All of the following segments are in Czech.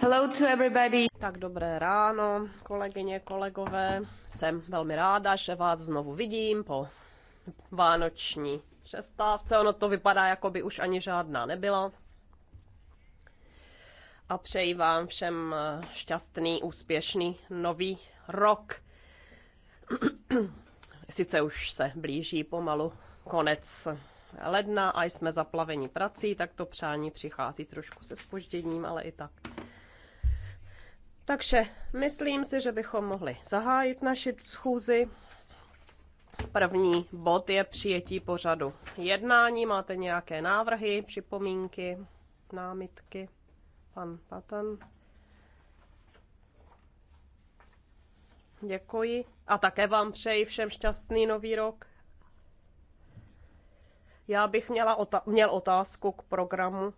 Hello to everybody. Tak dobré ráno, kolegyně, kolegové. Jsem velmi ráda, že vás znovu vidím po vánoční přestávce. Ono to vypadá, jako by už ani žádná nebyla. A přeji vám všem eh, šťastný, úspěšný nový rok. Sice už se blíží pomalu konec ledna a jsme zaplaveni prací, tak to přání přichází trošku se spožděním, ale i tak. Takže myslím si, že bychom mohli zahájit naši schůzi. První bod je přijetí pořadu jednání. Máte nějaké návrhy, připomínky, námitky? Pan Patan. Děkuji. A také vám přeji všem šťastný nový rok. Já bych měla ota- měl otázku k programu.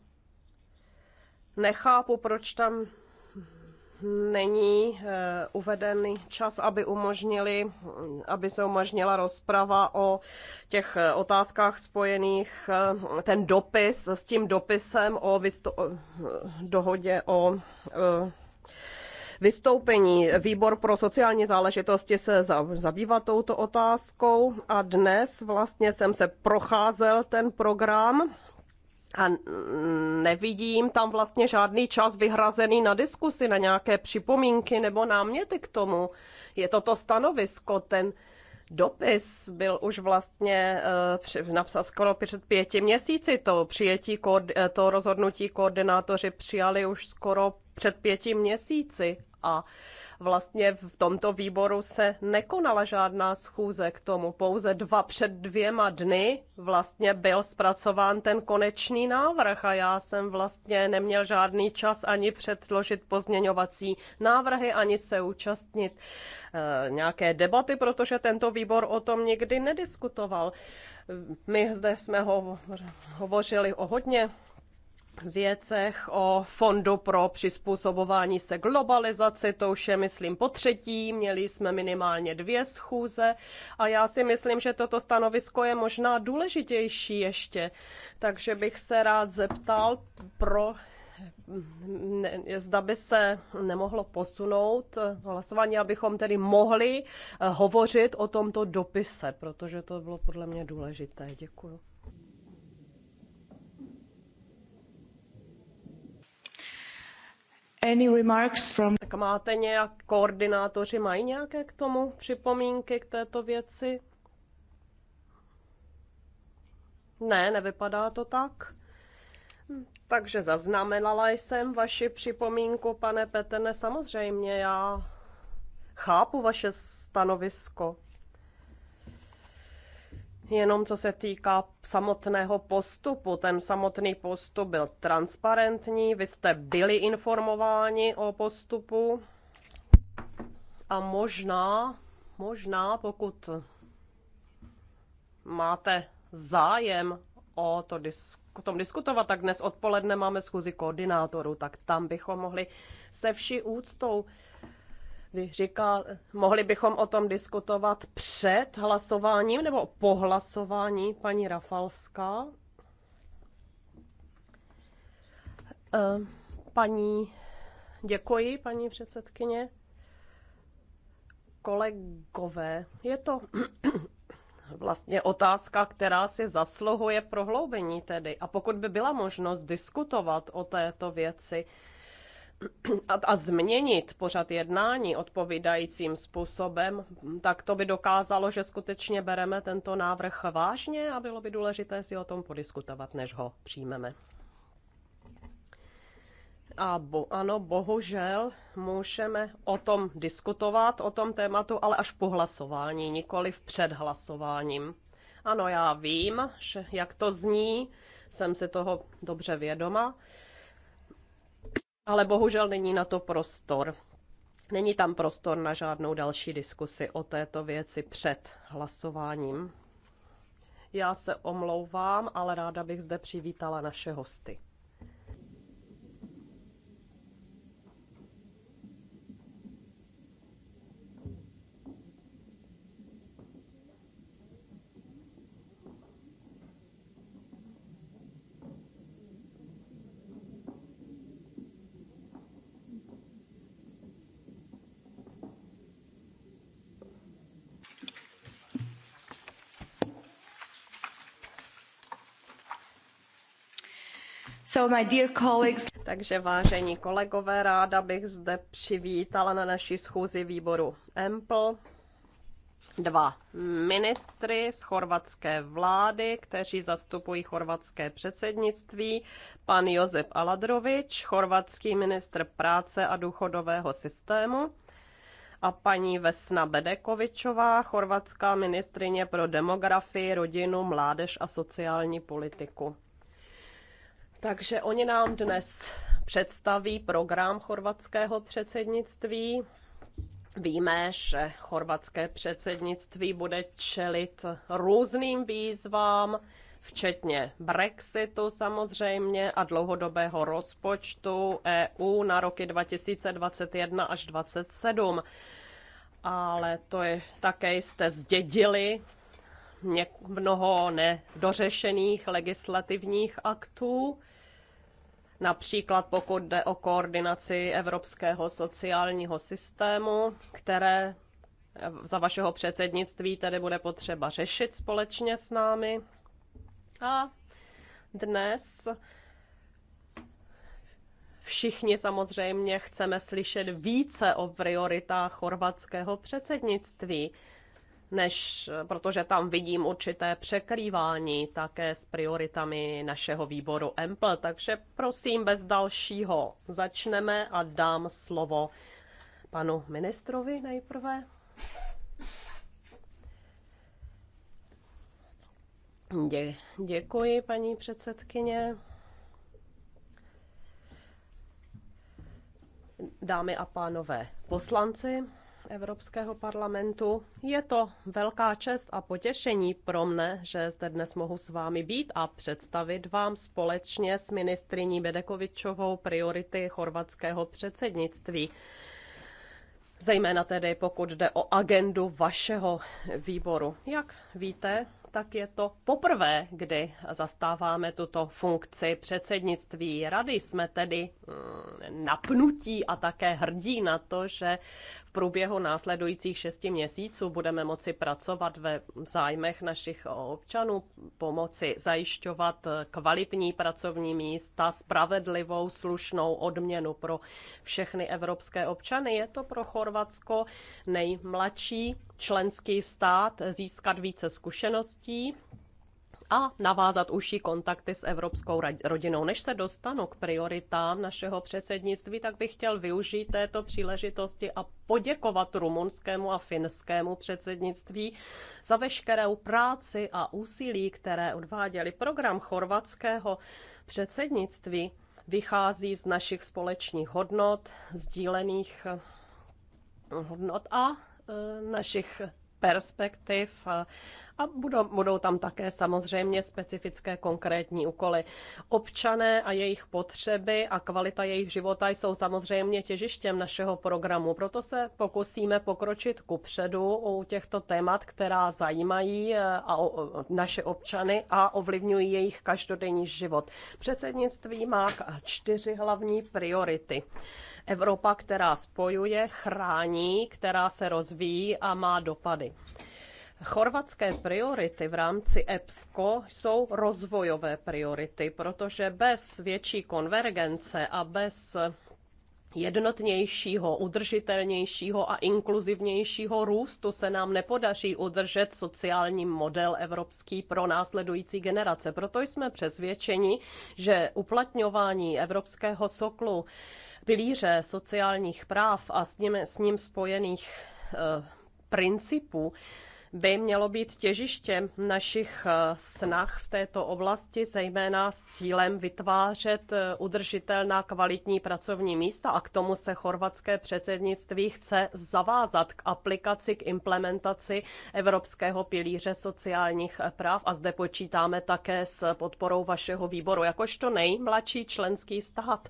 Nechápu, proč tam není eh, uvedený čas, aby umožnili, aby se umožnila rozprava o těch eh, otázkách spojených, eh, ten dopis, s tím dopisem o vysto- dohodě o vystoupení. Výbor pro sociální záležitosti se zabývá touto otázkou a dnes vlastně jsem se procházel ten program a nevidím tam vlastně žádný čas vyhrazený na diskusy, na nějaké připomínky nebo náměty k tomu. Je to to stanovisko, ten dopis byl už vlastně eh, napsal skoro před pěti měsíci. To přijetí, eh, to rozhodnutí koordinátoři přijali už skoro před pěti měsíci a vlastně v tomto výboru se nekonala žádná schůze k tomu. Pouze dva před dvěma dny vlastně byl zpracován ten konečný návrh a já jsem vlastně neměl žádný čas ani předložit pozměňovací návrhy, ani se účastnit e, nějaké debaty, protože tento výbor o tom nikdy nediskutoval. My zde jsme ho, hovořili o hodně věcech o fondu pro přizpůsobování se globalizaci, to už je, myslím, po třetí, měli jsme minimálně dvě schůze a já si myslím, že toto stanovisko je možná důležitější ještě, takže bych se rád zeptal pro zda by se nemohlo posunout hlasování, abychom tedy mohli hovořit o tomto dopise, protože to bylo podle mě důležité. Děkuji. Any remarks from... Tak máte nějak, koordinátoři mají nějaké k tomu připomínky k této věci? Ne, nevypadá to tak. Hm, takže zaznamenala jsem vaši připomínku, pane Petene. Samozřejmě já chápu vaše stanovisko jenom co se týká samotného postupu. Ten samotný postup byl transparentní, vy jste byli informováni o postupu a možná, možná pokud máte zájem o, to disk, o tom diskutovat, tak dnes odpoledne máme schůzi koordinátorů, tak tam bychom mohli se vší úctou vy říkal, mohli bychom o tom diskutovat před hlasováním nebo po hlasování, paní Rafalská. Eh, paní, děkuji, paní předsedkyně. Kolegové, je to vlastně otázka, která si zasluhuje prohloubení tedy. A pokud by byla možnost diskutovat o této věci, a, a změnit pořad jednání odpovídajícím způsobem, tak to by dokázalo, že skutečně bereme tento návrh vážně a bylo by důležité si o tom podiskutovat, než ho přijmeme. A bo, ano, bohužel můžeme o tom diskutovat, o tom tématu, ale až po hlasování, nikoli před hlasováním. Ano, já vím, že jak to zní, jsem si toho dobře vědoma ale bohužel není na to prostor. Není tam prostor na žádnou další diskusi o této věci před hlasováním. Já se omlouvám, ale ráda bych zde přivítala naše hosty. So my dear colleagues... Takže vážení kolegové, ráda bych zde přivítala na naší schůzi výboru EMPL dva ministry z chorvatské vlády, kteří zastupují chorvatské předsednictví, pan Josep Aladrovič, chorvatský ministr práce a důchodového systému, a paní Vesna Bedekovičová, chorvatská ministrině pro demografii, rodinu, mládež a sociální politiku. Takže oni nám dnes představí program chorvatského předsednictví. Víme, že chorvatské předsednictví bude čelit různým výzvám, včetně Brexitu samozřejmě a dlouhodobého rozpočtu EU na roky 2021 až 2027. Ale to je také jste zdědili mnoho nedořešených legislativních aktů, například pokud jde o koordinaci evropského sociálního systému, které za vašeho předsednictví tedy bude potřeba řešit společně s námi. A dnes všichni samozřejmě chceme slyšet více o prioritách chorvatského předsednictví než protože tam vidím určité překrývání také s prioritami našeho výboru EMPL. Takže prosím, bez dalšího začneme a dám slovo panu ministrovi nejprve. Dě, děkuji, paní předsedkyně. Dámy a pánové poslanci, Evropského parlamentu. Je to velká čest a potěšení pro mne, že zde dnes mohu s vámi být a představit vám společně s ministriní Bedekovičovou priority chorvatského předsednictví. Zejména tedy pokud jde o agendu vašeho výboru. Jak víte, tak je to poprvé, kdy zastáváme tuto funkci předsednictví rady. Jsme tedy mm, napnutí a také hrdí na to, že v průběhu následujících šesti měsíců budeme moci pracovat ve zájmech našich občanů, pomoci zajišťovat kvalitní pracovní místa, spravedlivou, slušnou odměnu pro všechny evropské občany. Je to pro Chorvatsko nejmladší členský stát získat více zkušeností a navázat užší kontakty s evropskou rodinou. Než se dostanu k prioritám našeho předsednictví, tak bych chtěl využít této příležitosti a poděkovat rumunskému a finskému předsednictví za veškerou práci a úsilí, které odváděli. Program chorvatského předsednictví vychází z našich společných hodnot, sdílených hodnot a Eh, našich perspektiv a, a budou, budou tam také samozřejmě specifické konkrétní úkoly. Občané a jejich potřeby a kvalita jejich života jsou samozřejmě těžištěm našeho programu, proto se pokusíme pokročit ku předu u těchto témat, která zajímají eh, a o, naše občany a ovlivňují jejich každodenní život. Předsednictví má čtyři hlavní priority. Evropa, která spojuje, chrání, která se rozvíjí a má dopady. Chorvatské priority v rámci EPSCO jsou rozvojové priority, protože bez větší konvergence a bez jednotnějšího, udržitelnějšího a inkluzivnějšího růstu se nám nepodaří udržet sociální model evropský pro následující generace. Proto jsme přesvědčeni, že uplatňování evropského soklu pilíře sociálních práv a s ním, s ním spojených eh, principů by mělo být těžištěm našich eh, snah v této oblasti, zejména s cílem vytvářet eh, udržitelná kvalitní pracovní místa a k tomu se chorvatské předsednictví chce zavázat k aplikaci, k implementaci Evropského pilíře sociálních práv a zde počítáme také s podporou vašeho výboru. Jakožto nejmladší členský stát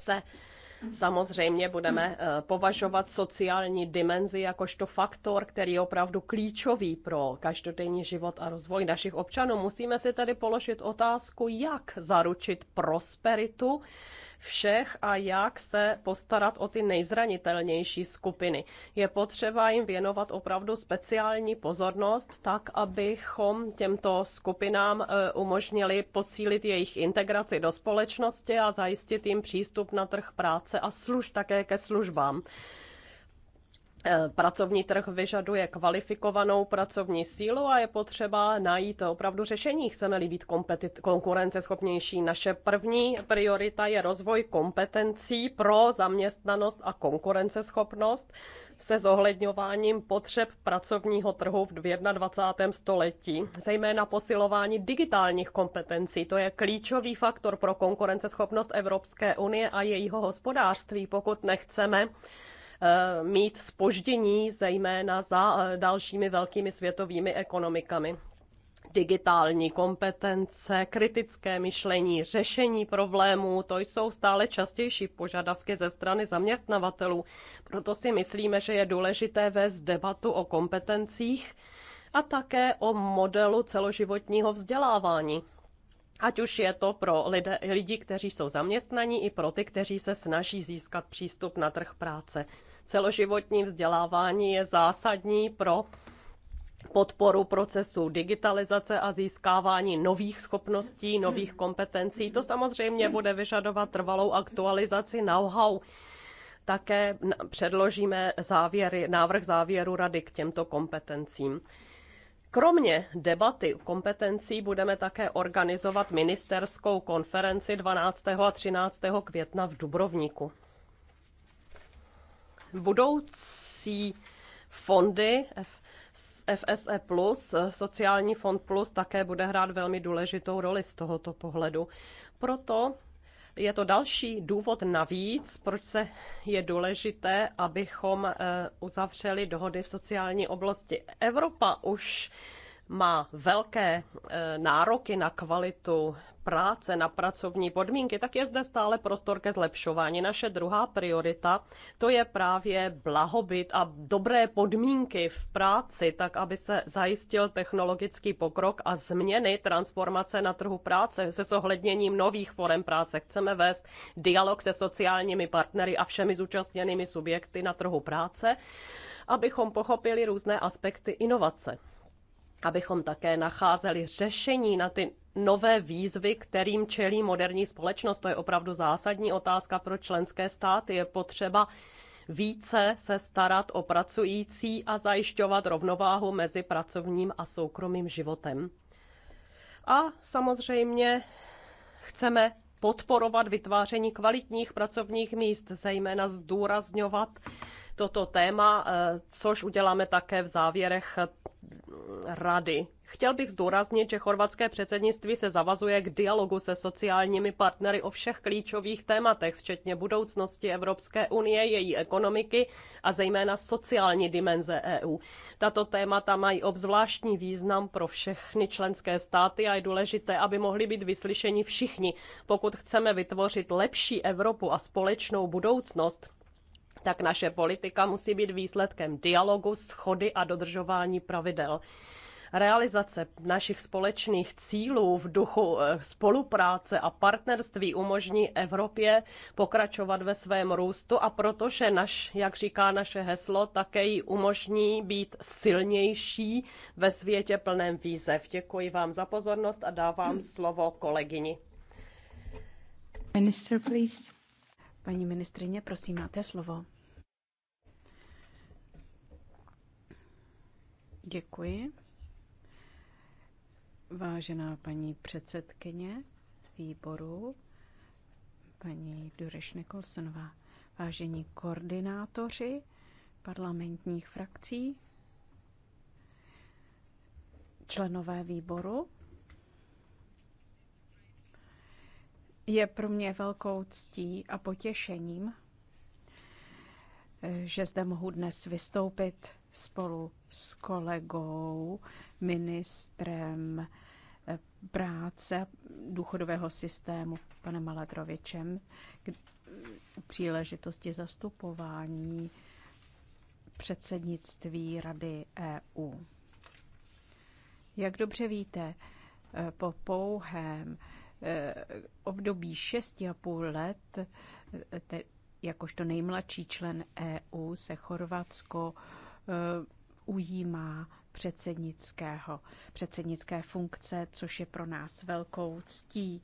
se Samozřejmě budeme eh, považovat sociální dimenzi jakožto faktor, který je opravdu klíčový pro každodenní život a rozvoj našich občanů. Musíme si tedy položit otázku, jak zaručit prosperitu všech a jak se postarat o ty nejzranitelnější skupiny. Je potřeba jim věnovat opravdu speciální pozornost, tak abychom těmto skupinám e, umožnili posílit jejich integraci do společnosti a zajistit jim přístup na trh práce a služ také ke službám. Eh, pracovní trh vyžaduje kvalifikovanou pracovní sílu a je potřeba najít opravdu řešení. Chceme-li být kompetit- konkurenceschopnější, naše první priorita je rozvoj kompetencí pro zaměstnanost a konkurenceschopnost se zohledňováním potřeb pracovního trhu v 21. století, zejména posilování digitálních kompetencí. To je klíčový faktor pro konkurenceschopnost Evropské unie a jejího hospodářství, pokud nechceme Eh, mít spoždění, zejména za eh, dalšími velkými světovými ekonomikami digitální kompetence, kritické myšlení, řešení problémů, to jsou stále častější požadavky ze strany zaměstnavatelů. Proto si myslíme, že je důležité vést debatu o kompetencích a také o modelu celoživotního vzdělávání. Ať už je to pro lidi, kteří jsou zaměstnaní, i pro ty, kteří se snaží získat přístup na trh práce. Celoživotní vzdělávání je zásadní pro podporu procesu digitalizace a získávání nových schopností, nových kompetencí. To samozřejmě bude vyžadovat trvalou aktualizaci know-how. Také předložíme závěry, návrh závěru rady k těmto kompetencím. Kromě debaty kompetencí budeme také organizovat ministerskou konferenci 12. a 13. května v Dubrovníku budoucí fondy FSE+, Plus, Sociální fond Plus, také bude hrát velmi důležitou roli z tohoto pohledu. Proto je to další důvod navíc, proč se je důležité, abychom eh, uzavřeli dohody v sociální oblasti. Evropa už má velké eh, nároky na kvalitu práce, na pracovní podmínky, tak je zde stále prostor ke zlepšování. Naše druhá priorita to je právě blahobyt a dobré podmínky v práci, tak aby se zajistil technologický pokrok a změny transformace na trhu práce se zohledněním nových forem práce. Chceme vést dialog se sociálními partnery a všemi zúčastněnými subjekty na trhu práce, abychom pochopili různé aspekty inovace abychom také nacházeli řešení na ty nové výzvy, kterým čelí moderní společnost. To je opravdu zásadní otázka pro členské státy. Je potřeba více se starat o pracující a zajišťovat rovnováhu mezi pracovním a soukromým životem. A samozřejmě chceme podporovat vytváření kvalitních pracovních míst, zejména zdůrazňovat toto téma, eh, což uděláme také v závěrech eh, rady. Chtěl bych zdůraznit, že chorvatské předsednictví se zavazuje k dialogu se sociálními partnery o všech klíčových tématech, včetně budoucnosti Evropské unie, její ekonomiky a zejména sociální dimenze EU. Tato témata mají obzvláštní význam pro všechny členské státy a je důležité, aby mohli být vyslyšeni všichni. Pokud chceme vytvořit lepší Evropu a společnou budoucnost, tak naše politika musí být výsledkem dialogu, schody a dodržování pravidel realizace našich společných cílů v duchu eh, spolupráce a partnerství umožní Evropě pokračovat ve svém růstu a protože, naš, jak říká naše heslo, také ji umožní být silnější ve světě plném výzev. Děkuji vám za pozornost a dávám slovo kolegyni. Minister, please. Paní ministrině, prosím, máte slovo. Děkuji. Vážená paní předsedkyně výboru, paní Dureš Nikolsonová, vážení koordinátoři parlamentních frakcí, členové výboru, Je pro mě velkou ctí a potěšením, eh, že zde mohu dnes vystoupit spolu s kolegou, ministrem eh, práce důchodového systému, panem Maladrovičem, u příležitosti zastupování předsednictví Rady EU. Jak dobře víte, eh, po pouhém Eh, období 6,5 let, eh, te, jakožto nejmladší člen EU, se Chorvatsko eh, ujímá předsednického, předsednické funkce, což je pro nás velkou ctí.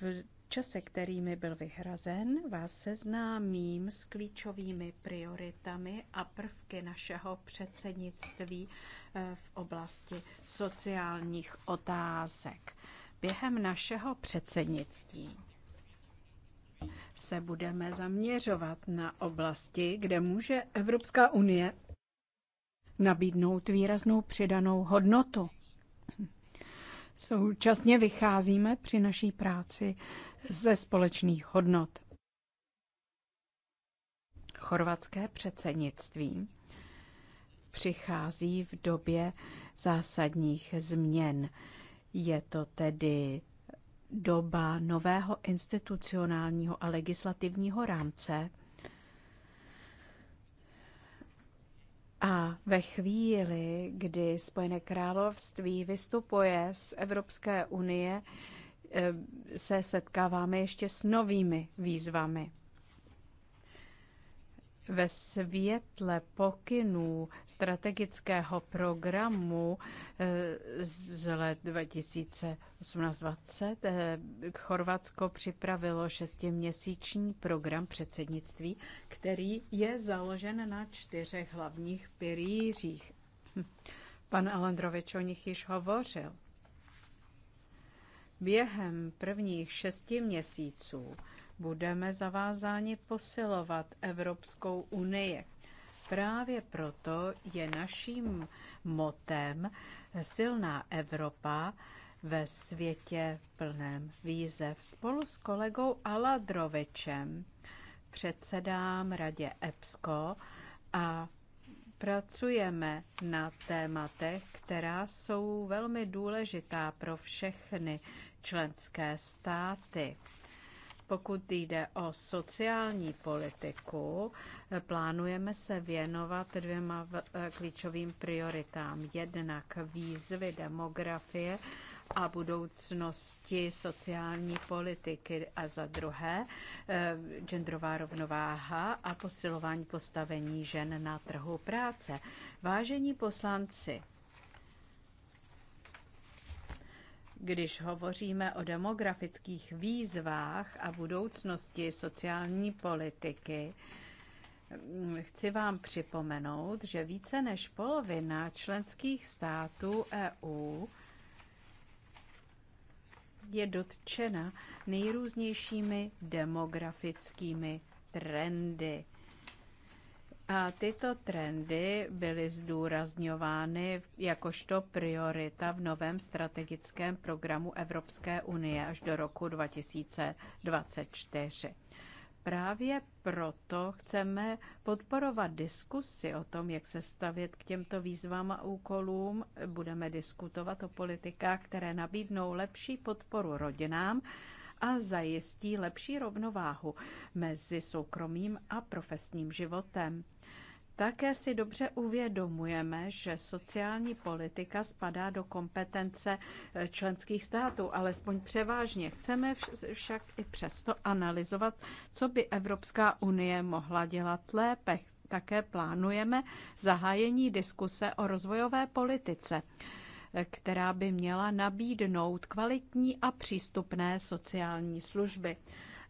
V čase, který mi byl vyhrazen, vás seznámím s klíčovými prioritami a prvky našeho předsednictví v oblasti sociálních otázek. Během našeho předsednictví se budeme zaměřovat na oblasti, kde může Evropská unie nabídnout výraznou přidanou hodnotu. Současně vycházíme při naší práci ze společných hodnot. Chorvatské předsednictví přichází v době zásadních změn. Je to tedy doba nového institucionálního a legislativního rámce. A ve chvíli, kdy Spojené království vystupuje z Evropské unie, eh, se setkáváme ještě s novými výzvami ve světle pokynů strategického programu eh, z let 2018-2020 eh, Chorvatsko připravilo šestiměsíční program předsednictví, který je založen na čtyřech hlavních pilířích. Hm. Pan Alandrovič o nich již hovořil. Během prvních šesti měsíců budeme zavázáni posilovat Evropskou unii. Právě proto je naším motem silná Evropa ve světě plném výzev. Spolu s kolegou Aladrovičem předsedám radě EPSCO a pracujeme na tématech, která jsou velmi důležitá pro všechny členské státy. Pokud jde o sociální politiku, plánujeme se věnovat dvěma eh, klíčovým prioritám. Jednak výzvy demografie a budoucnosti sociální politiky a za druhé eh, genderová rovnováha a posilování postavení žen na trhu práce. Vážení poslanci, Když hovoříme o demografických výzvách a budoucnosti sociální politiky, chci vám připomenout, že více než polovina členských států EU je dotčena nejrůznějšími demografickými trendy. A tyto trendy byly zdůrazňovány jakožto priorita v novém strategickém programu Evropské unie až do roku 2024. Právě proto chceme podporovat diskusy o tom, jak se stavět k těmto výzvám a úkolům. Budeme diskutovat o politikách, které nabídnou lepší podporu rodinám a zajistí lepší rovnováhu mezi soukromým a profesním životem. Také si dobře uvědomujeme, že sociální politika spadá do kompetence eh, členských států, alespoň převážně. Chceme však i přesto analyzovat, co by Evropská unie mohla dělat lépe. Také plánujeme zahájení diskuse o rozvojové politice eh, která by měla nabídnout kvalitní a přístupné sociální služby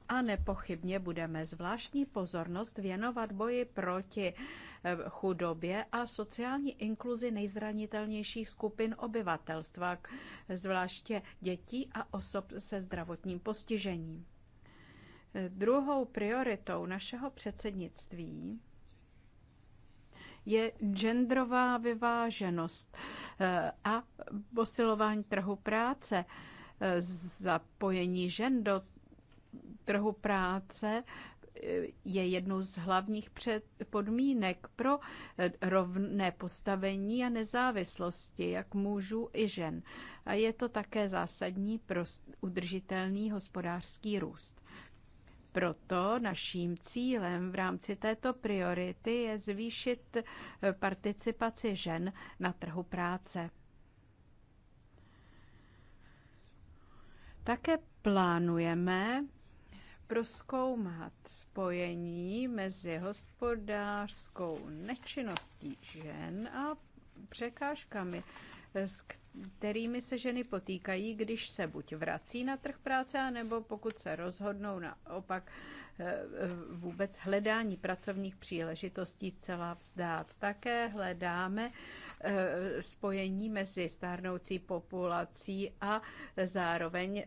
a nepochybně budeme zvláštní pozornost věnovat boji proti Eh, chudobě a sociální inkluzi nejzranitelnějších skupin obyvatelstva, zvláště dětí a osob se zdravotním postižením. Eh, druhou prioritou našeho předsednictví je genderová vyváženost eh, a posilování trhu práce, zapojení žen do trhu práce je jednou z hlavních podmínek pro rovné postavení a nezávislosti jak mužů i žen. A je to také zásadní pro udržitelný hospodářský růst. Proto naším cílem v rámci této priority je zvýšit participaci žen na trhu práce. Také plánujeme proskoumat spojení mezi hospodářskou nečinností žen a překážkami, s kterými se ženy potýkají, když se buď vrací na trh práce, nebo pokud se rozhodnou naopak eh, eh, vůbec hledání pracovních příležitostí zcela vzdát. Také hledáme eh, spojení mezi stárnoucí populací a zároveň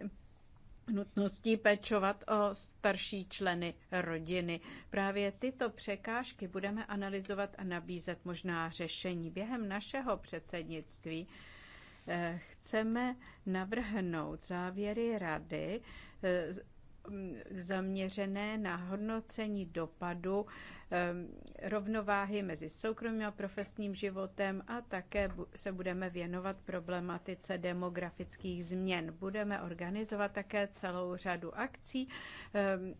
nutností pečovat o starší členy rodiny. Právě tyto překážky budeme analyzovat a nabízet možná řešení. Během našeho předsednictví eh, chceme navrhnout závěry rady eh, zaměřené na hodnocení dopadu rovnováhy mezi soukromým a profesním životem a také se budeme věnovat problematice demografických změn. Budeme organizovat také celou řadu akcí,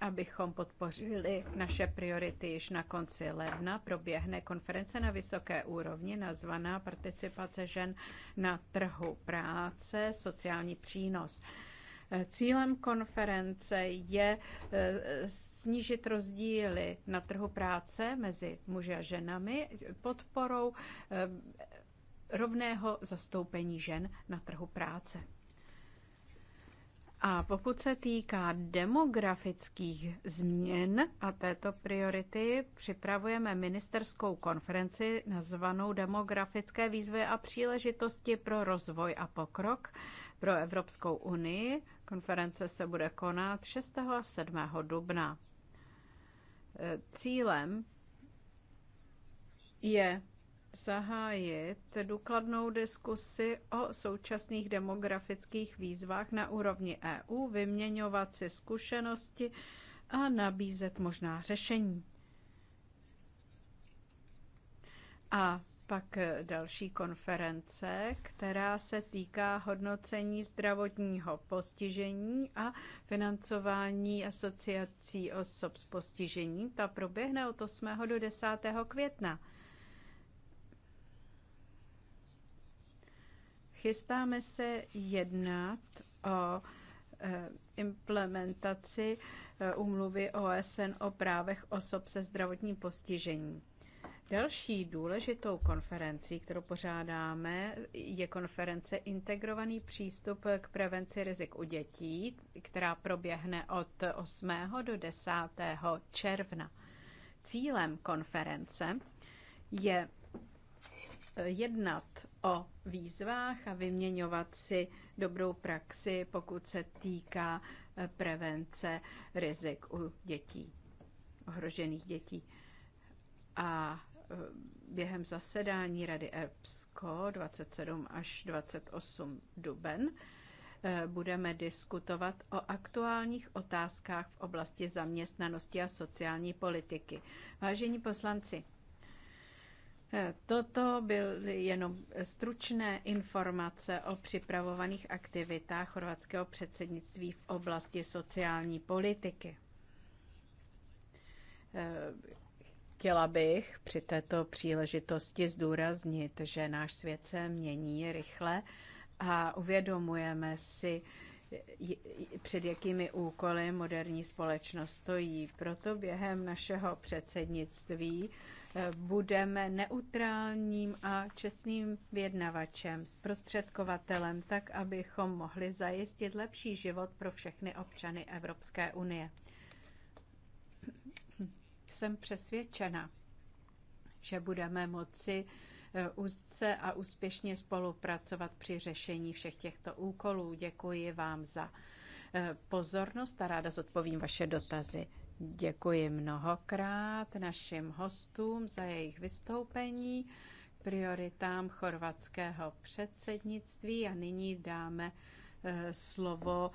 abychom podpořili naše priority již na konci ledna. Proběhne konference na vysoké úrovni nazvaná Participace žen na trhu práce, sociální přínos. Cílem konference je eh, snížit rozdíly na trhu práce mezi muži a ženami podporou eh, rovného zastoupení žen na trhu práce. A pokud se týká demografických změn a této priority, připravujeme ministerskou konferenci nazvanou Demografické výzvy a příležitosti pro rozvoj a pokrok pro Evropskou unii Konference se bude konat 6. a 7. dubna. Eh, cílem je zahájit důkladnou diskusi o současných demografických výzvách na úrovni EU, vyměňovat si zkušenosti a nabízet možná řešení. A pak eh, další konference, která se týká hodnocení zdravotního postižení a financování asociací osob s postižením. Ta proběhne od 8. do 10. května. Chystáme se jednat o eh, implementaci umluvy eh, OSN o právech osob se zdravotním postižením. Další důležitou konferencí, kterou pořádáme, je konference Integrovaný přístup k prevenci rizik u dětí, která proběhne od 8. do 10. června. Cílem konference je eh, jednat o výzvách a vyměňovat si dobrou praxi, pokud se týká eh, prevence rizik u dětí, ohrožených dětí. A Eh, během zasedání Rady EPSCO 27 až 28 duben eh, budeme diskutovat o aktuálních otázkách v oblasti zaměstnanosti a sociální politiky. Vážení poslanci, eh, Toto byly jenom stručné informace o připravovaných aktivitách chorvatského předsednictví v oblasti sociální politiky. Chtěla bych při této příležitosti zdůraznit, že náš svět se mění rychle a uvědomujeme si, před jakými úkoly moderní společnost stojí. Proto během našeho předsednictví eh, budeme neutrálním a čestným vědnavačem, zprostředkovatelem, tak abychom mohli zajistit lepší život pro všechny občany Evropské unie. Jsem přesvědčena, že budeme moci eh, úzce a úspěšně spolupracovat při řešení všech těchto úkolů. Děkuji vám za eh, pozornost a ráda zodpovím vaše dotazy. Děkuji mnohokrát našim hostům za jejich vystoupení prioritám chorvatského předsednictví a nyní dáme eh, slovo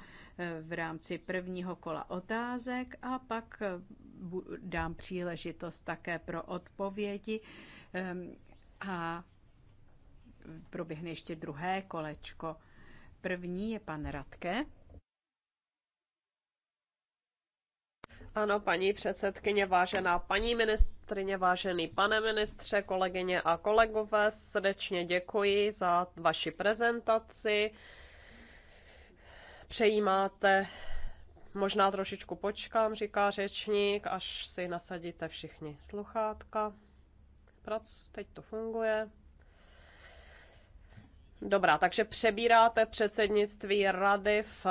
v rámci prvního kola otázek a pak dám příležitost také pro odpovědi ehm, a proběhne ještě druhé kolečko. První je pan Radke. Ano, paní předsedkyně, vážená paní ministrině, vážený pane ministře, kolegyně a kolegové, srdečně děkuji za vaši prezentaci. Přejímáte Možná trošičku počkám, říká řečník, až si nasadíte všichni sluchátka. Prac, teď to funguje. Dobrá, takže přebíráte předsednictví rady v,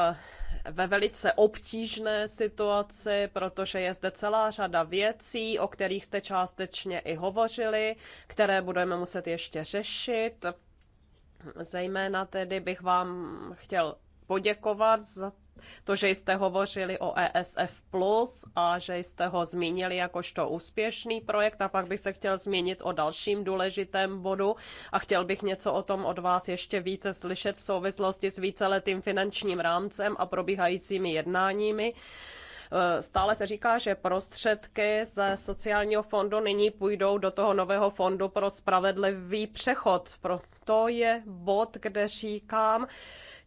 ve velice obtížné situaci, protože je zde celá řada věcí, o kterých jste částečně i hovořili, které budeme muset ještě řešit. Zejména tedy bych vám chtěl poděkovat za to, že jste hovořili o ESF Plus a že jste ho zmínili jakožto úspěšný projekt a pak bych se chtěl zmínit o dalším důležitém bodu a chtěl bych něco o tom od vás ještě více slyšet v souvislosti s víceletým finančním rámcem a probíhajícími jednáními e, stále se říká, že prostředky ze sociálního fondu nyní půjdou do toho nového fondu pro spravedlivý přechod. to je bod, kde říkám,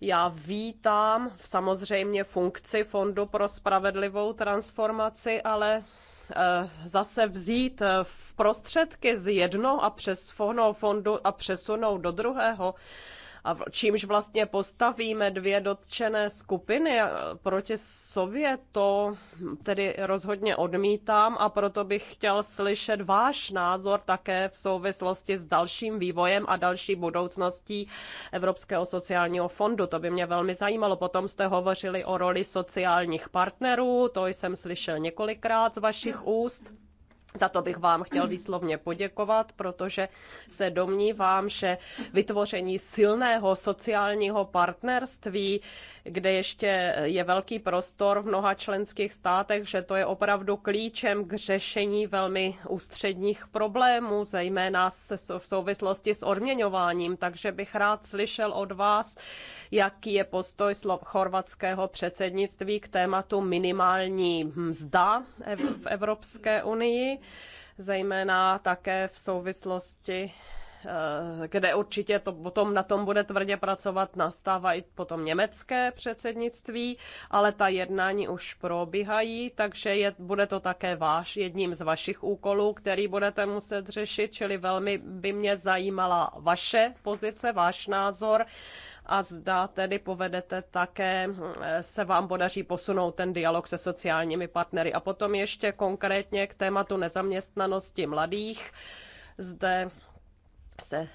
já vítám samozřejmě funkci Fondu pro spravedlivou transformaci, ale eh, zase vzít eh, v prostředky z jednoho a přes no, fondu a přesunout do druhého, a čímž vlastně postavíme dvě dotčené skupiny eh, proti sobě, to tedy rozhodně odmítám a proto bych chtěl slyšet váš názor také v souvislosti s dalším vývojem a další budoucností Evropského sociálního fondu. To by mě velmi zajímalo. Potom jste hovořili o roli sociálních partnerů, to jsem slyšel několikrát z vašich úst. Za to bych vám chtěl výslovně poděkovat, protože se domnívám, že vytvoření silného sociálního partnerství, kde ještě je velký prostor v mnoha členských státech, že to je opravdu klíčem k řešení velmi ústředních problémů, zejména v souvislosti s odměňováním. Takže bych rád slyšel od vás, jaký je postoj slov chorvatského předsednictví k tématu minimální mzda v Evropské unii zejména také v souvislosti eh, kde určitě to potom na tom bude tvrdě pracovat, nastává i potom německé předsednictví, ale ta jednání už probíhají, takže je, bude to také váš, jedním z vašich úkolů, který budete muset řešit, čili velmi by mě zajímala vaše pozice, váš názor a zda tedy povedete také, hm, se vám podaří posunout ten dialog se sociálními partnery. A potom ještě konkrétně k tématu nezaměstnanosti mladých. Zde se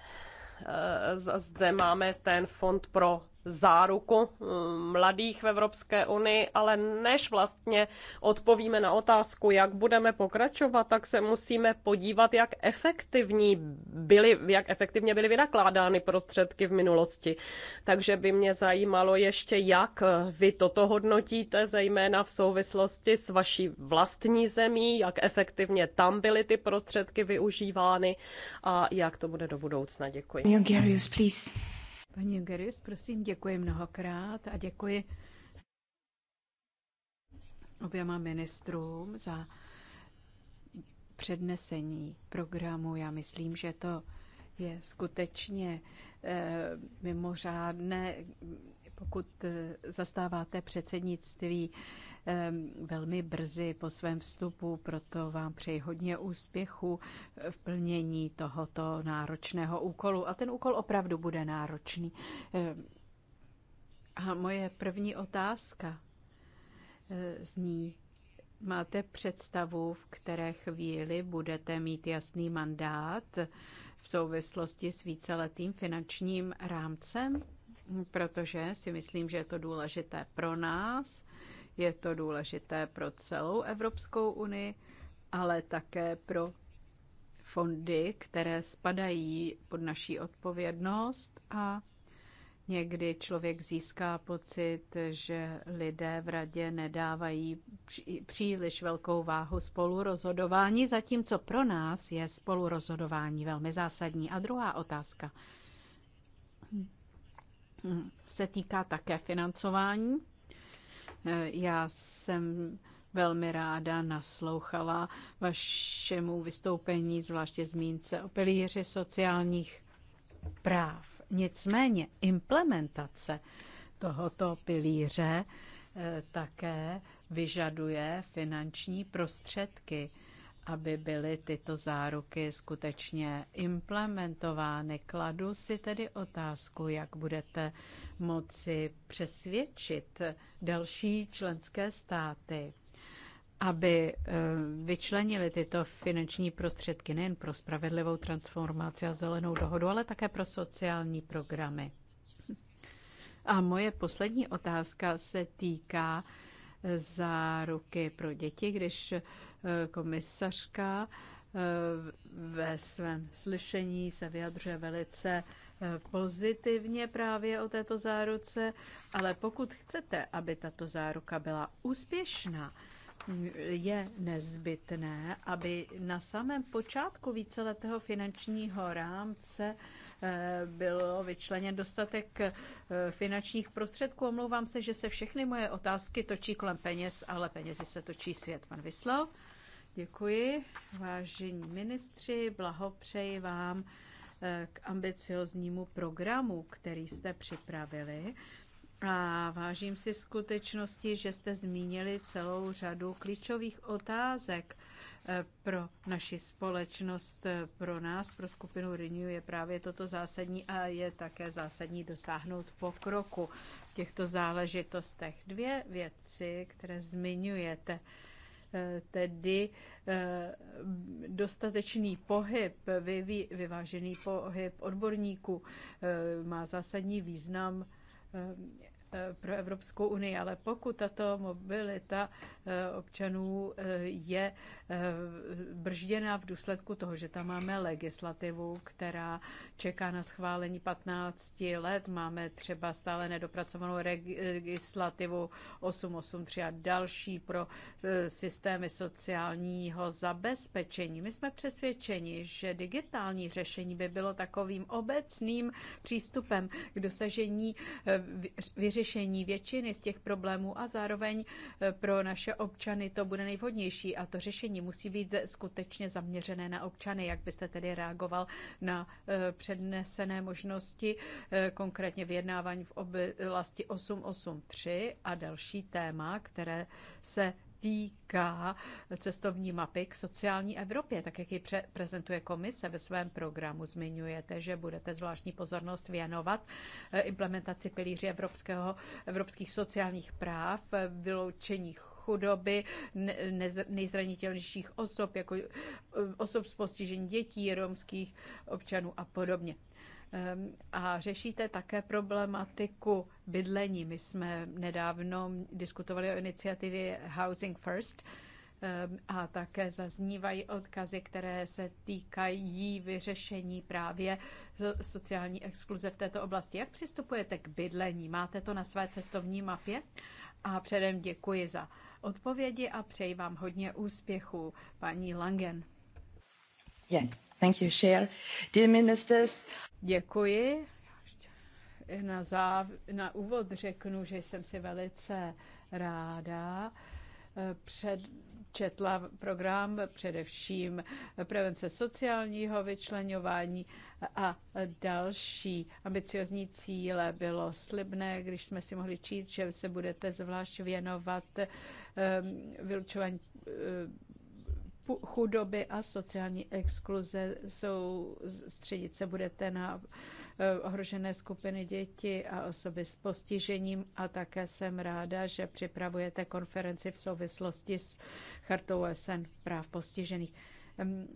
eh, zde máme ten fond pro záruku eh, mladých v Evropské unii, ale než vlastně odpovíme na otázku, jak budeme pokračovat, tak se musíme podívat, jak efektivní byly, jak efektivně byly vynakládány prostředky v minulosti. Takže by mě zajímalo ještě, jak eh, vy toto hodnotíte, zejména v souvislosti s vaší vlastní zemí, jak efektivně tam byly ty prostředky využívány a jak to bude do budoucna. Děkuji. please. Paní Jungerius, prosím, děkuji mnohokrát a děkuji oběma ministrům za přednesení programu. Já myslím, že to je skutečně eh, mimořádné, pokud eh, zastáváte předsednictví velmi brzy po svém vstupu, proto vám přeji hodně úspěchu v plnění tohoto náročného úkolu. A ten úkol opravdu bude náročný. A moje první otázka e, zní, máte představu, v které chvíli budete mít jasný mandát v souvislosti s víceletým finančním rámcem? Protože si myslím, že je to důležité pro nás, je to důležité pro celou Evropskou unii, ale také pro fondy, které spadají pod naší odpovědnost a někdy člověk získá pocit, že lidé v radě nedávají příliš velkou váhu spolurozhodování, zatímco pro nás je spolurozhodování velmi zásadní. A druhá otázka hm, se týká také financování. Já jsem velmi ráda naslouchala vašemu vystoupení, zvláště zmínce o pilíři sociálních práv. Nicméně implementace tohoto pilíře eh, také vyžaduje finanční prostředky, aby byly tyto záruky skutečně implementovány. Kladu si tedy otázku, jak budete moci přesvědčit další členské státy, aby eh, vyčlenili tyto finanční prostředky nejen pro spravedlivou transformaci a zelenou dohodu, ale také pro sociální programy. A moje poslední otázka se týká eh, záruky pro děti, když eh, komisařka ve svém slyšení se vyjadřuje velice pozitivně právě o této záruce, ale pokud chcete, aby tato záruka byla úspěšná, je nezbytné, aby na samém počátku víceletého finančního rámce eh, bylo vyčleněn dostatek eh, finančních prostředků. Omlouvám se, že se všechny moje otázky točí kolem peněz, ale penězi se točí svět. Pan Vyslov, děkuji. Vážení ministři, blahopřeji vám k ambicioznímu programu, který jste připravili. A vážím si skutečnosti, že jste zmínili celou řadu klíčových otázek eh, pro naši společnost, eh, pro nás, pro skupinu Renew je právě toto zásadní a je také zásadní dosáhnout pokroku v těchto záležitostech. Dvě věci, které zmiňujete tedy eh, dostatečný pohyb, vyvážený pohyb odborníků eh, má zásadní význam eh, Eh, pro Evropskou unii, ale pokud tato mobilita eh, občanů eh, je bržděna v důsledku toho, že tam máme legislativu, která čeká na schválení 15 let, máme třeba stále nedopracovanou legislativu 883 a další pro systémy sociálního zabezpečení. My jsme přesvědčeni, že digitální řešení by bylo takovým obecným přístupem k dosažení vyřešení řešení většiny z těch problémů a zároveň eh, pro naše občany to bude nejvhodnější a to řešení musí být skutečně zaměřené na občany. Jak byste tedy reagoval na eh, přednesené možnosti, eh, konkrétně vyjednávání v oblasti 883 a další téma, které se týká cestovní mapy k sociální Evropě, tak jak ji prezentuje komise ve svém programu. Zmiňujete, že budete zvláštní pozornost věnovat eh, implementaci pilíři evropského, evropských sociálních práv, eh, vyloučení chudoby nejzranitelnějších osob, jako eh, osob s postižením dětí, romských občanů a podobně. Ehm, a řešíte také problematiku bydlení. My jsme nedávno diskutovali o iniciativě Housing First ehm, a také zaznívají odkazy, které se týkají vyřešení právě sociální exkluze v této oblasti. Jak přistupujete k bydlení? Máte to na své cestovní mapě? A předem děkuji za odpovědi a přeji vám hodně úspěchů, paní Langen. Yeah. Thank you, Chair. Dear ministers. Děkuji. Na, záv- na úvod řeknu, že jsem si velice ráda eh, před četla program především prevence sociálního vyčlenování a další ambiciozní cíle. Bylo slibné, když jsme si mohli číst, že se budete zvlášť věnovat eh, vylučování eh, chudoby a sociální exkluze. středit se budete na eh, ohrožené skupiny dětí a osoby s postižením a také jsem ráda, že připravujete konferenci v souvislosti s Chartou SN práv postižených.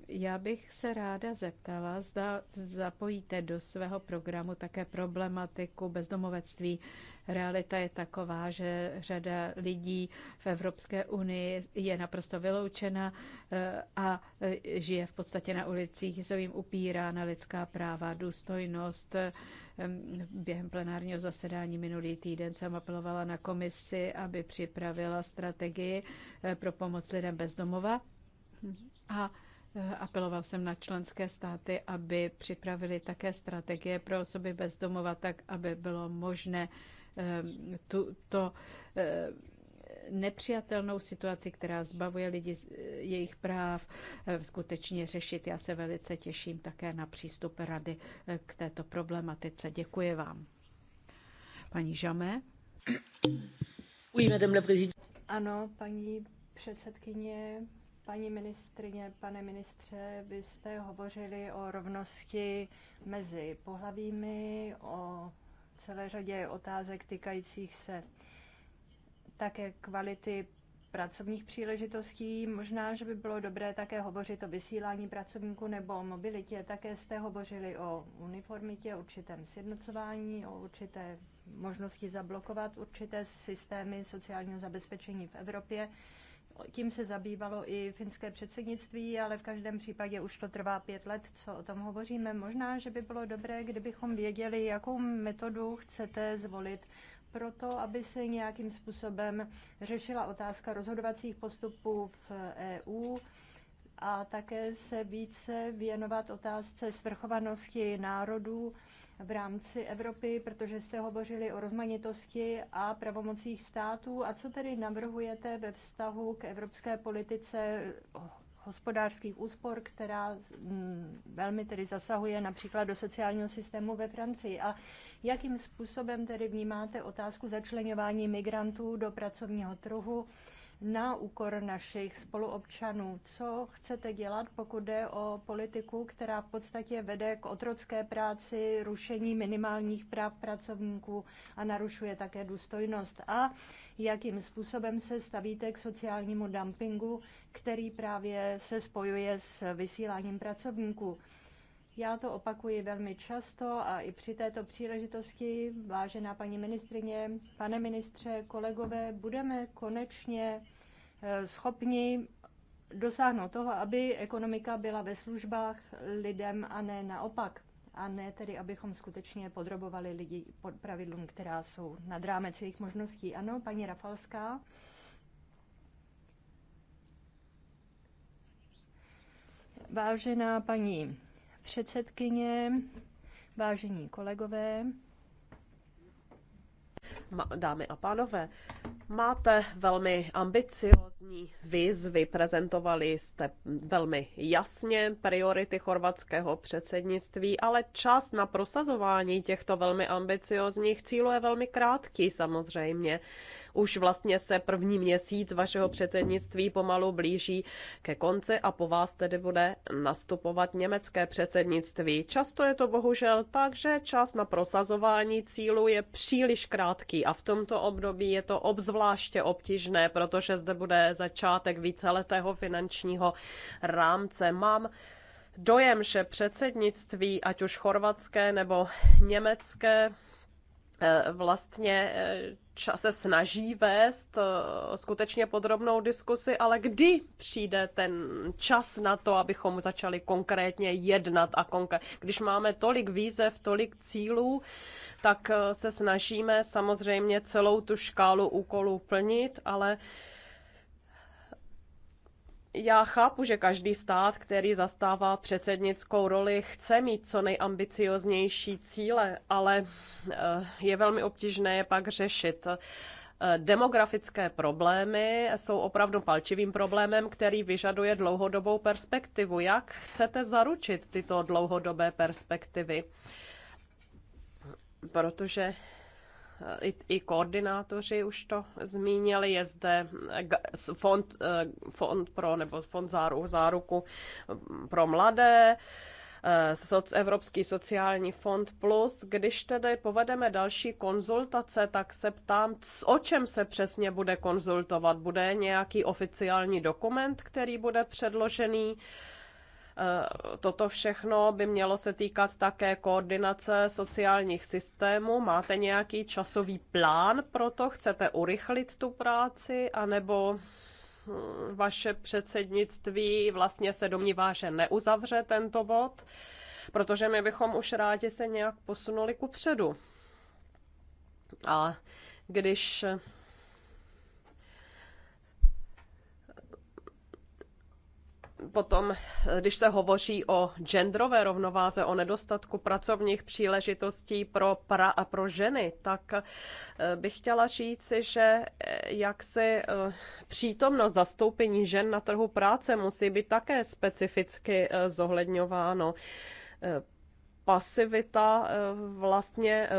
Já bych se ráda zeptala, zda zapojíte do svého programu také problematiku bezdomovectví. Realita je taková, že řada lidí v Evropské unii je naprosto vyloučena e, a e, žije v podstatě na ulicích, jsou jim upírána lidská práva, důstojnost. Během plenárního zasedání minulý týden jsem apelovala na komisi, aby připravila strategii e, pro pomoc lidem bezdomova. A Eh, apeloval jsem na členské státy, aby připravili také strategie pro osoby bezdomova, tak aby bylo možné eh, tuto eh, nepřijatelnou situaci, která zbavuje lidi jejich práv, skutečně řešit. Já se velice těším také na přístup rady k této problematice. Děkuji vám. Paní Žamé? Oui, madame la Ano, paní předsedkyně, Paní ministrině, pane ministře, vy jste hovořili o rovnosti mezi pohlavími, o celé řadě otázek týkajících se také kvality pracovních příležitostí. Možná, že by bylo dobré také hovořit o vysílání pracovníků nebo o mobilitě. Také jste hovořili o uniformitě, o určitém sjednocování, o určité možnosti zablokovat určité systémy sociálního zabezpečení v Evropě. Tím se zabývalo i finské předsednictví, ale v každém případě už to trvá pět let, co o tom hovoříme. Možná, že by bylo dobré, kdybychom věděli, jakou metodu chcete zvolit pro to, aby se nějakým způsobem řešila otázka rozhodovacích postupů v EU a také se více věnovat otázce svrchovanosti národů v rámci Evropy, protože jste hovořili o rozmanitosti a pravomocích států. A co tedy navrhujete ve vztahu k evropské politice hospodářských úspor, která mm, velmi tedy zasahuje například do sociálního systému ve Francii. A jakým způsobem tedy vnímáte otázku začlenování migrantů do pracovního trhu? na úkor našich spoluobčanů. Co chcete dělat, pokud jde o politiku, která v podstatě vede k otrocké práci, rušení minimálních práv pracovníků a narušuje také důstojnost? A jakým způsobem se stavíte k sociálnímu dumpingu, který právě se spojuje s vysíláním pracovníků? Já to opakuji velmi často a i při této příležitosti, vážená paní ministrině, pane ministře, kolegové, budeme konečně eh, schopni dosáhnout toho, aby ekonomika byla ve službách lidem a ne naopak. A ne tedy, abychom skutečně podrobovali lidi pod pravidlům, která jsou nad rámec jejich možností. Ano, paní Rafalská. Vážená paní předsedkyně, vážení kolegové. Dámy a pánové, máte velmi ambiciozní výzvy, prezentovali jste velmi jasně priority chorvatského předsednictví, ale čas na prosazování těchto velmi ambiciozních cílů je velmi krátký samozřejmě. Už vlastně se první měsíc vašeho předsednictví pomalu blíží ke konci a po vás tedy bude nastupovat německé předsednictví. Často je to bohužel tak, že čas na prosazování cílu je příliš krátký a v tomto období je to obzvláště obtížné, protože zde bude začátek víceletého finančního rámce. Mám dojem, že předsednictví, ať už chorvatské nebo německé, Eh, vlastně eh, se snaží vést eh, skutečně podrobnou diskusi, ale kdy přijde ten čas na to, abychom začali konkrétně jednat a konkrét... Když máme tolik výzev, tolik cílů, tak se snažíme samozřejmě celou tu škálu úkolů plnit, ale uh, já chápu, že každý stát, který zastává předsednickou roli, chce mít co nejambicioznější cíle, ale eh, je velmi obtížné je pak řešit. Eh, demografické problémy jsou opravdu palčivým problémem, který vyžaduje dlouhodobou perspektivu. Jak chcete zaručit tyto dlouhodobé perspektivy? Protože i, i koordinátoři už to zmínili, je zde fond, eh, fond pro, nebo fond záru, záruku mm, pro mladé, eh, soc, Evropský sociální fond plus. Když tedy povedeme další konzultace, tak se ptám, o čem se přesně bude konzultovat. Bude nějaký oficiální dokument, který bude předložený? Eh, toto všechno by mělo se týkat také koordinace sociálních systémů. Máte nějaký časový plán pro to? Chcete urychlit tu práci? A nebo hm, vaše předsednictví vlastně se domnívá, že neuzavře tento bod? Protože my bychom už rádi se nějak posunuli ku předu. A když Potom, když se hovoří o genderové rovnováze, o nedostatku pracovních příležitostí pro pra a pro ženy, tak eh, bych chtěla říci, že eh, jak si eh, přítomnost zastoupení žen na trhu práce musí být také specificky zohledňováno pasivita vlastně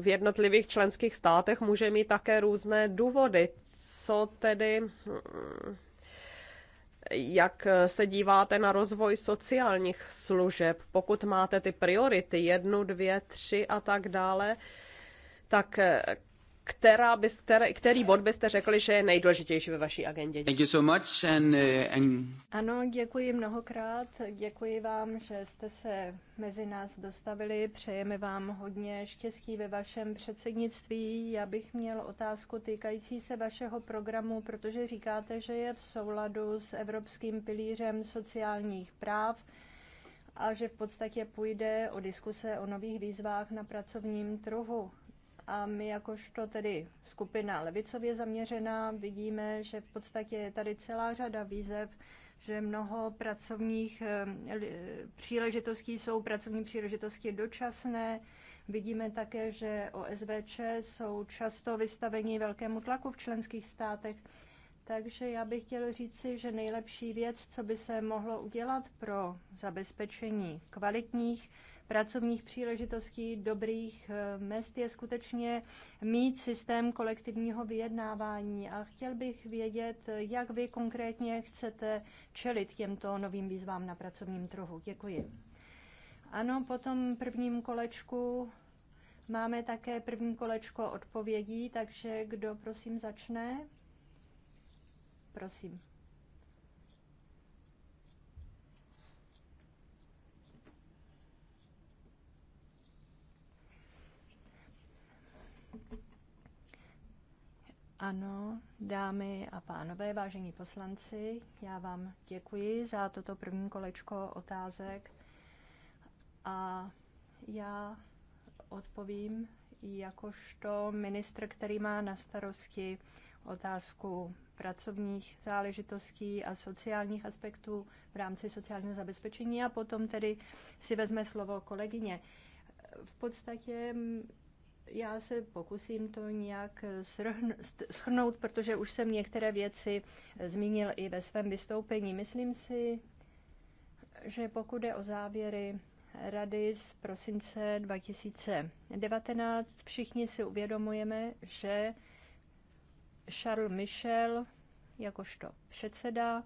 v jednotlivých členských státech může mít také různé důvody. Co tedy mm, jak eh, se díváte na rozvoj sociálních služeb, pokud máte ty priority jednu, dvě, tři a tak dále, tak eh, která by, který, který bod byste řekli, že je nejdůležitější ve vaší agendě? Thank you so much and, uh, and... Ano, děkuji mnohokrát. Děkuji vám, že jste se mezi nás dostavili. Přejeme vám hodně štěstí ve vašem předsednictví. Já bych měl otázku týkající se vašeho programu, protože říkáte, že je v souladu s Evropským pilířem sociálních práv a že v podstatě půjde o diskuse o nových výzvách na pracovním trhu. A my jakožto tedy skupina levicově zaměřená vidíme, že v podstatě je tady celá řada výzev, že mnoho pracovních eh, příležitostí jsou pracovní příležitosti dočasné. Vidíme také, že OSVČ jsou často vystaveni velkému tlaku v členských státech. Takže já bych chtěl říci, že nejlepší věc, co by se mohlo udělat pro zabezpečení kvalitních pracovních příležitostí, dobrých eh, mest je skutečně mít systém kolektivního vyjednávání. A chtěl bych vědět, jak vy konkrétně chcete čelit těmto novým výzvám na pracovním trhu. Děkuji. Ano, po tom prvním kolečku máme také první kolečko odpovědí, takže kdo prosím začne? Prosím. Ano, dámy a pánové, vážení poslanci, já vám děkuji za toto první kolečko otázek a já odpovím jakožto ministr, který má na starosti otázku pracovních záležitostí a sociálních aspektů v rámci sociálního zabezpečení a potom tedy si vezme slovo kolegyně. V podstatě já se pokusím to nějak shrnout, protože už jsem některé věci eh, zmínil i ve svém vystoupení. Myslím si, že pokud jde o závěry rady z prosince 2019, všichni si uvědomujeme, že Charles Michel, jakožto předseda,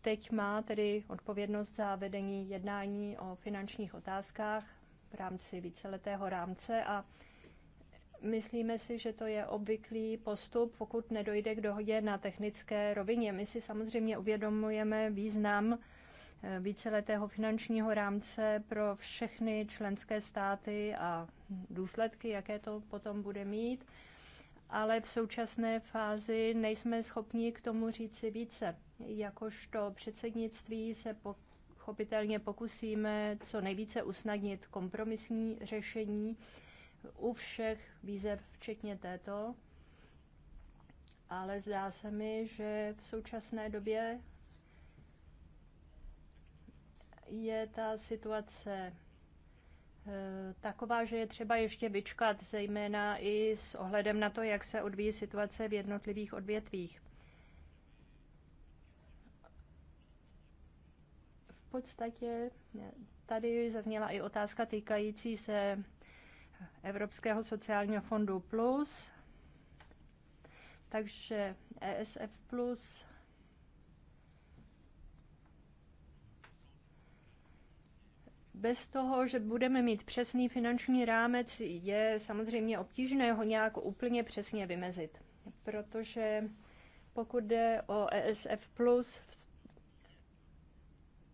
teď má tedy odpovědnost za vedení jednání o finančních otázkách v rámci víceletého rámce a Myslíme si, že to je obvyklý postup, pokud nedojde k dohodě na technické rovině. My si samozřejmě uvědomujeme význam eh, víceletého finančního rámce pro všechny členské státy a důsledky, jaké to potom bude mít, ale v současné fázi nejsme schopni k tomu říci více. Jakožto předsednictví se pochopitelně pokusíme co nejvíce usnadnit kompromisní řešení, u všech výzev, včetně této, ale zdá se mi, že v současné době je ta situace eh, taková, že je třeba ještě vyčkat, zejména i s ohledem na to, jak se odvíjí situace v jednotlivých odvětvích. V podstatě eh, tady zazněla i otázka týkající se Evropského sociálního fondu Plus. Takže ESF Plus bez toho, že budeme mít přesný finanční rámec, je samozřejmě obtížné ho nějak úplně přesně vymezit. Protože pokud jde o ESF+, v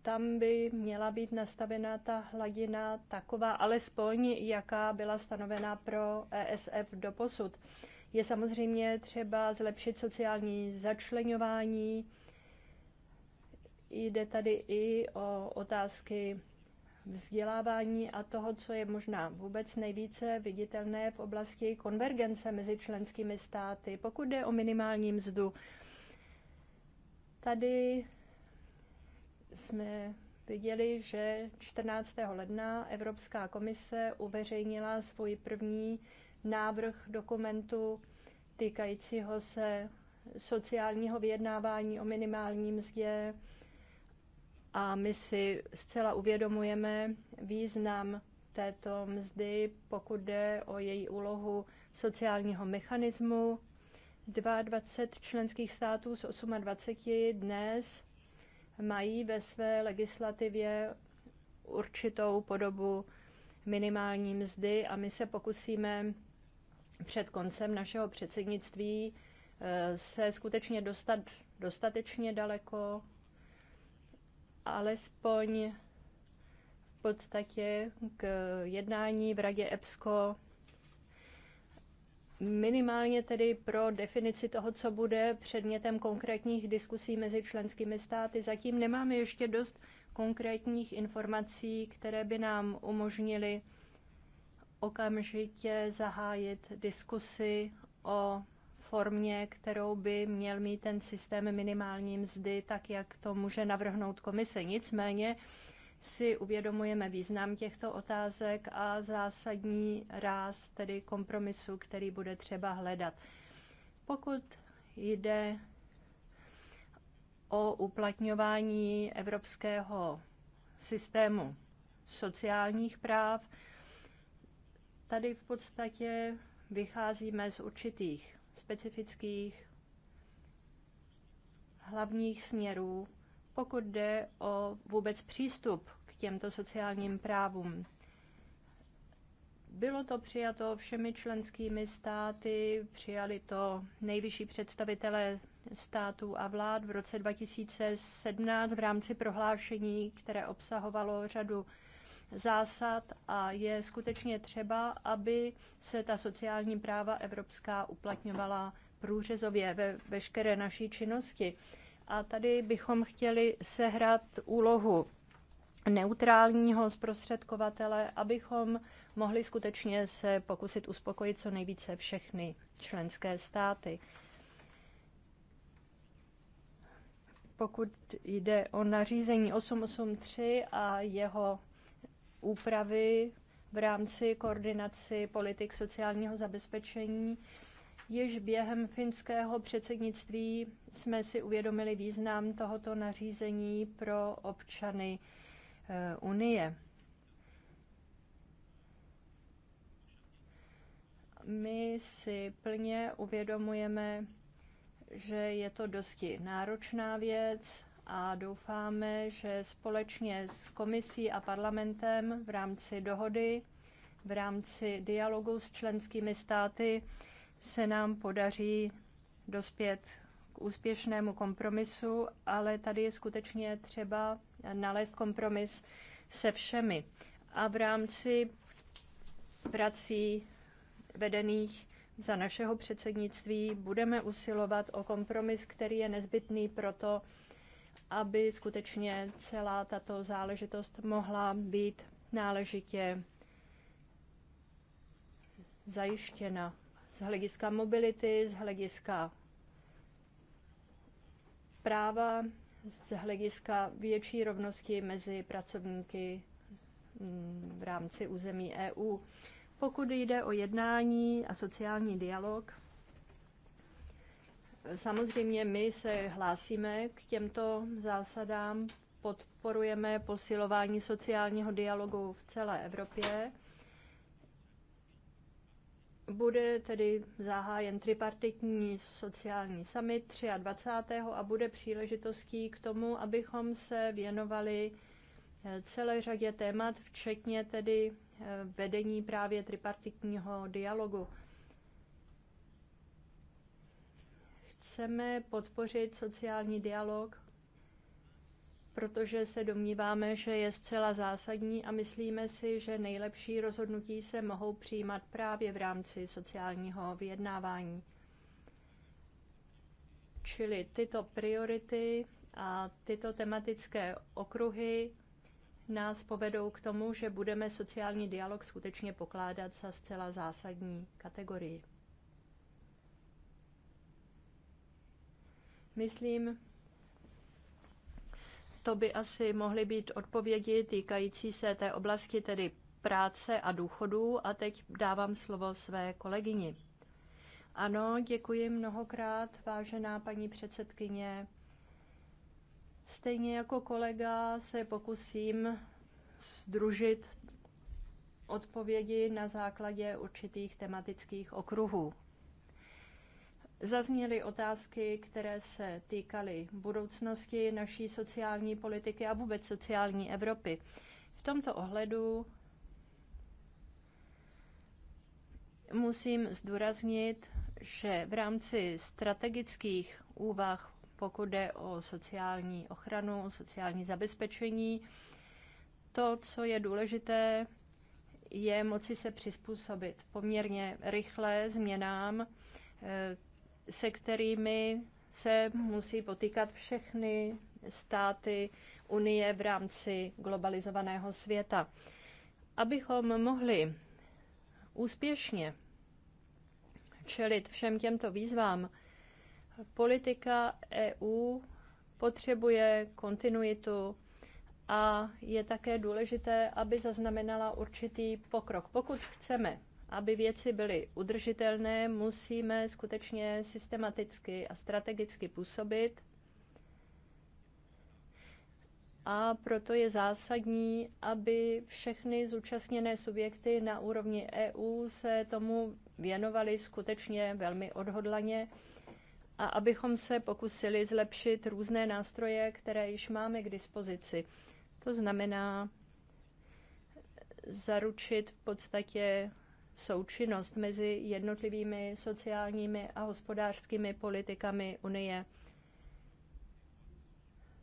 tam by měla být nastavena ta hladina taková, alespoň jaká byla stanovena pro ESF do posud. Je samozřejmě třeba zlepšit sociální začlenování. Jde tady i o otázky vzdělávání a toho, co je možná vůbec nejvíce viditelné v oblasti konvergence mezi členskými státy. Pokud jde o minimální mzdu, tady jsme viděli, že 14. ledna Evropská komise uveřejnila svůj první návrh dokumentu týkajícího se sociálního vyjednávání o minimálním mzdě a my si zcela uvědomujeme význam této mzdy, pokud jde o její úlohu sociálního mechanismu. 22 členských států z 28 dnes mají ve své legislativě určitou podobu minimální mzdy a my se pokusíme před koncem našeho předsednictví eh, se skutečně dostat dostatečně daleko, alespoň v podstatě k jednání v Radě EBSCO minimálně tedy pro definici toho, co bude předmětem konkrétních diskusí mezi členskými státy. Zatím nemáme ještě dost konkrétních informací, které by nám umožnily okamžitě zahájit diskusy o formě, kterou by měl mít ten systém minimální mzdy, tak jak to může navrhnout komise. Nicméně si uvědomujeme význam těchto otázek a zásadní ráz tedy kompromisu, který bude třeba hledat. Pokud jde o uplatňování evropského systému sociálních práv, tady v podstatě vycházíme z určitých specifických hlavních směrů pokud jde o vůbec přístup k těmto sociálním právům. Bylo to přijato všemi členskými státy, přijali to nejvyšší představitelé států a vlád v roce 2017 v rámci prohlášení, které obsahovalo řadu zásad a je skutečně třeba, aby se ta sociální práva evropská uplatňovala průřezově ve veškeré naší činnosti. A tady bychom chtěli sehrát úlohu neutrálního zprostředkovatele, abychom mohli skutečně se pokusit uspokojit co nejvíce všechny členské státy. Pokud jde o nařízení 883 a jeho úpravy v rámci koordinaci politik sociálního zabezpečení, Již během finského předsednictví jsme si uvědomili význam tohoto nařízení pro občany eh, Unie. My si plně uvědomujeme, že je to dosti náročná věc a doufáme, že společně s komisí a parlamentem v rámci dohody, v rámci dialogu s členskými státy, se nám podaří dospět k úspěšnému kompromisu, ale tady je skutečně třeba nalézt kompromis se všemi. A v rámci prací vedených za našeho předsednictví budeme usilovat o kompromis, který je nezbytný pro to, aby skutečně celá tato záležitost mohla být náležitě zajištěna z hlediska mobility, z hlediska práva, z hlediska větší rovnosti mezi pracovníky mm, v rámci území EU. Pokud jde o jednání a sociální dialog, samozřejmě my se hlásíme k těmto zásadám, podporujeme posilování sociálního dialogu v celé Evropě bude tedy zahájen tripartitní sociální summit 23. a bude příležitostí k tomu, abychom se věnovali eh, celé řadě témat, včetně tedy eh, vedení právě tripartitního dialogu. Chceme podpořit sociální dialog protože se domníváme, že je zcela zásadní a myslíme si, že nejlepší rozhodnutí se mohou přijímat právě v rámci sociálního vyjednávání. Čili tyto priority a tyto tematické okruhy nás povedou k tomu, že budeme sociální dialog skutečně pokládat za zcela zásadní kategorii. Myslím, to by asi mohly být odpovědi týkající se té oblasti, tedy práce a důchodů. A teď dávám slovo své kolegyni. Ano, děkuji mnohokrát, vážená paní předsedkyně. Stejně jako kolega se pokusím združit odpovědi na základě určitých tematických okruhů. Zazněly otázky, které se týkaly budoucnosti naší sociální politiky a vůbec sociální Evropy. V tomto ohledu musím zdůraznit, že v rámci strategických úvah, pokud jde o sociální ochranu, sociální zabezpečení, to, co je důležité, je moci se přizpůsobit poměrně rychle změnám, eh, se kterými se musí potýkat všechny státy Unie v rámci globalizovaného světa. Abychom mohli úspěšně čelit všem těmto výzvám, politika EU potřebuje kontinuitu a je také důležité, aby zaznamenala určitý pokrok. Pokud chceme aby věci byly udržitelné, musíme skutečně systematicky a strategicky působit. A proto je zásadní, aby všechny zúčastněné subjekty na úrovni EU se tomu věnovaly skutečně velmi odhodlaně a abychom se pokusili zlepšit různé nástroje, které již máme k dispozici. To znamená zaručit v podstatě součinnost mezi jednotlivými sociálními a hospodářskými politikami Unie.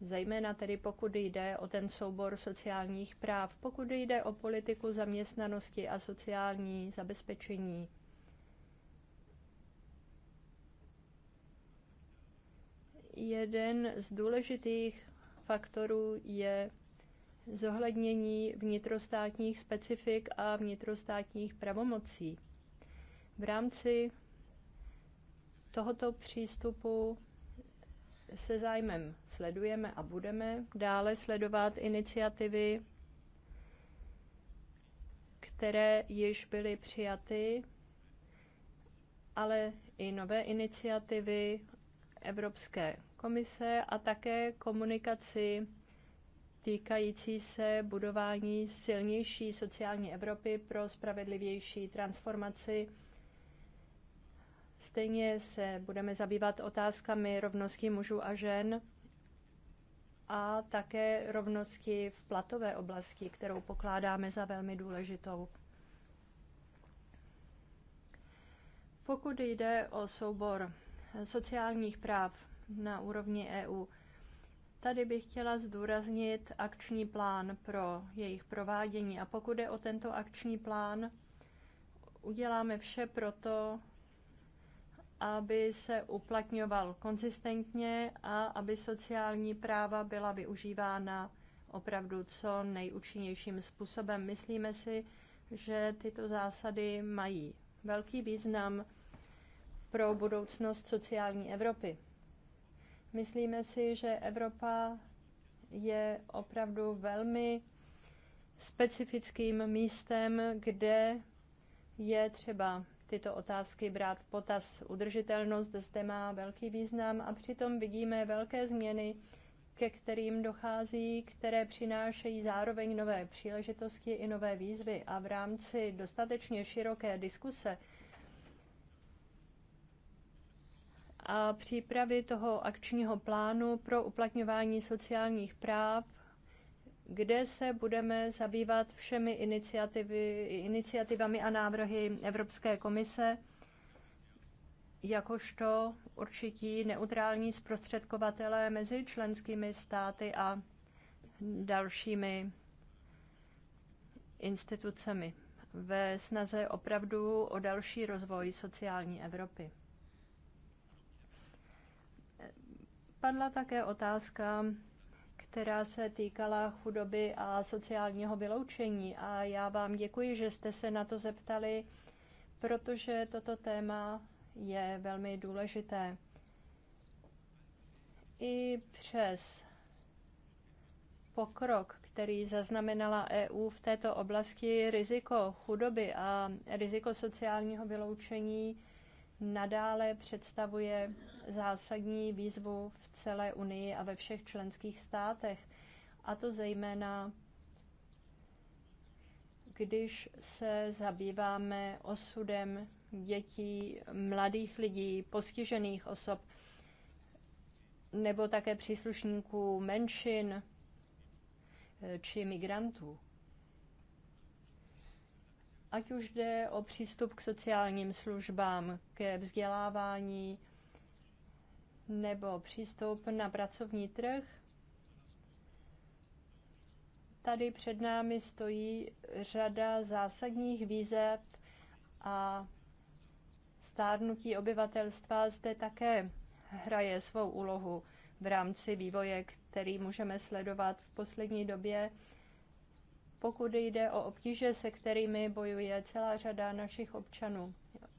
Zejména tedy pokud jde o ten soubor sociálních práv, pokud jde o politiku zaměstnanosti a sociální zabezpečení. Jeden z důležitých faktorů je zohlednění vnitrostátních specifik a vnitrostátních pravomocí. V rámci tohoto přístupu se zájmem sledujeme a budeme dále sledovat iniciativy, které již byly přijaty, ale i nové iniciativy Evropské komise a také komunikaci týkající se budování silnější sociální Evropy pro spravedlivější transformaci. Stejně se budeme zabývat otázkami rovnosti mužů a žen a také rovnosti v platové oblasti, kterou pokládáme za velmi důležitou. Pokud jde o soubor sociálních práv na úrovni EU, Tady bych chtěla zdůraznit akční plán pro jejich provádění. A pokud je o tento akční plán, uděláme vše pro to, aby se uplatňoval konzistentně a aby sociální práva byla využívána opravdu co nejúčinnějším způsobem. Myslíme si, že tyto zásady mají velký význam pro budoucnost sociální Evropy. Myslíme si, že Evropa je opravdu velmi specifickým místem, kde je třeba tyto otázky brát potaz. Udržitelnost zde má velký význam a přitom vidíme velké změny, ke kterým dochází, které přinášejí zároveň nové příležitosti i nové výzvy. A v rámci dostatečně široké diskuse a přípravy toho akčního plánu pro uplatňování sociálních práv, kde se budeme zabývat všemi iniciativy, iniciativami a návrhy Evropské komise jakožto určití neutrální zprostředkovatelé mezi členskými státy a dalšími institucemi ve snaze opravdu o další rozvoj sociální Evropy. Padla také otázka, která se týkala chudoby a sociálního vyloučení. A já vám děkuji, že jste se na to zeptali, protože toto téma je velmi důležité. I přes pokrok, který zaznamenala EU v této oblasti, riziko chudoby a riziko sociálního vyloučení nadále představuje zásadní výzvu v celé Unii a ve všech členských státech. A to zejména, když se zabýváme osudem dětí, mladých lidí, postižených osob nebo také příslušníků menšin eh, či migrantů ať už jde o přístup k sociálním službám, ke vzdělávání nebo přístup na pracovní trh, tady před námi stojí řada zásadních výzev a stárnutí obyvatelstva zde také hraje svou úlohu v rámci vývoje, který můžeme sledovat v poslední době pokud jde o obtíže, se kterými bojuje celá řada našich občanů.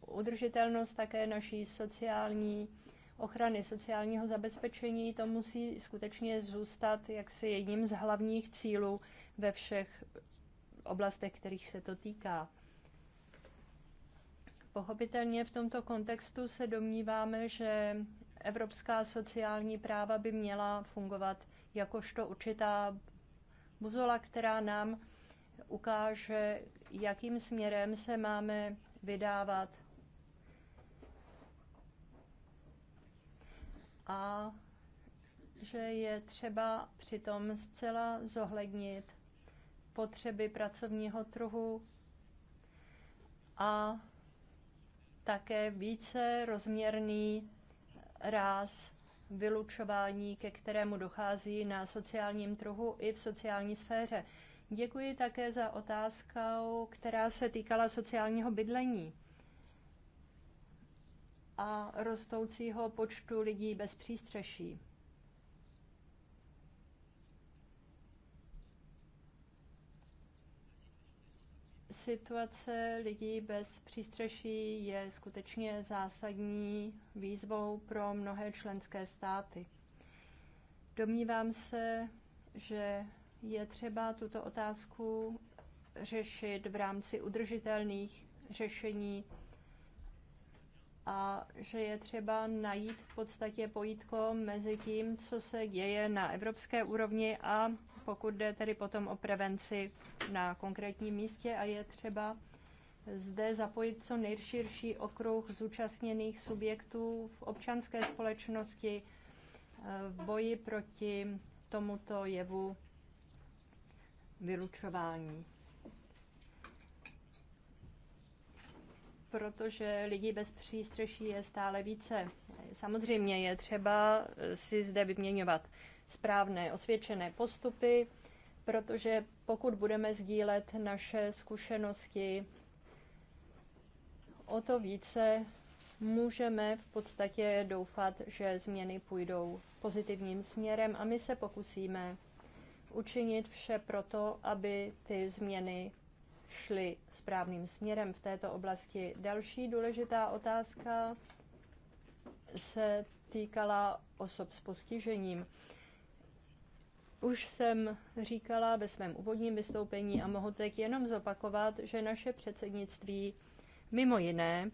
Udržitelnost také naší sociální ochrany, sociálního zabezpečení, to musí skutečně zůstat jaksi jedním z hlavních cílů ve všech oblastech, kterých se to týká. Pochopitelně v tomto kontextu se domníváme, že evropská sociální práva by měla fungovat jakožto určitá buzola, která nám ukáže, jakým směrem se máme vydávat a že je třeba přitom zcela zohlednit potřeby pracovního trhu a také více rozměrný ráz vylučování, ke kterému dochází na sociálním trhu i v sociální sféře. Děkuji také za otázku, která se týkala sociálního bydlení a rostoucího počtu lidí bez přístřeší. Situace lidí bez přístřeší je skutečně zásadní výzvou pro mnohé členské státy. Domnívám se, že je třeba tuto otázku řešit v rámci udržitelných řešení a že je třeba najít v podstatě pojítko mezi tím, co se děje na evropské úrovni a pokud jde tedy potom o prevenci na konkrétním místě a je třeba zde zapojit co nejširší okruh zúčastněných subjektů v občanské společnosti eh, v boji proti tomuto jevu vylučování. protože lidí bez přístřeší je stále více. Samozřejmě je třeba si zde vyměňovat správné osvědčené postupy, protože pokud budeme sdílet naše zkušenosti, o to více můžeme v podstatě doufat, že změny půjdou pozitivním směrem a my se pokusíme učinit vše proto, aby ty změny šly správným směrem v této oblasti. Další důležitá otázka se týkala osob s postižením. Už jsem říkala ve svém úvodním vystoupení a mohu teď jenom zopakovat, že naše předsednictví mimo jiné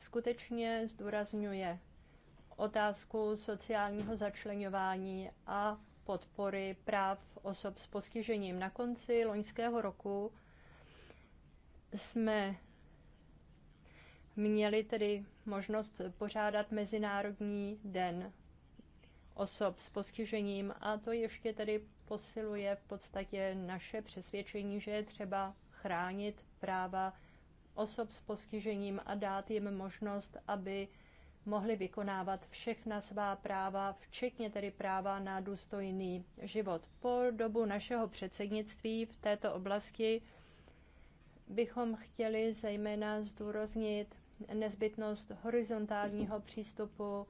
skutečně zdůrazňuje otázku sociálního začlenování a podpory práv osob s postižením. Na konci loňského roku jsme měli tedy možnost pořádat Mezinárodní den osob s postižením a to ještě tedy posiluje v podstatě naše přesvědčení, že je třeba chránit práva osob s postižením a dát jim možnost, aby mohli vykonávat všechna svá práva, včetně tedy práva na důstojný život. Po dobu našeho předsednictví v této oblasti bychom chtěli zejména zdůraznit nezbytnost horizontálního přístupu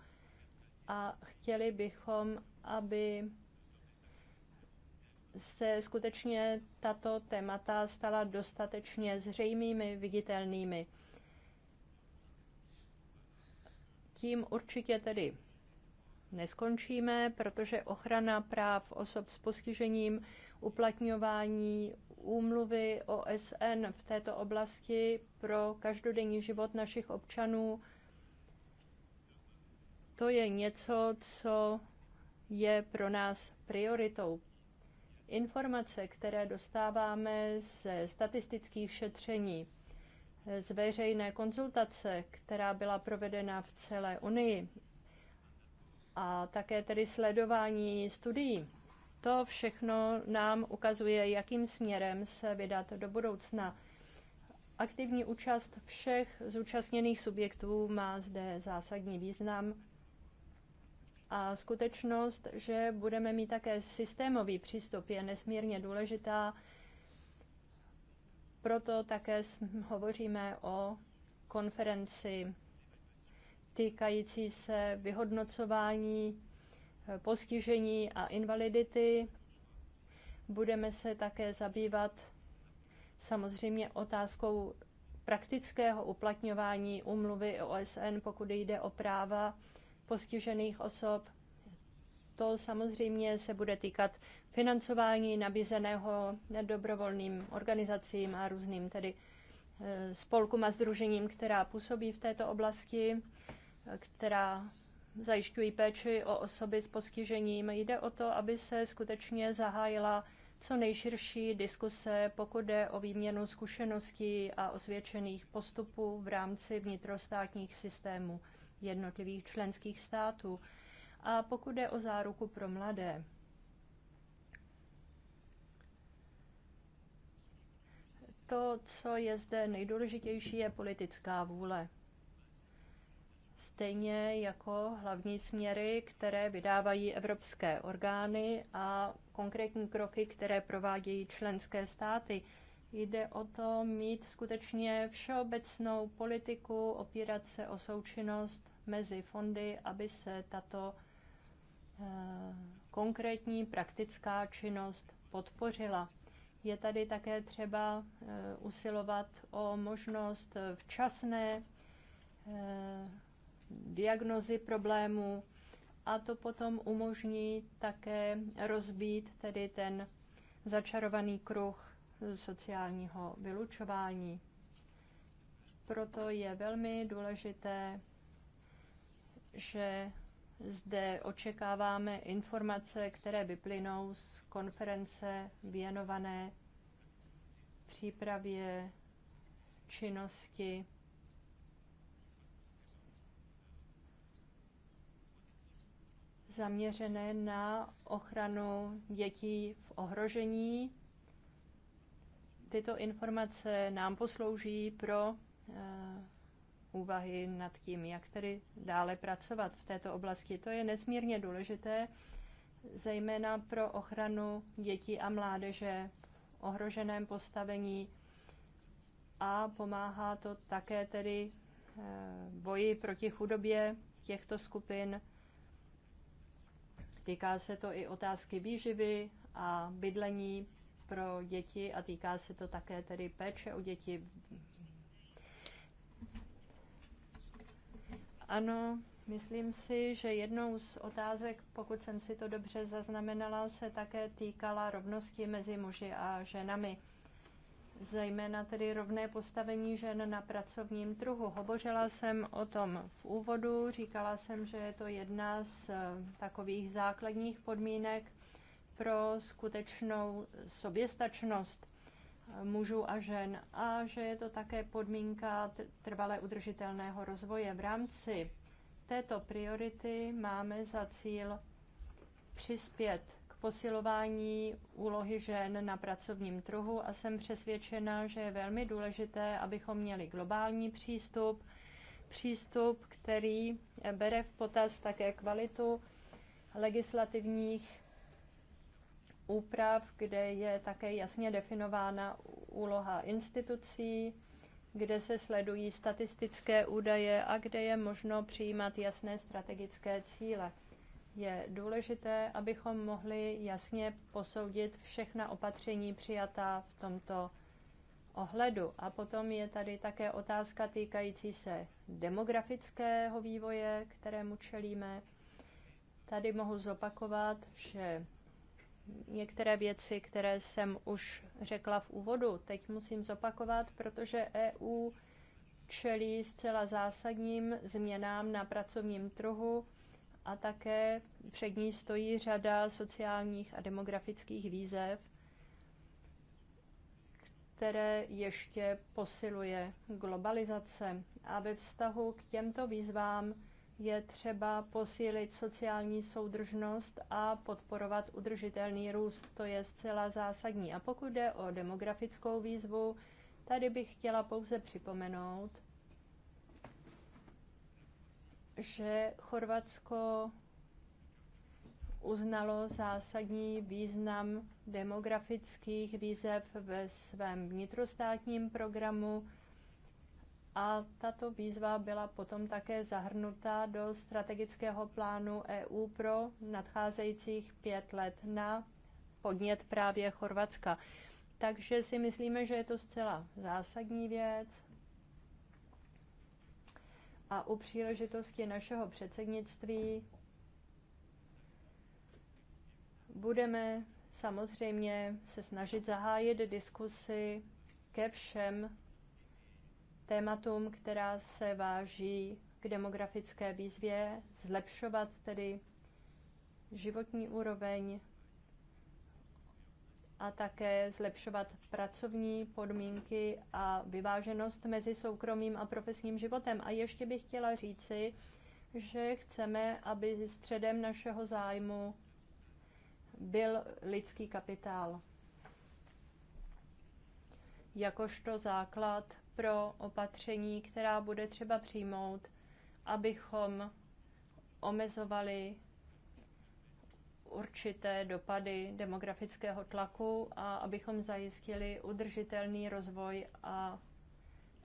a chtěli bychom, aby se skutečně tato témata stala dostatečně zřejmými, viditelnými. tím určitě tedy neskončíme, protože ochrana práv osob s postižením, uplatňování úmluvy OSN v této oblasti pro každodenní život našich občanů, to je něco, co je pro nás prioritou. Informace, které dostáváme ze statistických šetření, z veřejné konzultace, která byla provedena v celé Unii a také tedy sledování studií. To všechno nám ukazuje, jakým směrem se vydat do budoucna. Aktivní účast všech zúčastněných subjektů má zde zásadní význam a skutečnost, že budeme mít také systémový přístup, je nesmírně důležitá proto také hovoříme o konferenci týkající se vyhodnocování eh, postižení a invalidity. Budeme se také zabývat samozřejmě otázkou praktického uplatňování umluvy OSN, pokud jde o práva postižených osob. To samozřejmě se bude týkat financování nabízeného dobrovolným organizacím a různým tedy eh, spolkům a združením, která působí v této oblasti, eh, která zajišťují péči o osoby s postižením. Jde o to, aby se skutečně zahájila co nejširší diskuse, pokud jde o výměnu zkušeností a osvědčených postupů v rámci vnitrostátních systémů jednotlivých členských států a pokud jde o záruku pro mladé. to, co je zde nejdůležitější, je politická vůle. Stejně jako hlavní směry, které vydávají evropské orgány a konkrétní kroky, které provádějí členské státy. Jde o to mít skutečně všeobecnou politiku, opírat se o součinnost mezi fondy, aby se tato eh, konkrétní praktická činnost podpořila je tady také třeba eh, usilovat o možnost eh, včasné eh, diagnozy problému a to potom umožní také rozbít tedy ten začarovaný kruh sociálního vylučování. Proto je velmi důležité, že zde očekáváme informace, které vyplynou z konference věnované přípravě činnosti zaměřené na ochranu dětí v ohrožení. Tyto informace nám poslouží pro eh, úvahy nad tím, jak tedy dále pracovat v této oblasti. To je nezmírně důležité, zejména pro ochranu dětí a mládeže v ohroženém postavení a pomáhá to také tedy eh, boji proti chudobě těchto skupin. Týká se to i otázky výživy a bydlení pro děti a týká se to také tedy péče o děti Ano, myslím si, že jednou z otázek, pokud jsem si to dobře zaznamenala, se také týkala rovnosti mezi muži a ženami zejména tedy rovné postavení žen na pracovním trhu. Hovořila jsem o tom v úvodu, říkala jsem, že je to jedna z eh, takových základních podmínek pro skutečnou soběstačnost mužů a žen a že je to také podmínka trvale udržitelného rozvoje. V rámci této priority máme za cíl přispět k posilování úlohy žen na pracovním trhu a jsem přesvědčena, že je velmi důležité, abychom měli globální přístup, přístup, který bere v potaz také kvalitu legislativních úprav, kde je také jasně definována úloha institucí, kde se sledují statistické údaje a kde je možno přijímat jasné strategické cíle. Je důležité, abychom mohli jasně posoudit všechna opatření přijatá v tomto ohledu. A potom je tady také otázka týkající se demografického vývoje, kterému čelíme. Tady mohu zopakovat, že některé věci, které jsem už řekla v úvodu, teď musím zopakovat, protože EU čelí zcela zásadním změnám na pracovním trhu a také před ní stojí řada sociálních a demografických výzev, které ještě posiluje globalizace. A ve vztahu k těmto výzvám je třeba posílit sociální soudržnost a podporovat udržitelný růst. To je zcela zásadní. A pokud jde o demografickou výzvu, tady bych chtěla pouze připomenout, že Chorvatsko uznalo zásadní význam demografických výzev ve svém vnitrostátním programu a tato výzva byla potom také zahrnuta do strategického plánu EU pro nadcházejících pět let na podnět právě Chorvatska. Takže si myslíme, že je to zcela zásadní věc. A u příležitosti našeho předsednictví budeme samozřejmě se snažit zahájit diskusy ke všem tématům, která se váží k demografické výzvě, zlepšovat tedy životní úroveň a také zlepšovat pracovní podmínky a vyváženost mezi soukromým a profesním životem. A ještě bych chtěla říci, že chceme, aby středem našeho zájmu byl lidský kapitál jakožto základ pro opatření, která bude třeba přijmout, abychom omezovali určité dopady demografického tlaku a abychom zajistili udržitelný rozvoj a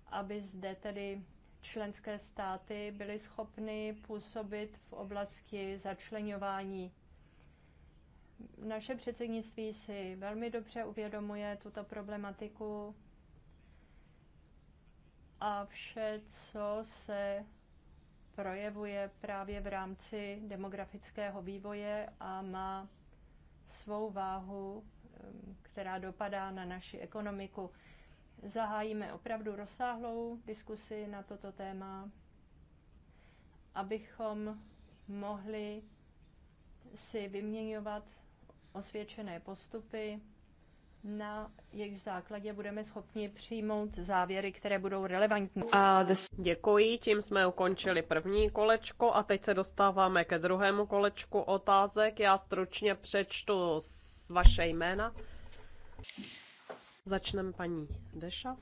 aby zde tedy členské státy byly schopny působit v oblasti začlenování. Naše předsednictví si velmi dobře uvědomuje tuto problematiku a vše, co se projevuje právě v rámci demografického vývoje a má svou váhu, která dopadá na naši ekonomiku. Zahájíme opravdu rozsáhlou diskusi na toto téma, abychom mohli si vyměňovat osvědčené postupy na jejich základě budeme schopni přijmout závěry, které budou relevantní. Děkuji, tím jsme ukončili první kolečko a teď se dostáváme ke druhému kolečku otázek. Já stručně přečtu z vaše jména. Začneme paní Dešav.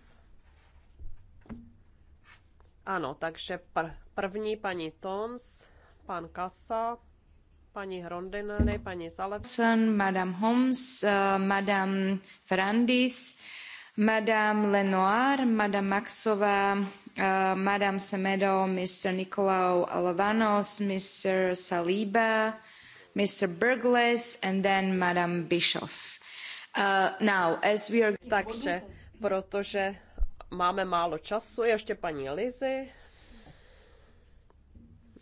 Ano, takže pr- první paní Tons, pan Kasa, paní Rondinelli, paní Zalepson, Madame Holmes, uh, Madame Ferrandis, Madame Lenoir, Madame maxové uh, eh, Madame Semedo, Nicolau Alavanos, Mr. Saliba, Mr. Burgles a pak Madame Bischoff. Eh, Takže, protože máme málo času, ještě paní Lizy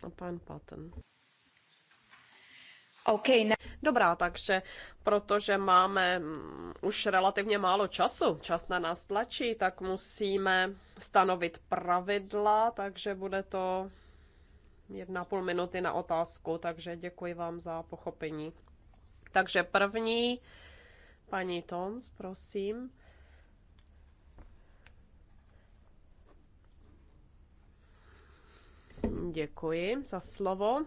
a pan patten. Okay, ne- Dobrá, takže protože máme mm, už relativně málo času, čas na nás tlačí, tak musíme stanovit pravidla, takže bude to jedna půl minuty na otázku, takže děkuji vám za pochopení. Takže první, paní Tons, prosím. Děkuji za slovo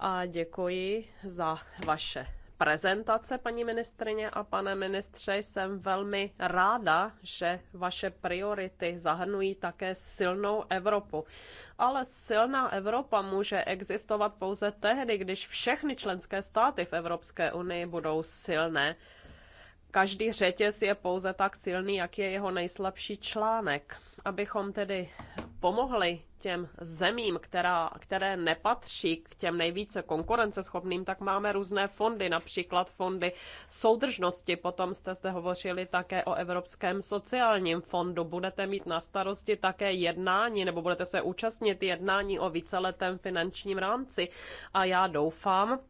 a děkuji za vaše prezentace, paní ministrině a pane ministře. Jsem velmi ráda, že vaše priority zahrnují také silnou Evropu. Ale silná Evropa může existovat pouze tehdy, když všechny členské státy v Evropské unii budou silné. Každý řetěz je pouze tak silný, jak je jeho nejslabší článek. Abychom tedy pomohli těm zemím, která, které nepatří k těm nejvíce konkurenceschopným, tak máme různé fondy, například fondy soudržnosti. Potom jste zde hovořili také o Evropském sociálním fondu. Budete mít na starosti také jednání, nebo budete se účastnit jednání o víceletém finančním rámci. A já doufám,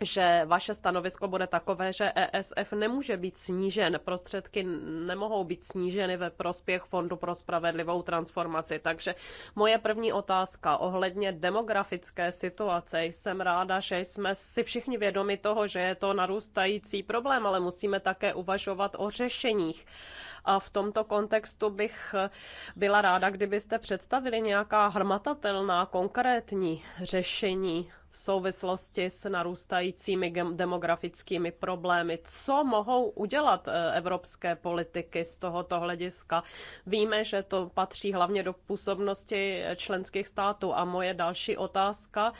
že vaše stanovisko bude takové, že ESF nemůže být snížen, prostředky nemohou být sníženy ve prospěch Fondu pro spravedlivou transformaci. Takže moje první otázka ohledně demografické situace. Jsem ráda, že jsme si všichni vědomi toho, že je to narůstající problém, ale musíme také uvažovat o řešeních. A v tomto kontextu bych byla ráda, kdybyste představili nějaká hmatatelná, konkrétní řešení v souvislosti s narůstajícími demografickými problémy. Co mohou udělat eh, evropské politiky z tohoto hlediska? Víme, že to patří hlavně do působnosti eh, členských států. A moje další otázka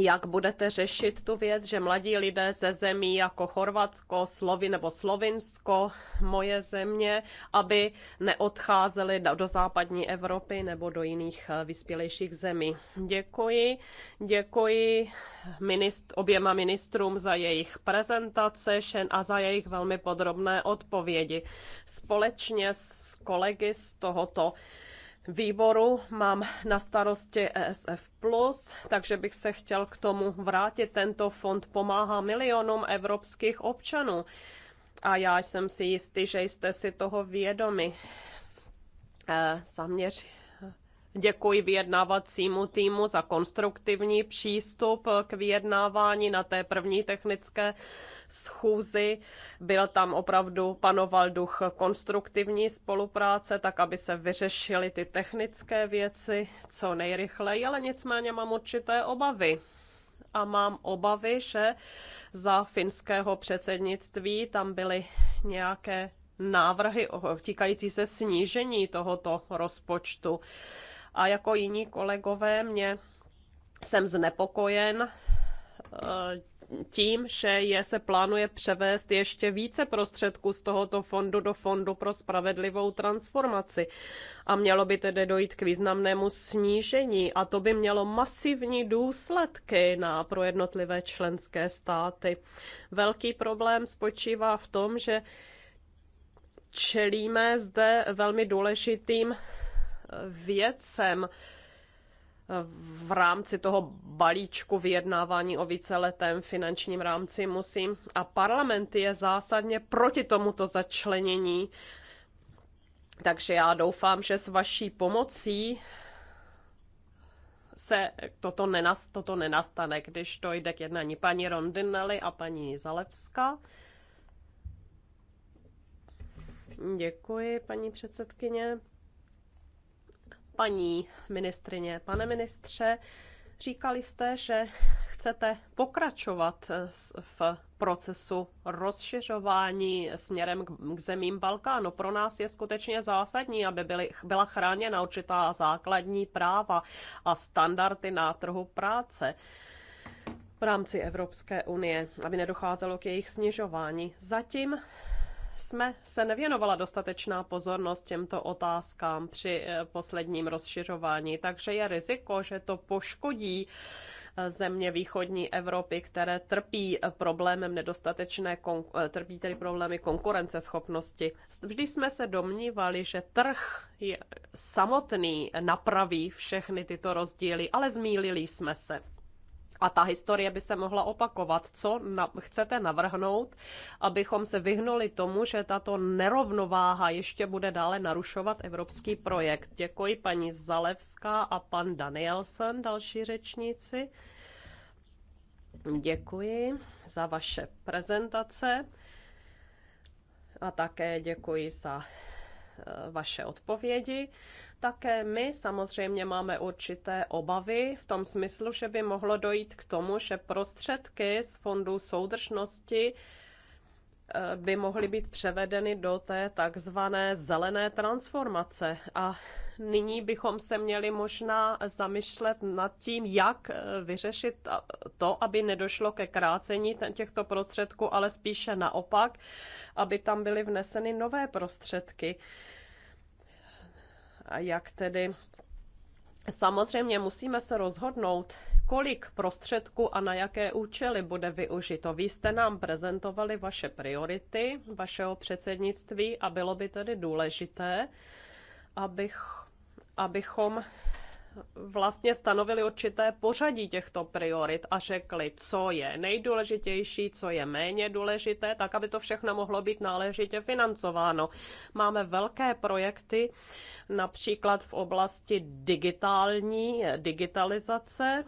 jak budete řešit tu věc, že mladí lidé ze zemí jako Chorvatsko, Slovy nebo Slovinsko, moje země, aby neodcházeli do západní Evropy nebo do jiných eh, vyspělejších zemí. Děkuji. Děkuji ministr, oběma ministrům za jejich prezentace a za jejich velmi podrobné odpovědi. Společně s kolegy z tohoto výboru mám na starosti ESF+, takže bych se chtěl k tomu vrátit. Tento fond pomáhá milionům evropských občanů a já jsem si jistý, že jste si toho vědomi. E, zaměř, Děkuji vyjednávacímu týmu za konstruktivní přístup k vyjednávání na té první technické schůzi. Byl tam opravdu panoval duch konstruktivní spolupráce, tak aby se vyřešily ty technické věci co nejrychleji, ale nicméně mám určité obavy a mám obavy, že za finského předsednictví tam byly nějaké návrhy týkající se snížení tohoto rozpočtu. A jako jiní kolegové mě jsem znepokojen eh, tím, že je se plánuje převést ještě více prostředků z tohoto fondu do Fondu pro spravedlivou transformaci. A mělo by tedy dojít k významnému snížení a to by mělo masivní důsledky na pro jednotlivé členské státy. Velký problém spočívá v tom, že čelíme zde velmi důležitým věcem v rámci toho balíčku vyjednávání o víceletém finančním rámci musím. A parlament je zásadně proti tomuto začlenění. Takže já doufám, že s vaší pomocí se toto, nenast, toto nenastane, když to jde k jednání paní Rondinelli a paní Zalevská. Děkuji, paní předsedkyně. Paní ministrině, pane ministře, říkali jste, že chcete pokračovat eh, v procesu rozšiřování směrem k zemím Balkánu. Pro nás je skutečně zásadní, aby byly, byla chráněna určitá základní práva a standardy na trhu práce v rámci Evropské unie, aby nedocházelo k jejich snižování. Zatím jsme se nevěnovala dostatečná pozornost těmto otázkám při eh, posledním rozšiřování, takže je riziko, že to poškodí eh, země východní Evropy, které trpí eh, problémem nedostatečné, trpí tedy problémy konkurenceschopnosti. Vždy jsme se domnívali, že trh samotný napraví všechny tyto rozdíly, ale zmílili jsme se a ta historie by se mohla opakovat. Co na, chcete navrhnout, abychom se vyhnuli tomu, že tato nerovnováha ještě bude dále narušovat evropský projekt? Děkuji paní Zalevská a pan Danielson další řečníci. Děkuji za vaše prezentace a také děkuji za Eh, vaše odpovědi. Také my samozřejmě máme určité obavy v tom smyslu, že by mohlo dojít k tomu, že prostředky z fondu soudržnosti Eh, by mohly být převedeny do té takzvané zelené transformace. A nyní bychom se měli možná zamyšlet nad tím, jak eh, vyřešit to, aby nedošlo ke krácení těchto prostředků, ale spíše naopak, aby tam byly vneseny nové prostředky. A jak tedy Samozřejmě musíme se rozhodnout, kolik prostředků a na jaké účely bude využito. Vy jste nám prezentovali vaše priority vašeho předsednictví a bylo by tedy důležité, abych, abychom vlastně stanovili určité pořadí těchto priorit a řekli, co je nejdůležitější, co je méně důležité, tak aby to všechno mohlo být náležitě financováno. Máme velké projekty, například v oblasti digitální, digitalizace,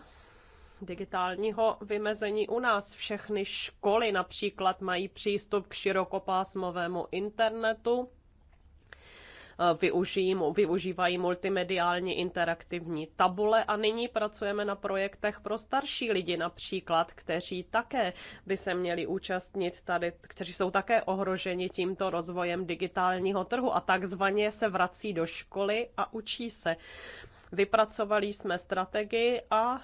digitálního vymezení u nás. Všechny školy například mají přístup k širokopásmovému internetu využijí, využívají multimediální interaktivní tabule a nyní pracujeme na projektech pro starší lidi například, kteří také by se měli účastnit tady, kteří jsou také ohroženi tímto rozvojem digitálního trhu a takzvaně se vrací do školy a učí se. Vypracovali jsme strategii a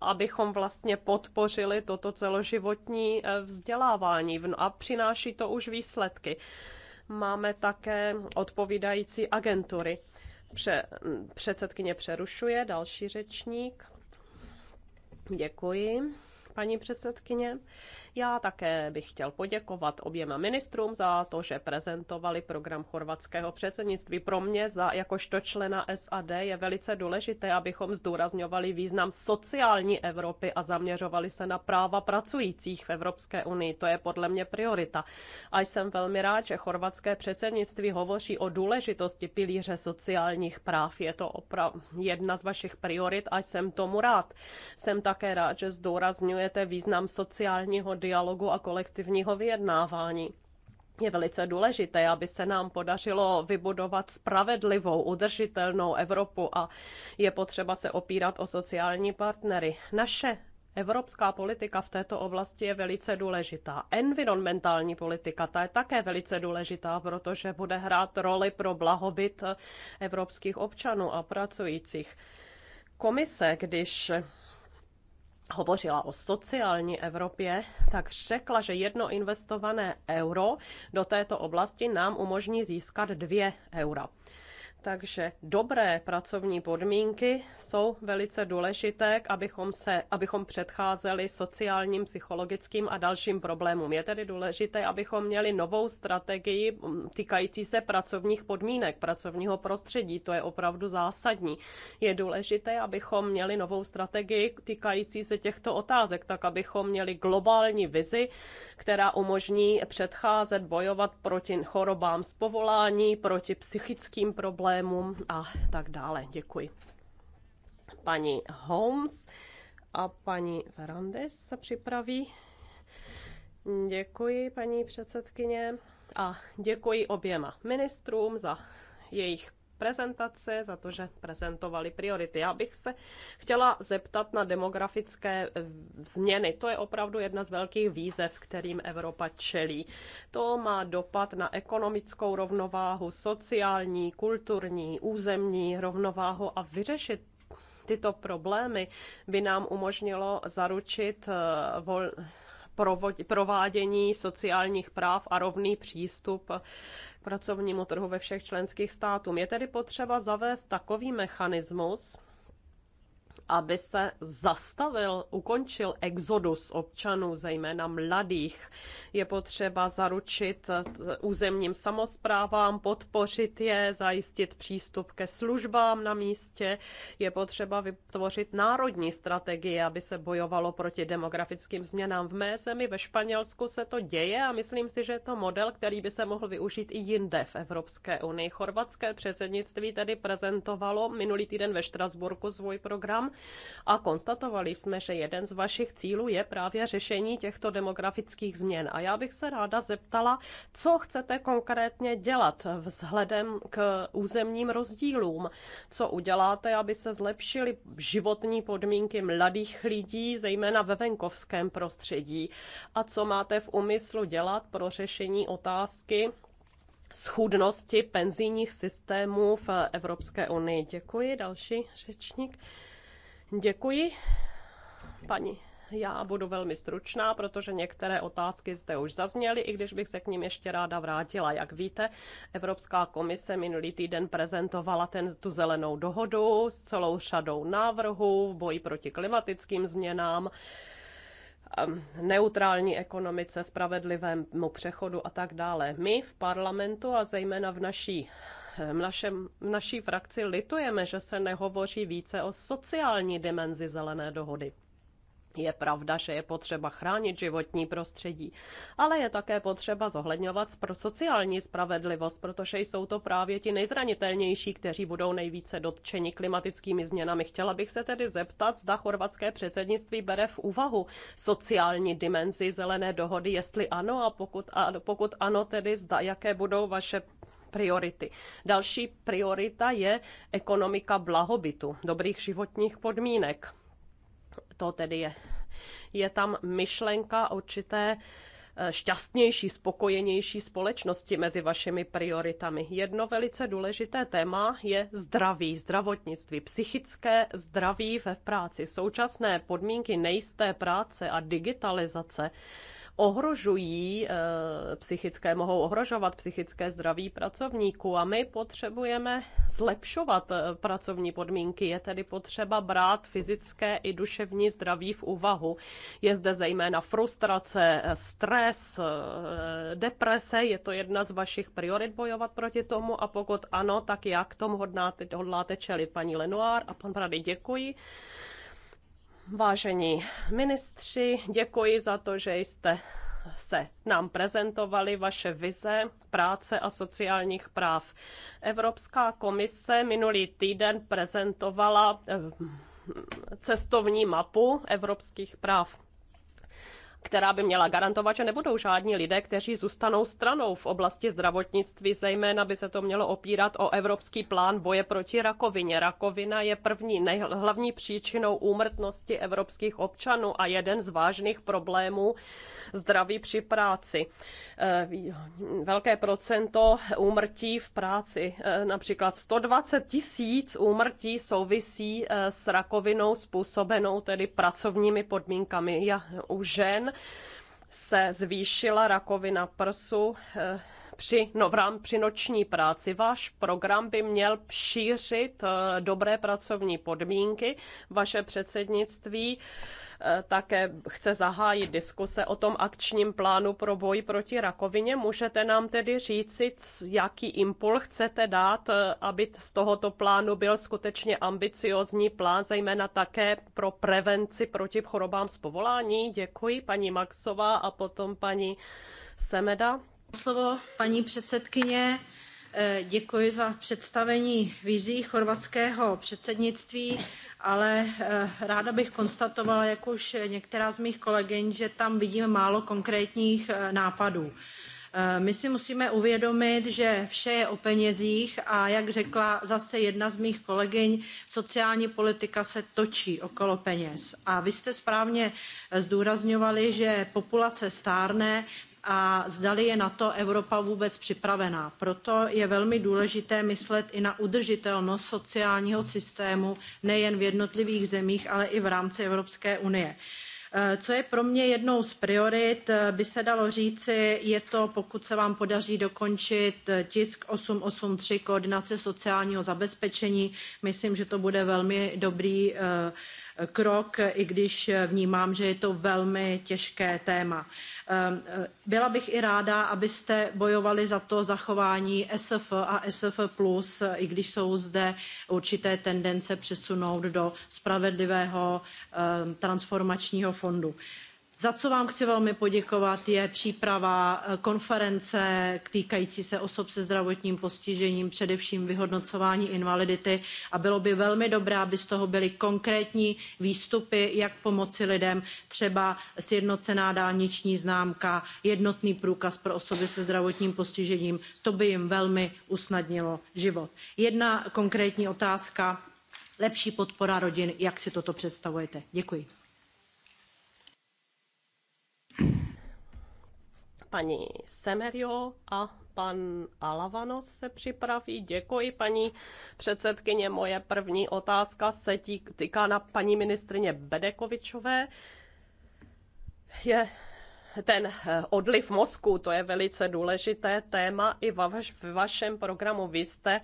abychom vlastně podpořili toto celoživotní eh, vzdělávání a přináší to už výsledky máme také odpovídající agentury. Pře- předsedkyně přerušuje, další řečník. Děkuji, paní předsedkyně. Já také bych chtěl poděkovat oběma ministrům za to, že prezentovali program chorvatského předsednictví. Pro mě za jakožto člena SAD je velice důležité, abychom zdůrazňovali význam sociální Evropy a zaměřovali se na práva pracujících v Evropské unii. To je podle mě priorita. A jsem velmi rád, že chorvatské předsednictví hovoří o důležitosti pilíře sociálních práv. Je to opravdu jedna z vašich priorit a jsem tomu rád. Jsem také rád, že zdůrazňujete význam sociálního dialogu a kolektivního vyjednávání. Je velice důležité, aby se nám podařilo vybudovat spravedlivou, udržitelnou Evropu a je potřeba se opírat o sociální partnery. Naše Evropská politika v této oblasti je velice důležitá. Environmentální politika, ta je také velice důležitá, protože bude hrát roli pro blahobyt evropských občanů a pracujících. Komise, když hovořila o sociální Evropě, tak řekla, že jedno investované euro do této oblasti nám umožní získat dvě eura. Takže dobré pracovní podmínky jsou velice důležité, abychom, se, abychom předcházeli sociálním, psychologickým a dalším problémům. Je tedy důležité, abychom měli novou strategii mm, týkající se pracovních podmínek, pracovního prostředí. To je opravdu zásadní. Je důležité, abychom měli novou strategii týkající se těchto otázek, tak abychom měli globální vizi, která umožní předcházet, bojovat proti chorobám z povolání, proti psychickým problémům problémům a tak dále. Děkuji. Paní Holmes a paní Verandes se připraví. Děkuji, paní předsedkyně, a děkuji oběma ministrům za jejich prezentaci, za to, že prezentovali priority. Já bych se chtěla zeptat na demografické eh, změny. To je opravdu jedna z velkých výzev, kterým Evropa čelí. To má dopad na ekonomickou rovnováhu, sociální, kulturní, územní rovnováhu a vyřešit tyto problémy by nám umožnilo zaručit eh, provádění sociálních práv a rovný přístup pracovnímu trhu ve všech členských států. Je tedy potřeba zavést takový mechanismus, aby se zastavil, ukončil exodus občanů, zejména mladých. Je potřeba zaručit územním samozprávám, podpořit je, zajistit přístup ke službám na místě. Je potřeba vytvořit národní strategie, aby se bojovalo proti demografickým změnám. V mé zemi ve Španělsku se to děje a myslím si, že je to model, který by se mohl využít i jinde v Evropské unii. Chorvatské předsednictví tedy prezentovalo minulý týden ve Štrasburku svůj program a konstatovali jsme, že jeden z vašich cílů je právě řešení těchto demografických změn. A já bych se ráda zeptala, co chcete konkrétně dělat vzhledem k územním rozdílům. Co uděláte, aby se zlepšily životní podmínky mladých lidí, zejména ve venkovském prostředí? A co máte v úmyslu dělat pro řešení otázky schudnosti penzijních systémů v Evropské unii? Děkuji, další řečník. Děkuji. Paní, já budu velmi stručná, protože některé otázky zde už zazněly, i když bych se k ním ještě ráda vrátila. Jak víte, Evropská komise minulý týden prezentovala ten, tu zelenou dohodu s celou šadou návrhů v boji proti klimatickým změnám ehm, neutrální ekonomice, spravedlivému přechodu a tak dále. My v parlamentu a zejména v naší v, našem, v naší frakci litujeme, že se nehovoří více o sociální dimenzi zelené dohody. Je pravda, že je potřeba chránit životní prostředí, ale je také potřeba zohledňovat pro sociální spravedlivost, protože jsou to právě ti nejzranitelnější, kteří budou nejvíce dotčeni klimatickými změnami. Chtěla bych se tedy zeptat, zda chorvatské předsednictví bere v úvahu sociální dimenzi zelené dohody, jestli ano a pokud, a pokud ano, tedy zda jaké budou vaše priority. Další priorita je ekonomika blahobytu, dobrých životních podmínek. To tedy je. Je tam myšlenka určité e, šťastnější, spokojenější společnosti mezi vašimi prioritami. Jedno velice důležité téma je zdraví, zdravotnictví, psychické zdraví ve práci. Současné podmínky nejisté práce a digitalizace ohrožují eh, psychické, mohou ohrožovat psychické zdraví pracovníků a my potřebujeme zlepšovat eh, pracovní podmínky. Je tedy potřeba brát fyzické i duševní zdraví v úvahu. Je zde zejména frustrace, eh, stres, deprese. Je to jedna z vašich priorit bojovat proti tomu a pokud ano, tak jak tomu hodnáte, hodláte čelit paní Lenoir a pan Brady děkuji. Vážení ministři, děkuji za to, že jste se nám prezentovali vaše vize práce a sociálních práv. Evropská komise minulý týden prezentovala eh, cestovní mapu evropských práv která by měla garantovat, že nebudou žádní lidé, kteří zůstanou stranou v oblasti zdravotnictví, zejména by se to mělo opírat o evropský plán boje proti rakovině. Rakovina je první hlavní příčinou úmrtnosti evropských občanů a jeden z vážných problémů zdraví při práci. Eh, velké procento úmrtí v práci, eh, například 120 tisíc úmrtí souvisí eh, s rakovinou způsobenou tedy pracovními podmínkami u žen se zvýšila rakovina prsu eh, při, no, v rám, při noční práci. Váš program by měl šířit eh, dobré pracovní podmínky. Vaše předsednictví eh, také chce zahájit diskuse o tom akčním plánu pro boj proti rakovině. Můžete nám tedy říci, jaký impul chcete dát, eh, aby z tohoto plánu byl skutečně ambiciozní plán, zejména také pro prevenci proti chorobám z povolání. Děkuji paní Maxová a potom paní Semeda. Slovo paní předsedkyně. Eh, děkuji za představení vizí chorvatského předsednictví, ale eh, ráda bych konstatovala, jak už některá z mých kolegyň, že tam vidím málo konkrétních eh, nápadů. My si musíme uvědomit, že vše je o penězích a jak řekla zase jedna z mých kolegyň, sociální politika se točí okolo peněz. A vy jste správně zdůrazňovali, že populace stárne, a zdali je na to Evropa vůbec připravená. Proto je velmi důležité myslet i na udržitelnost sociálního systému nejen v jednotlivých zemích, ale i v rámci Evropské unie. Eh, co je pro mě jednou z priorit, eh, by se dalo říci, je to, pokud se vám podaří dokončit eh, tisk 883 koordinace sociálního zabezpečení. Myslím, že to bude velmi dobrý krok, i když vnímám, že je to velmi těžké téma. Ehm, eh, byla bych i ráda, abyste bojovali za to zachování SF a SF+, i když jsou zde určité tendence přesunout do spravedlivého ehm, transformačního fondu. Za co vám chci velmi poděkovat je příprava eh, konference týkající se osob se zdravotním postižením, především vyhodnocování invalidity a bylo by velmi dobré, aby z toho byly konkrétní výstupy, jak pomoci lidem, třeba sjednocená dálniční známka, jednotný průkaz pro osoby se zdravotním postižením. To by jim velmi usnadnilo život. Jedna konkrétní otázka lepší podpora rodin. Jak si toto představujete? Děkuji. paní Semerio a pan Alavanos se připraví. Děkuji, paní předsedkyně. Moje první otázka se týká na paní ministrině Bedekovičové. Je ten eh, odliv mozku, to je velice důležité téma i v vašem programu. Vy jste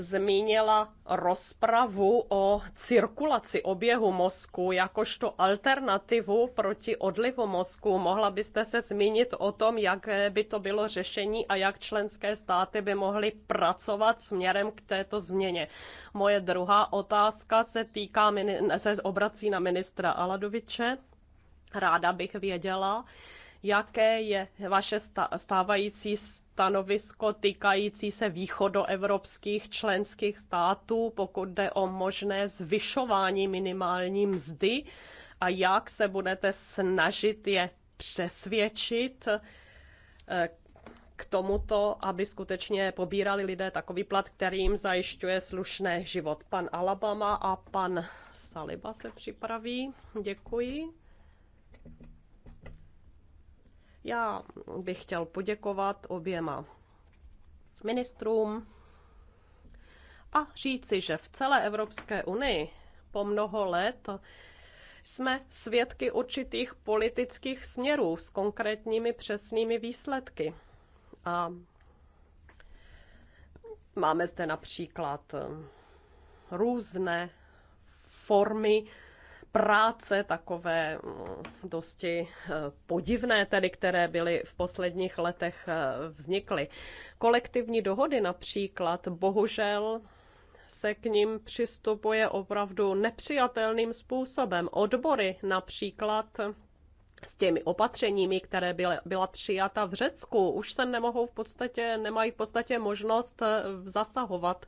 zmínila rozpravu o cirkulaci oběhu mozku jakožto alternativu proti odlivu mozku. Mohla byste se zmínit o tom, jak by to bylo řešení a jak členské státy by mohly pracovat směrem k této změně. Moje druhá otázka se týká, se obrací na ministra Aladoviče. Ráda bych věděla, jaké je vaše stávající stanovisko týkající se východoevropských členských států, pokud jde o možné zvyšování minimální mzdy a jak se budete snažit je přesvědčit eh, k tomuto, aby skutečně pobírali lidé takový plat, kterým zajišťuje slušné život. Pan Alabama a pan Saliba se připraví. Děkuji. Já bych chtěl poděkovat oběma ministrům a říci, že v celé Evropské unii po mnoho let jsme svědky určitých politických směrů s konkrétními přesnými výsledky. A máme zde například různé formy práce takové mm, dosti eh, podivné, tedy které byly v posledních letech eh, vznikly. Kolektivní dohody například, bohužel se k ním přistupuje opravdu nepřijatelným způsobem. Odbory například s těmi opatřeními, které byly, byla přijata v Řecku, už se nemohou v podstatě, nemají v podstatě možnost eh, zasahovat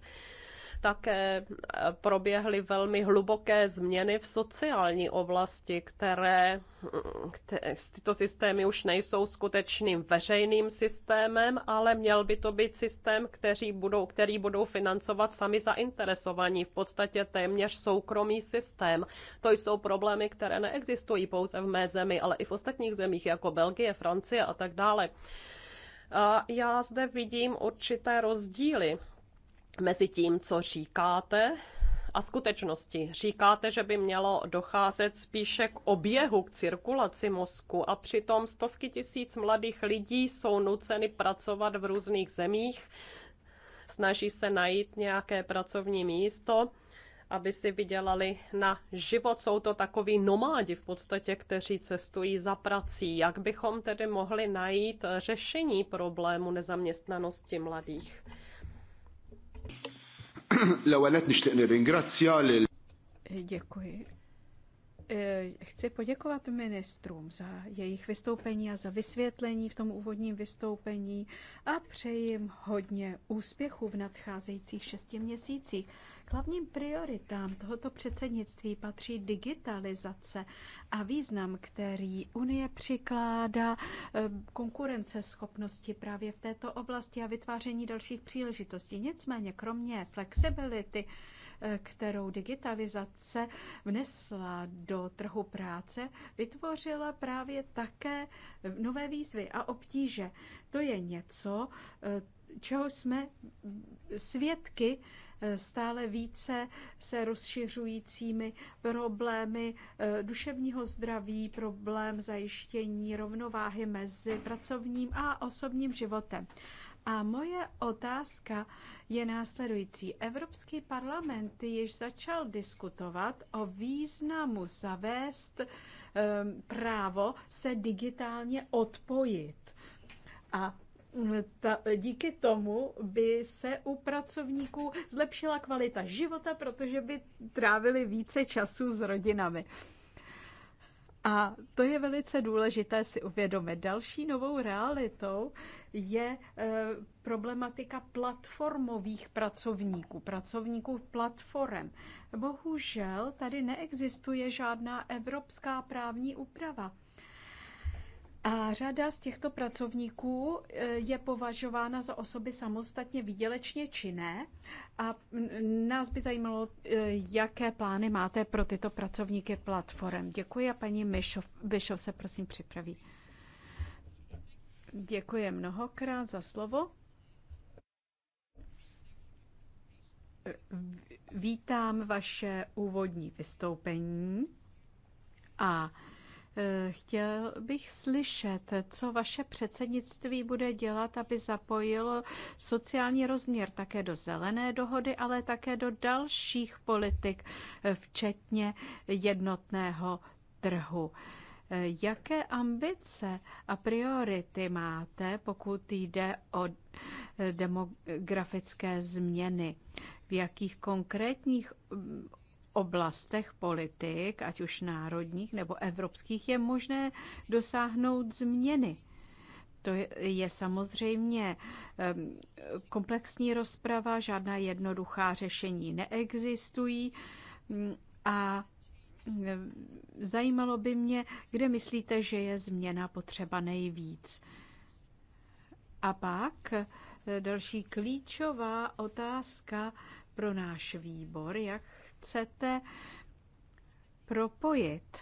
také eh, proběhly velmi hluboké změny v sociální oblasti, které, hm, tyto systémy už nejsou skutečným veřejným systémem, ale měl by to být systém, který budou, který budou financovat sami zainteresovaní, v podstatě téměř soukromý systém. To jsou problémy, které neexistují pouze v mé zemi, ale i v ostatních zemích, jako Belgie, Francie a tak dále. A já zde vidím určité rozdíly mezi tím, co říkáte, a skutečnosti. Říkáte, že by mělo docházet spíše k oběhu, k cirkulaci mozku a přitom stovky tisíc mladých lidí jsou nuceny pracovat v různých zemích, snaží se najít nějaké pracovní místo, aby si vydělali na život. Jsou to takový nomádi v podstatě, kteří cestují za prací. Jak bychom tedy mohli najít řešení problému nezaměstnanosti mladých? L-ewelet nixtieq nirringrazzja lil Děkuji. E, chci poděkovat ministrům za jejich vystoupení a za vysvětlení v tom úvodním vystoupení a přeji jim hodně úspěchů v nadcházejících šesti měsících. Hlavním prioritám tohoto předsednictví patří digitalizace a význam, který Unie přikládá eh, konkurenceschopnosti právě v této oblasti a vytváření dalších příležitostí. Nicméně, kromě flexibility, eh, kterou digitalizace vnesla do trhu práce, vytvořila právě také nové výzvy a obtíže. To je něco, eh, čeho jsme svědky stále více se rozšiřujícími problémy eh, duševního zdraví, problém zajištění rovnováhy mezi pracovním a osobním životem. A moje otázka je následující. Evropský parlament již začal diskutovat o významu zavést eh, právo se digitálně odpojit. A ta, díky tomu by se u pracovníků zlepšila kvalita života, protože by trávili více času s rodinami. A to je velice důležité si uvědomit. Další novou realitou je e, problematika platformových pracovníků, pracovníků platform. Bohužel tady neexistuje žádná evropská právní úprava a řada z těchto pracovníků e, je považována za osoby samostatně výdělečně činné a nás by zajímalo, e, jaké plány máte pro tyto pracovníky platform. Děkuji a paní Myšov, Myšov se prosím připraví. Děkuji mnohokrát za slovo. Vítám vaše úvodní vystoupení a Chtěl bych slyšet, co vaše předsednictví bude dělat, aby zapojilo sociální rozměr také do zelené dohody, ale také do dalších politik, včetně jednotného trhu. Jaké ambice a priority máte, pokud jde o demografické změny? V jakých konkrétních oblastech politik, ať už národních nebo evropských, je možné dosáhnout změny. To je samozřejmě komplexní rozprava, žádná jednoduchá řešení neexistují mm, a zajímalo by mě, kde myslíte, že je změna potřeba nejvíc. A pak eh, další klíčová otázka pro náš výbor, jak chcete propojit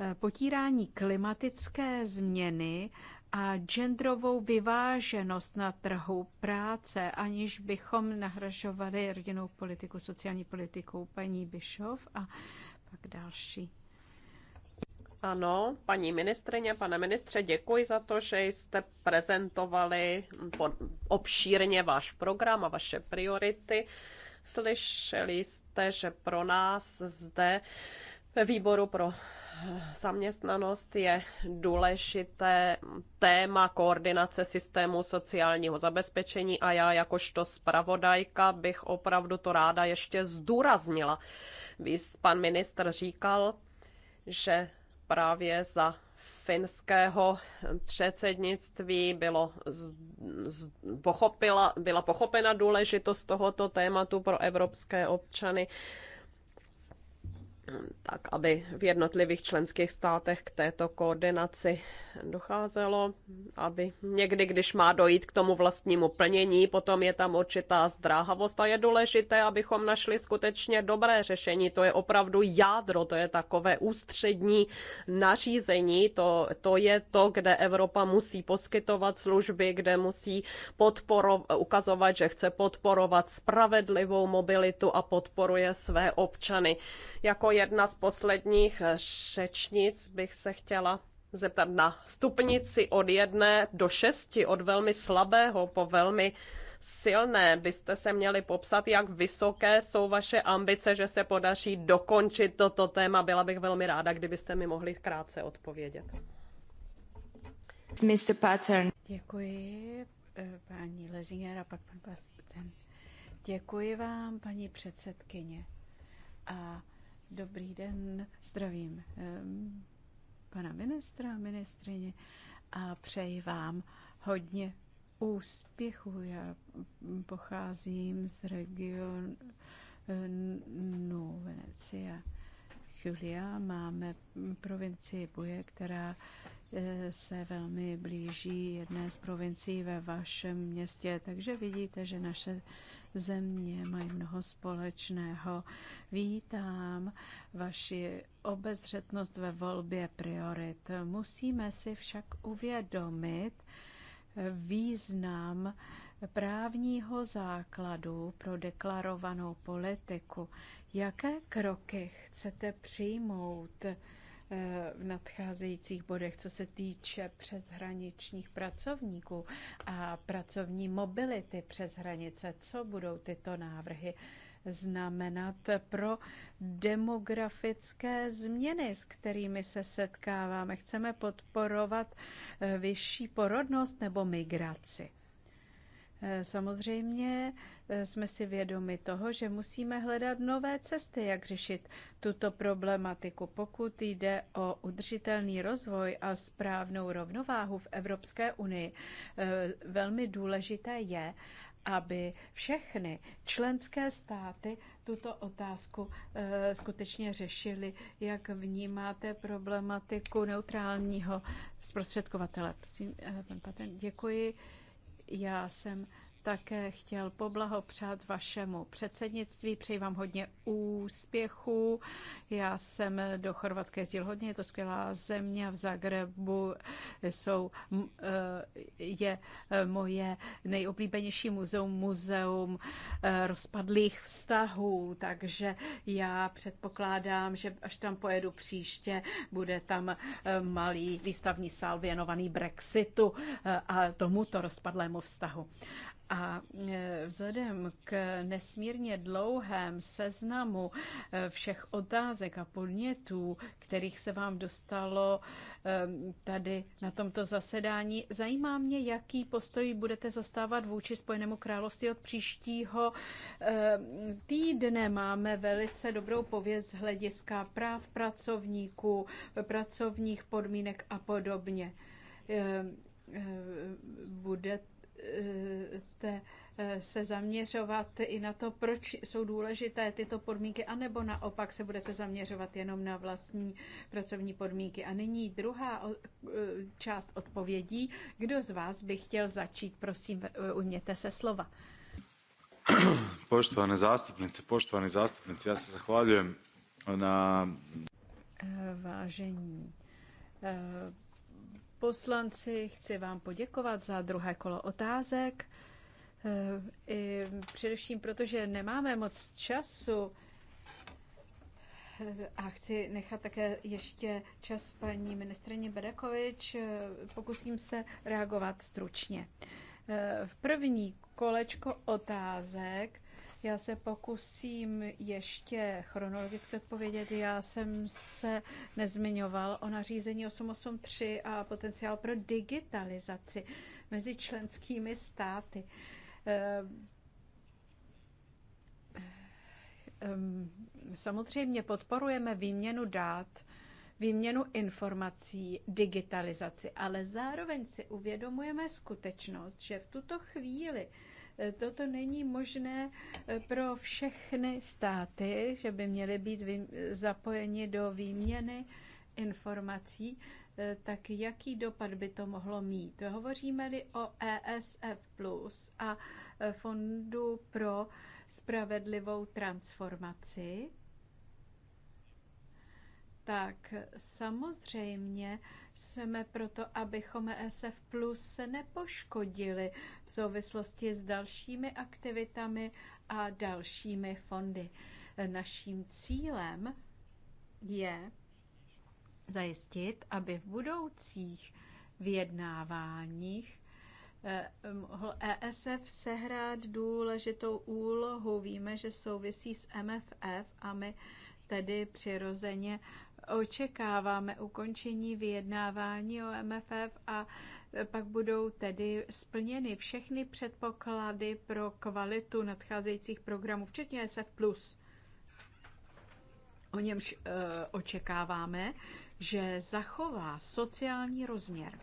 eh, potírání klimatické změny a genderovou vyváženost na trhu práce, aniž bychom nahražovali rodinnou politiku, sociální politiku paní Bišov a pak další. Ano, paní ministrině, pane ministře, děkuji za to, že jste prezentovali obšírně váš program a vaše priority. Slyšeli jste, že pro nás zde ve výboru pro zaměstnanost je důležité téma koordinace systému sociálního zabezpečení a já jakožto zpravodajka bych opravdu to ráda ještě zdůraznila. Pan ministr říkal, že právě za finského předsednictví bylo z, z, pochopila, byla pochopena důležitost tohoto tématu pro evropské občany tak aby v jednotlivých členských státech k této koordinaci docházelo, aby někdy, když má dojít k tomu vlastnímu plnění, potom je tam určitá zdráhavost a je důležité, abychom našli skutečně dobré řešení. To je opravdu jádro, to je takové ústřední nařízení, to, to je to, kde Evropa musí poskytovat služby, kde musí podporo, ukazovat, že chce podporovat spravedlivou mobilitu a podporuje své občany. Jako jedna z posledních eh, řečnic bych se chtěla zeptat na stupnici od jedné do šesti, od velmi slabého po velmi silné. Byste se měli popsat, jak vysoké jsou vaše ambice, že se podaří dokončit toto téma. Byla bych velmi ráda, kdybyste mi mohli krátce odpovědět. Mr. Pattern. Děkuji, eh, paní Lezinger a pak pan Pattern. Děkuji vám, paní předsedkyně. A Dobrý den, zdravím ehm, pana ministra, ministrině a přeji vám hodně úspěchu. Já pocházím z regionu Venecia. Julia máme provincii Buje, která eh, se velmi blíží jedné z provincií ve vašem městě, takže vidíte, že naše země mají mnoho společného. Vítám vaši obezřetnost ve volbě priorit. Musíme si však uvědomit význam právního základu pro deklarovanou politiku. Jaké kroky chcete přijmout? Eh, v nadcházejících bodech, co se týče přeshraničních pracovníků a pracovní mobility přes hranice. Co budou tyto návrhy znamenat pro demografické změny, s kterými se setkáváme? Chceme podporovat eh, vyšší porodnost nebo migraci? Eh, samozřejmě eh, jsme si vědomi toho, že musíme hledat nové cesty, jak řešit tuto problematiku. Pokud jde o udržitelný rozvoj a správnou rovnováhu v Evropské unii, eh, velmi důležité je, aby všechny členské státy tuto otázku e, skutečně řešili. Jak vnímáte problematiku neutrálního zprostředkovatele? Prosím, e, pan Paten, děkuji. E, já jsem také chtěl poblahopřát vašemu předsednictví. Přeji vám hodně úspěchů. Já jsem do Chorvatské jezdil hodně, je to skvělá země. V Zagrebu jsou, eh, je eh, moje nejoblíbenější muzeum, muzeum eh, rozpadlých vztahů, takže já předpokládám, že až tam pojedu příště, bude tam malý výstavní sál věnovaný Brexitu a tomuto rozpadlému vztahu. A e, vzhledem k nesmírně dlouhém seznamu e, všech otázek a podnětů, kterých se vám dostalo e, tady na tomto zasedání, zajímá mě, jaký postoj budete zastávat vůči Spojenému království od příštího týdne. Máme velice dobrou pověst z hlediska práv pracovníků, pracovních podmínek a podobně. Budete budete eh, se zaměřovat i na to, proč jsou důležité tyto podmínky, anebo naopak se budete zaměřovat jenom na vlastní pracovní podmínky. A nyní druhá eh, část odpovědí. Kdo z vás by chtěl začít? Prosím, eh, uměte se slova. Poštovane zástupnice, poštovani zástupnici, já se zahvaljujem na... Vážení poslanci, chci vám poděkovat za druhé kolo otázek. Eh, I především protože nemáme moc času eh, a chci nechat také ještě čas paní ministrině Bedekovič. Eh, pokusím se reagovat stručně. V první kolečko otázek já se pokusím ještě chronologicky odpovědět. Já jsem se nezmiňoval o nařízení 883 a potenciál pro digitalizaci mezi členskými státy. Ehm, ehm, samozřejmě podporujeme výměnu dát, výměnu informací, digitalizaci, ale zároveň si uvědomujeme skutečnost, že v tuto chvíli Eh, toto není možné eh, pro všechny státy, že by měly být zapojeni do výměny informací, eh, tak jaký dopad by to mohlo mít? Hovoříme-li o ESF Plus a Fondu pro spravedlivou transformaci, tak samozřejmě jsme proto, abychom SF Plus se nepoškodili v souvislosti s dalšími aktivitami a dalšími fondy. Naším cílem je zajistit, aby v budoucích vyjednáváních eh, mohl ESF sehrát důležitou úlohu. Víme, že souvisí s MFF a my tedy přirozeně Očekáváme ukončení vyjednávání o MFF a pak budou tedy splněny všechny předpoklady pro kvalitu nadcházejících programů, včetně SF+. O němž e, očekáváme, že zachová sociální rozměr.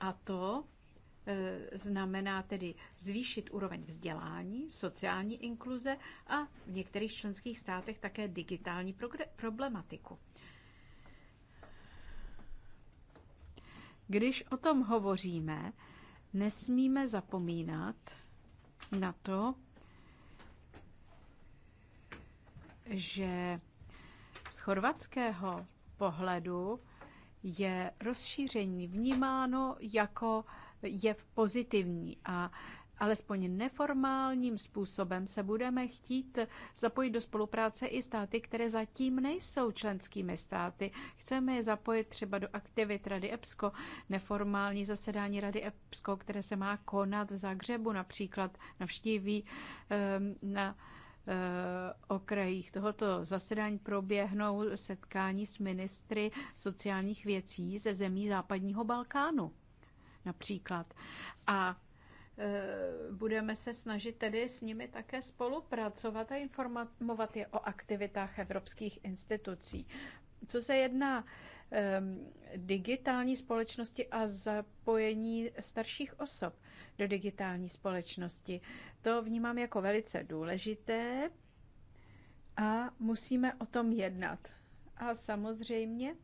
A to eh, znamená tedy zvýšit úroveň vzdělání, sociální inkluze a v některých členských státech také digitální problematiku. Když o tom hovoříme, nesmíme zapomínat na to, že z chorvatského pohledu je rozšíření vnímáno jako jev pozitivní a alespoň neformálním způsobem se budeme chtít zapojit do spolupráce i státy, které zatím nejsou členskými státy. Chceme je zapojit třeba do aktivit Rady EPSCO, neformální zasedání Rady EPSCO, které se má konat v Zagřebu, například navštíví ehm, na eh, okrajích tohoto zasedání proběhnou setkání s ministry sociálních věcí ze zemí západního Balkánu například. A Eh, budeme se snažit tedy s nimi také spolupracovat a informovat je o aktivitách evropských institucí. Co se jedná ehm, digitální společnosti a zapojení starších osob do digitální společnosti. To vnímám jako velice důležité a musíme o tom jednat. A samozřejmě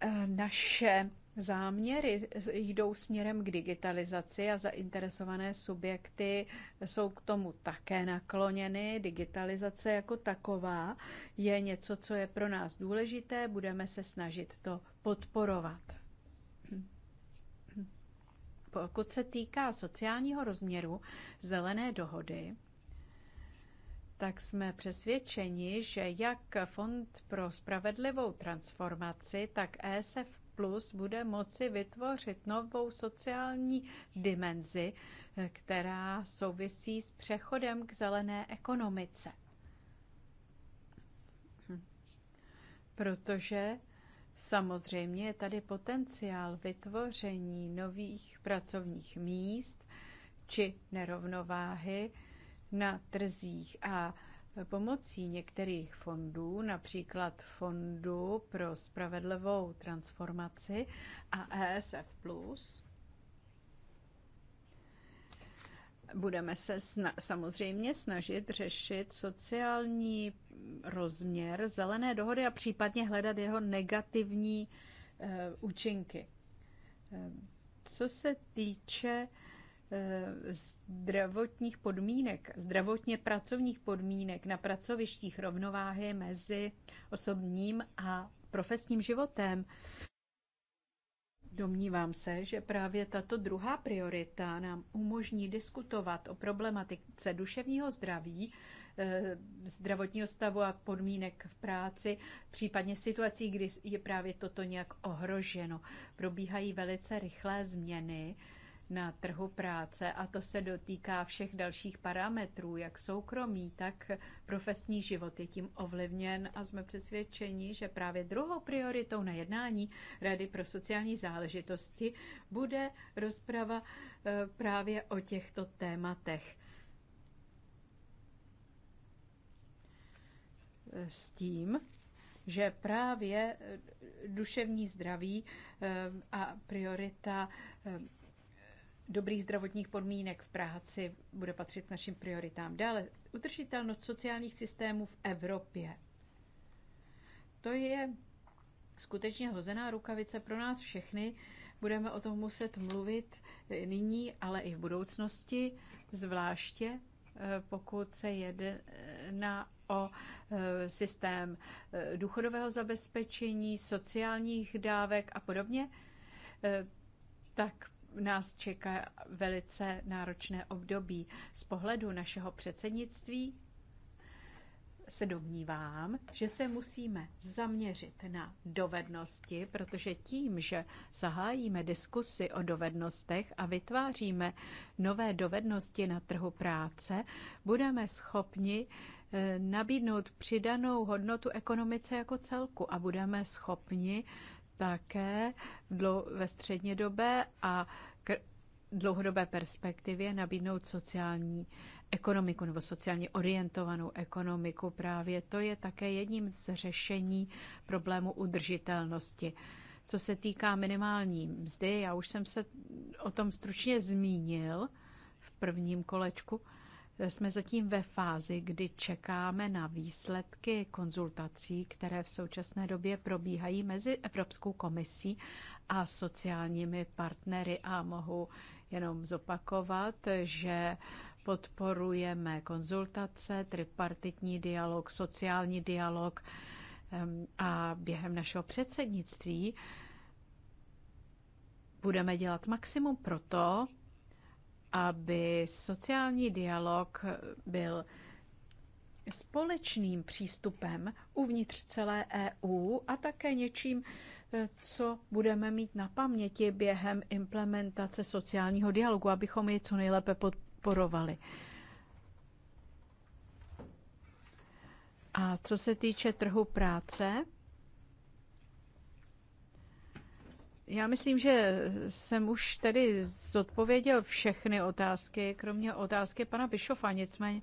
eh, naše záměry jdou směrem k digitalizaci a zainteresované subjekty jsou k tomu také nakloněny. Digitalizace jako taková je něco, co je pro nás důležité, budeme se snažit to podporovat. Pokud se týká sociálního rozměru zelené dohody, tak jsme přesvědčeni, že jak Fond pro spravedlivou transformaci, tak ESF Plus bude moci vytvořit novou sociální dimenzi, která souvisí s přechodem k zelené ekonomice. Protože samozřejmě je tady potenciál vytvoření nových pracovních míst či nerovnováhy na trzích a Pomocí některých fondů, například Fondu pro spravedlivou transformaci a ESF+, budeme se sna- samozřejmě snažit řešit sociální rozměr zelené dohody a případně hledat jeho negativní e, účinky. E, co se týče e, Eh, zdravotních podmínek, zdravotně pracovních podmínek na pracovištích rovnováhy mezi osobním a profesním životem. Domnívám se, že právě tato druhá priorita nám umožní diskutovat o problematice duševního zdraví, eh, zdravotního stavu a podmínek v práci, případně situací, kdy je právě toto nějak ohroženo. Probíhají velice rychlé změny na trhu práce a to se dotýká všech dalších parametrů, jak soukromí, tak profesní život je tím ovlivněn a jsme přesvědčeni, že právě druhou prioritou na jednání Rady pro sociální záležitosti bude rozprava eh, právě o těchto tématech. S tím, že právě eh, duševní zdraví eh, a priorita dobrých zdravotních podmínek v práci bude patřit k našim prioritám. Dále udržitelnost sociálních systémů v Evropě. To je skutečně hozená rukavice pro nás všechny. Budeme o tom muset mluvit nyní, ale i v budoucnosti, zvláště eh, pokud se jedná o eh, systém eh, důchodového zabezpečení, sociálních dávek a podobně, tak nás čeká velice náročné období. Z pohledu našeho předsednictví se domnívám, že se musíme zaměřit na dovednosti, protože tím, že zahájíme diskusy o dovednostech a vytváříme nové dovednosti na trhu práce, budeme schopni eh, nabídnout přidanou hodnotu ekonomice jako celku a budeme schopni také ve střednědobé a dlouhodobé perspektivě nabídnout sociální ekonomiku nebo sociálně orientovanou ekonomiku. Právě to je také jedním z řešení problému udržitelnosti. Co se týká minimální mzdy, já už jsem se o tom stručně zmínil v prvním kolečku jsme zatím ve fázi, kdy čekáme na výsledky konzultací, které v současné době probíhají mezi Evropskou komisí a sociálními partnery a mohu jenom zopakovat, že podporujeme konzultace, tripartitní dialog, sociální dialog a během našeho předsednictví budeme dělat maximum pro to, aby sociální dialog byl společným přístupem uvnitř celé EU a také něčím, eh, co budeme mít na paměti během implementace sociálního dialogu, abychom je co nejlépe podporovali. A co se týče trhu práce, Já myslím, že jsem už tedy zodpověděl všechny otázky, kromě otázky pana Bišofa. Nicméně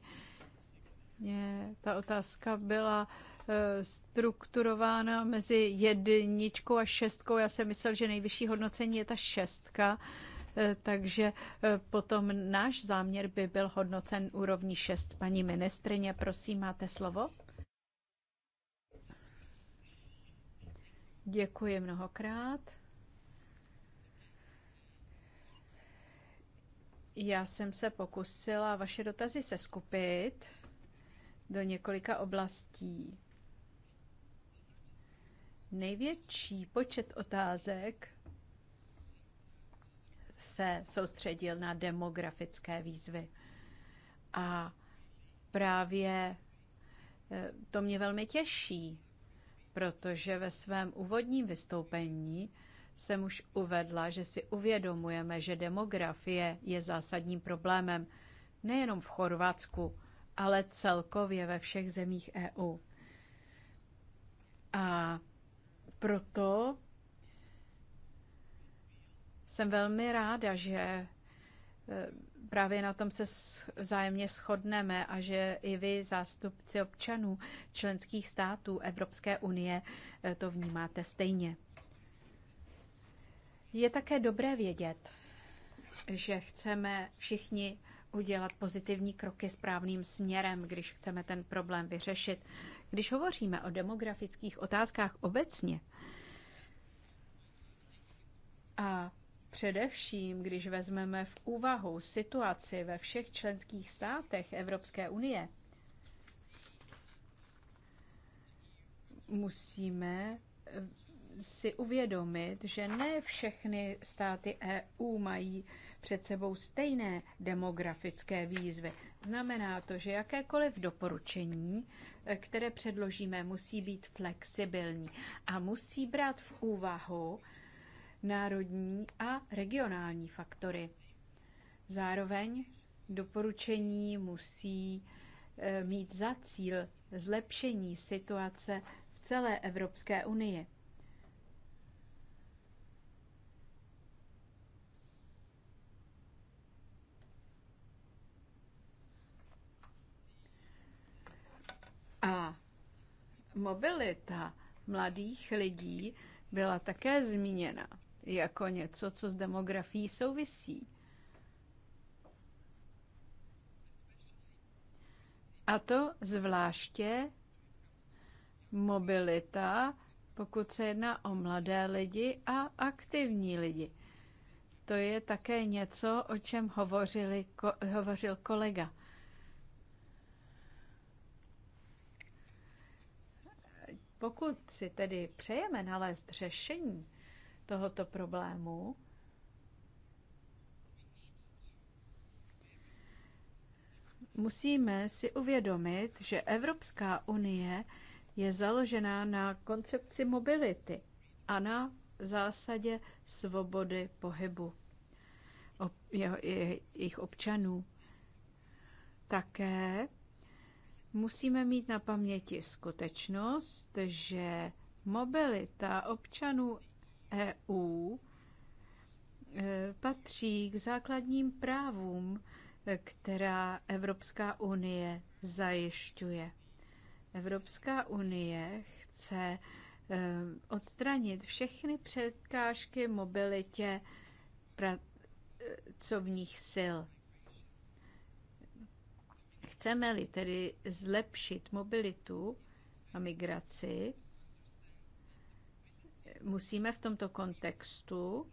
ta otázka byla eh, strukturována mezi jedničkou a šestkou. Já jsem myslel, že nejvyšší hodnocení je ta šestka, eh, takže eh, potom náš záměr by byl hodnocen úrovní šest. Paní ministrině, prosím, máte slovo. Děkuji mnohokrát. Já jsem se pokusila vaše dotazy seskupit do několika oblastí. Největší počet otázek se soustředil na demografické výzvy. A právě e, to mě velmi těší, protože ve svém úvodním vystoupení jsem už uvedla, že si uvědomujeme, že demografie je zásadním problémem nejenom v Chorvatsku, ale celkově ve všech zemích EU. A proto jsem velmi ráda, že e, právě na tom se vzájemně shodneme a že i vy, zástupci občanů členských států Evropské unie, e, to vnímáte stejně. Je také dobré vědět, že chceme všichni udělat pozitivní kroky správným směrem, když chceme ten problém vyřešit. Když hovoříme o demografických otázkách obecně a především, když vezmeme v úvahu situaci ve všech členských státech Evropské unie, musíme si uvědomit, že ne všechny státy EU mají před sebou stejné demografické výzvy. Znamená to, že jakékoliv doporučení, eh, které předložíme, musí být flexibilní a musí brát v úvahu národní a regionální faktory. Zároveň doporučení musí eh, mít za cíl zlepšení situace v celé Evropské unii. A mobilita mladých lidí byla také zmíněna jako něco, co s demografií souvisí. A to zvláště mobilita, pokud se jedná o mladé lidi a aktivní lidi. To je také něco, o čem hovořili, ko, hovořil kolega. Pokud si tedy přejeme nalézt řešení tohoto problému, musíme si uvědomit, že Evropská unie je založená na koncepci mobility a na zásadě svobody pohybu jejich občanů. Také Musíme mít na paměti skutečnost, že mobilita občanů EU e, patří k základním právům, e, která Evropská unie zajišťuje. Evropská unie chce e, odstranit všechny překážky mobilitě pracovních sil. Chceme-li tedy zlepšit mobilitu a migraci, musíme v tomto kontextu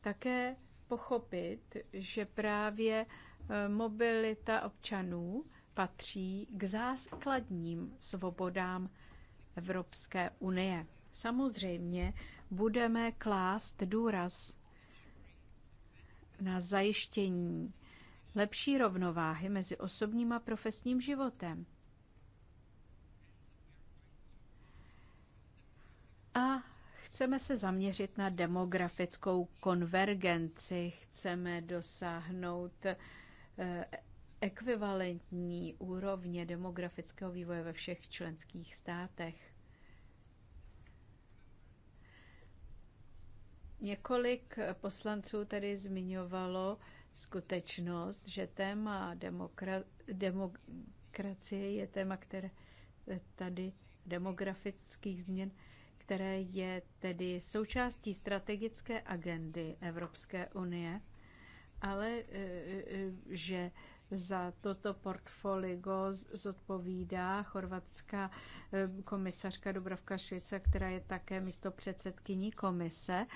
také pochopit, že právě eh, mobilita občanů patří k základním svobodám Evropské unie. Samozřejmě budeme klást důraz na zajištění lepší rovnováhy mezi osobním a profesním životem. A chceme se zaměřit na demografickou konvergenci, chceme dosáhnout eh, ekvivalentní úrovně demografického vývoje ve všech členských státech. Několik poslanců tady zmiňovalo skutečnost, že téma demokra- demokracie je téma, které eh, tady demografických změn, které je tedy součástí strategické agendy Evropské unie, ale eh, eh, že za toto portfolio zodpovídá chorvatská komisařka Dubravka Švica, která je také místo předsedkyní komise.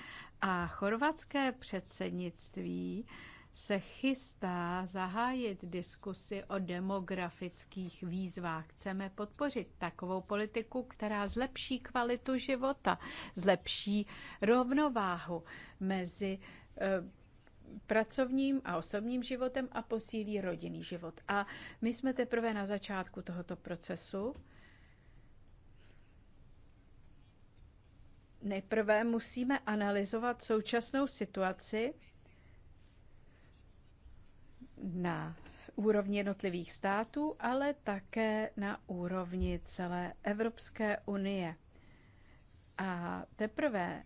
A chorvatské předsednictví se chystá zahájit diskusy o demografických výzvách. Chceme podpořit takovou politiku, která zlepší kvalitu života, zlepší rovnováhu mezi e, pracovním a osobním životem a posílí rodinný život. A my jsme teprve na začátku tohoto procesu. Nejprve musíme analyzovat současnou situaci na úrovni jednotlivých států, ale také na úrovni celé Evropské unie. A teprve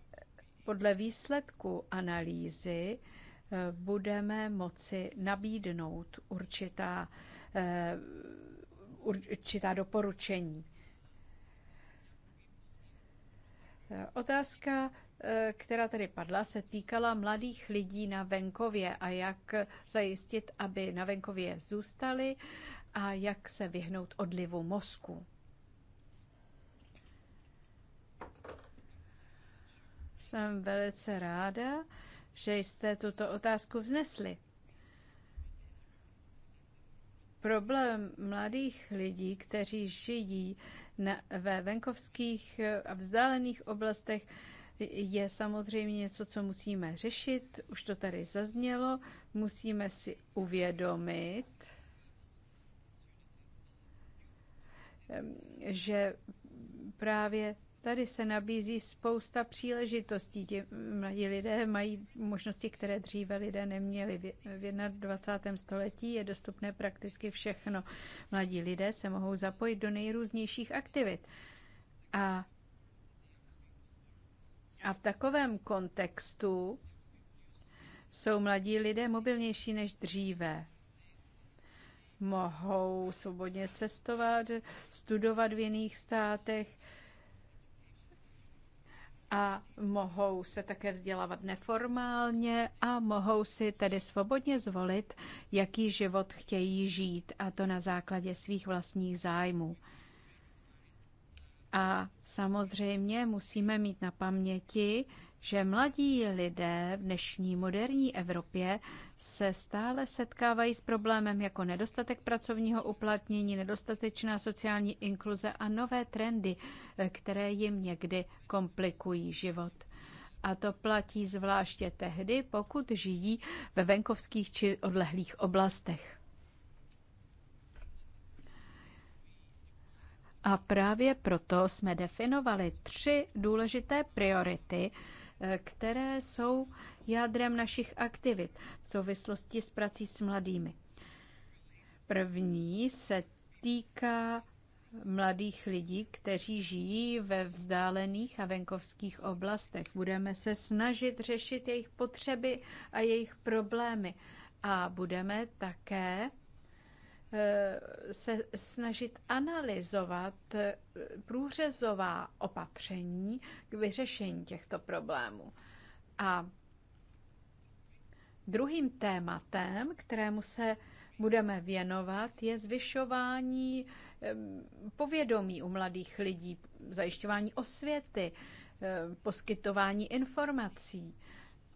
podle výsledku analýzy eh, budeme moci nabídnout určitá, eh, určitá doporučení. Eh, otázka Eh, která tady padla, se týkala mladých lidí na venkově a jak zajistit, aby na venkově zůstali a jak se vyhnout odlivu mozku. Jsem velice ráda, že jste tuto otázku vznesli. Problém mladých lidí, kteří žijí na, ve venkovských a vzdálených oblastech, je samozřejmě něco, co musíme řešit. Už to tady zaznělo. Musíme si uvědomit, že právě tady se nabízí spousta příležitostí. Ti mladí lidé mají možnosti, které dříve lidé neměli. V 21. století je dostupné prakticky všechno. Mladí lidé se mohou zapojit do nejrůznějších aktivit. A a v takovém kontextu jsou mladí lidé mobilnější než dříve. Mohou svobodně cestovat, studovat v jiných státech a mohou se také vzdělávat neformálně a mohou si tedy svobodně zvolit, jaký život chtějí žít, a to na základě svých vlastních zájmů. A samozřejmě musíme mít na paměti, že mladí lidé v dnešní moderní Evropě se stále setkávají s problémem jako nedostatek pracovního uplatnění, nedostatečná sociální inkluze a nové trendy, které jim někdy komplikují život. A to platí zvláště tehdy, pokud žijí ve venkovských či odlehlých oblastech. A právě proto jsme definovali tři důležité priority, eh, které jsou jádrem našich aktivit v souvislosti s prací s mladými. První se týká mladých lidí, kteří žijí ve vzdálených a venkovských oblastech. Budeme se snažit řešit jejich potřeby a jejich problémy a budeme také se snažit analyzovat eh, průřezová opatření k vyřešení těchto problémů. A druhým tématem, kterému se budeme věnovat, je zvyšování eh, povědomí u mladých lidí, zajišťování osvěty, eh, poskytování informací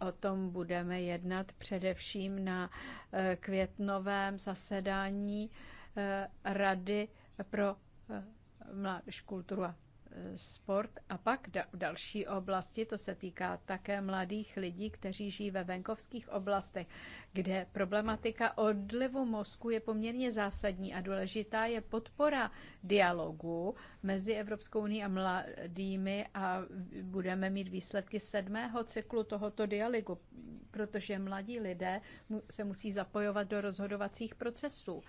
O tom budeme jednat především na eh, květnovém zasedání eh, Rady pro eh, mládež, kulturu a sport a pak v další oblasti, to se týká také mladých lidí, kteří žijí ve venkovských oblastech, kde problematika odlivu mozku je poměrně zásadní a důležitá je podpora dialogu mezi Evropskou unii a mladými a budeme mít výsledky sedmého cyklu tohoto dialogu, protože mladí lidé se musí zapojovat do rozhodovacích procesů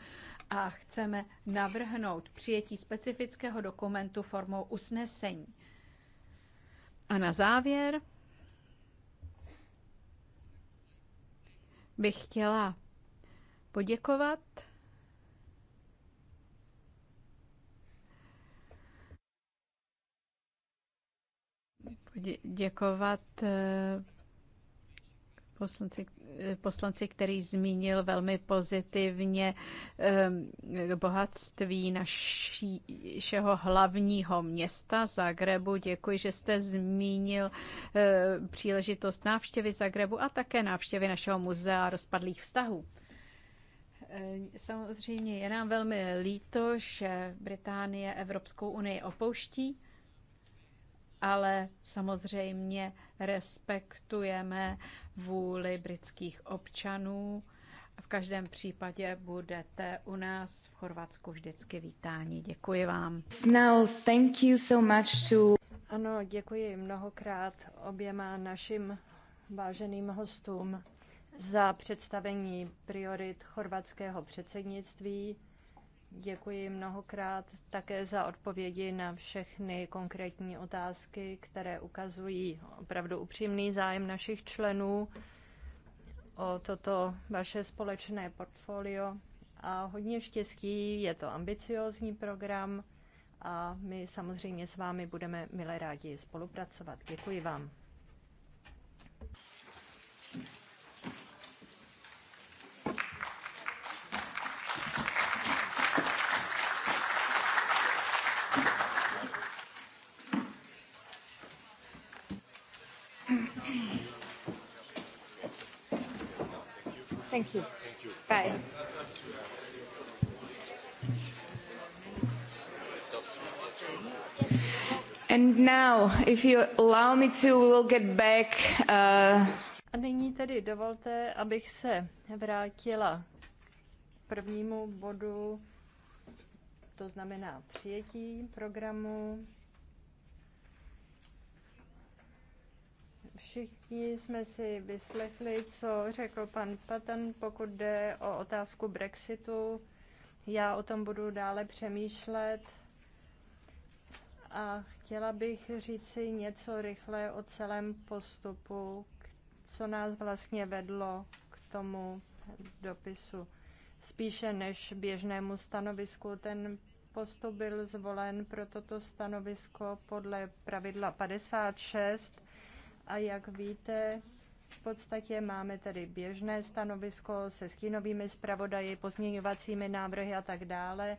a chceme navrhnout přijetí specifického dokumentu formou usnesení. A na závěr bych chtěla poděkovat poděkovat eh, poslanci poslanci, který zmínil velmi pozitivně ehm, bohatství našeho hlavního města Zagrebu. Děkuji, že jste zmínil ehm, příležitost návštěvy Zagrebu a také návštěvy našeho muzea rozpadlých vztahů. Ehm, samozřejmě je nám velmi líto, že Británie Evropskou unii opouští ale samozřejmě respektujeme vůli britských občanů. V každém případě budete u nás v Chorvatsku vždycky vítáni. Děkuji vám. Now, thank you so much to... Ano, děkuji mnohokrát oběma našim váženým hostům za představení priorit chorvatského předsednictví. Děkuji mnohokrát také za odpovědi na všechny konkrétní otázky, které ukazují opravdu upřímný zájem našich členů o toto vaše společné portfolio. A hodně štěstí, je to ambiciózní program a my samozřejmě s vámi budeme milé rádi spolupracovat. Děkuji vám. Thank you. Thank you. Bye. And now, if you allow me to, we'll get back. Uh... A nyní tedy dovolte, abych se vrátila k prvnímu bodu, to znamená přijetí programu. Všichni jsme si vyslechli, co řekl pan Patan, pokud jde o otázku Brexitu. Já o tom budu dále přemýšlet a chtěla bych říci něco rychle o celém postupu, co nás vlastně vedlo k tomu dopisu. Spíše než běžnému stanovisku, ten postup byl zvolen pro toto stanovisko podle pravidla 56 a jak víte, v podstatě máme tady běžné stanovisko se stínovými zpravodaji, pozměňovacími návrhy a tak dále.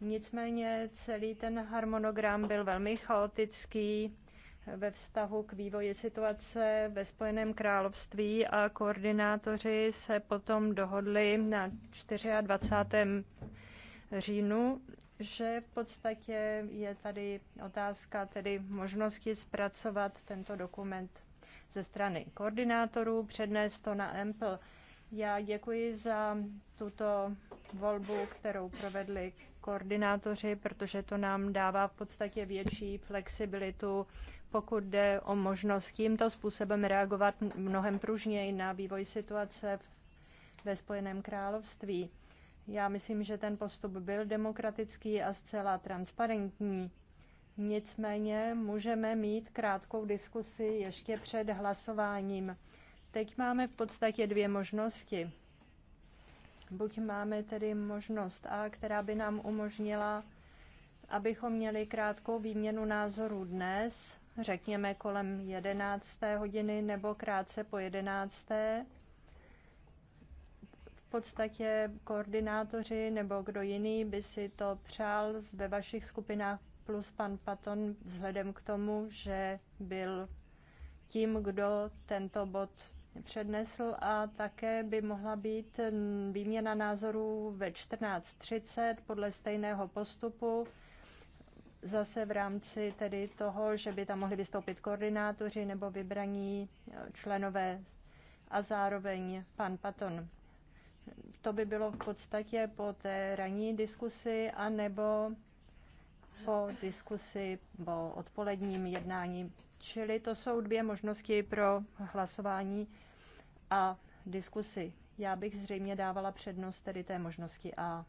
Nicméně celý ten harmonogram byl velmi chaotický ve vztahu k vývoji situace ve Spojeném království a koordinátoři se potom dohodli na 24. říjnu, že v podstatě je tady otázka tedy možnosti zpracovat tento dokument ze strany koordinátorů, přednést to na EMPL. Já děkuji za tuto volbu, kterou provedli koordinátoři, protože to nám dává v podstatě větší flexibilitu, pokud jde o možnost tímto způsobem reagovat mnohem pružněji na vývoj situace ve Spojeném království. Já myslím, že ten postup byl demokratický a zcela transparentní. Nicméně můžeme mít krátkou diskusi ještě před hlasováním. Teď máme v podstatě dvě možnosti. Buď máme tedy možnost A, která by nám umožnila, abychom měli krátkou výměnu názorů dnes, řekněme kolem 11. hodiny nebo krátce po 11. V podstatě koordinátoři nebo kdo jiný by si to přál ve vašich skupinách plus pan Paton vzhledem k tomu, že byl tím, kdo tento bod přednesl a také by mohla být výměna názorů ve 14.30 podle stejného postupu zase v rámci tedy toho, že by tam mohli vystoupit koordinátoři nebo vybraní členové a zároveň pan Paton. To by bylo v podstatě po té ranní diskusi a nebo po diskusi, po odpoledním jednání. Čili to jsou dvě možnosti pro hlasování a diskusi. Já bych zřejmě dávala přednost tedy té možnosti A.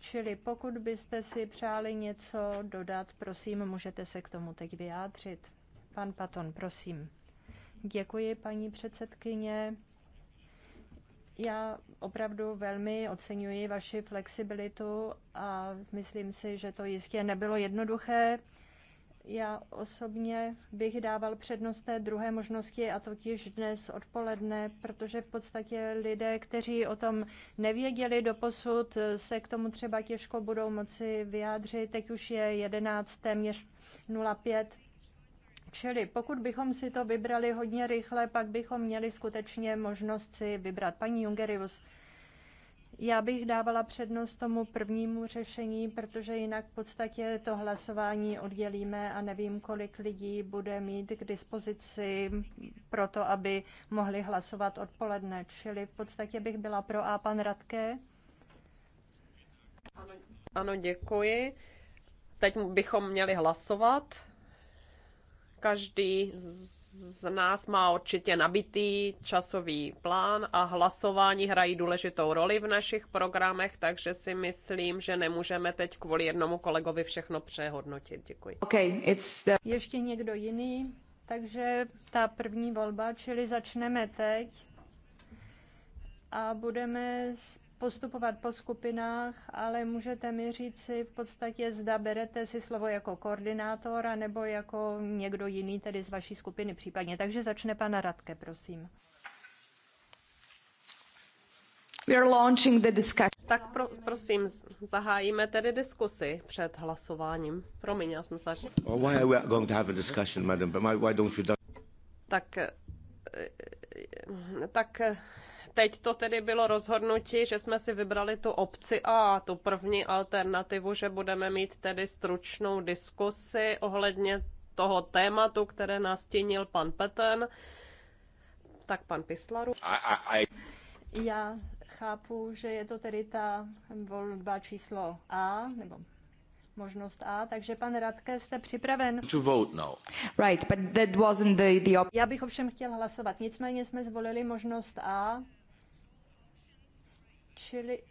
Čili pokud byste si přáli něco dodat, prosím, můžete se k tomu teď vyjádřit. Pan Paton, prosím. Děkuji, paní předsedkyně. Já opravdu velmi oceňuji vaši flexibilitu a myslím si, že to jistě nebylo jednoduché. Já osobně bych dával přednost té druhé možnosti a totiž dnes odpoledne, protože v podstatě lidé, kteří o tom nevěděli doposud, se k tomu třeba těžko budou moci vyjádřit. Teď už je 11 téměř 05 Čili pokud bychom si to vybrali hodně rychle, pak bychom měli skutečně možnost si vybrat. Paní Jungerius, já bych dávala přednost tomu prvnímu řešení, protože jinak v podstatě to hlasování oddělíme a nevím, kolik lidí bude mít k dispozici pro to, aby mohli hlasovat odpoledne. Čili v podstatě bych byla pro a pan Radke. Ano, ano děkuji. Teď bychom měli hlasovat Každý z nás má určitě nabitý časový plán a hlasování hrají důležitou roli v našich programech, takže si myslím, že nemůžeme teď kvůli jednomu kolegovi všechno přehodnotit. Děkuji. Okay, it's the... Ještě někdo jiný? Takže ta první volba, čili začneme teď a budeme s postupovat po skupinách, ale můžete mi říct si v podstatě, zda berete si slovo jako koordinátor, nebo jako někdo jiný, tedy z vaší skupiny případně. Takže začne pana Radke, prosím. We are launching the discussion. Tak pro, prosím, zahájíme tedy diskusi před hlasováním. Promiň, já jsem se... Why are we going to have a discussion, madam? But why don't you... Tak, eh, eh, tak eh, Teď to tedy bylo rozhodnutí, že jsme si vybrali tu obci A, tu první alternativu, že budeme mít tedy stručnou diskusi ohledně toho tématu, které nastínil pan Peten. Tak pan Pislaru. Já chápu, že je to tedy ta volba číslo A, nebo možnost A, takže pan Radke, jste připraven? To vote now. Right, but that wasn't the, the op- Já bych ovšem chtěl hlasovat, nicméně jsme zvolili možnost A, Čili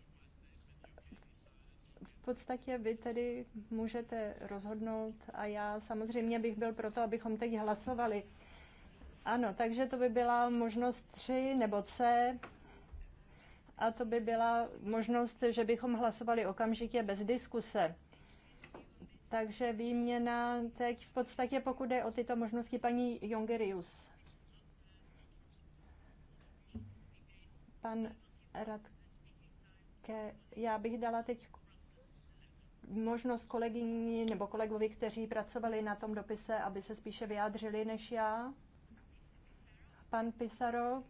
v podstatě vy tedy můžete rozhodnout a já samozřejmě bych byl pro to, abychom teď hlasovali. Ano, takže to by byla možnost 3 nebo C a to by byla možnost, že bychom hlasovali okamžitě bez diskuse. Takže výměna teď v podstatě, pokud jde o tyto možnosti, paní Jongerius. Pan Radka já bych dala teď možnost kolegyni nebo kolegovi, kteří pracovali na tom dopise, aby se spíše vyjádřili než já. Pan Pisaro,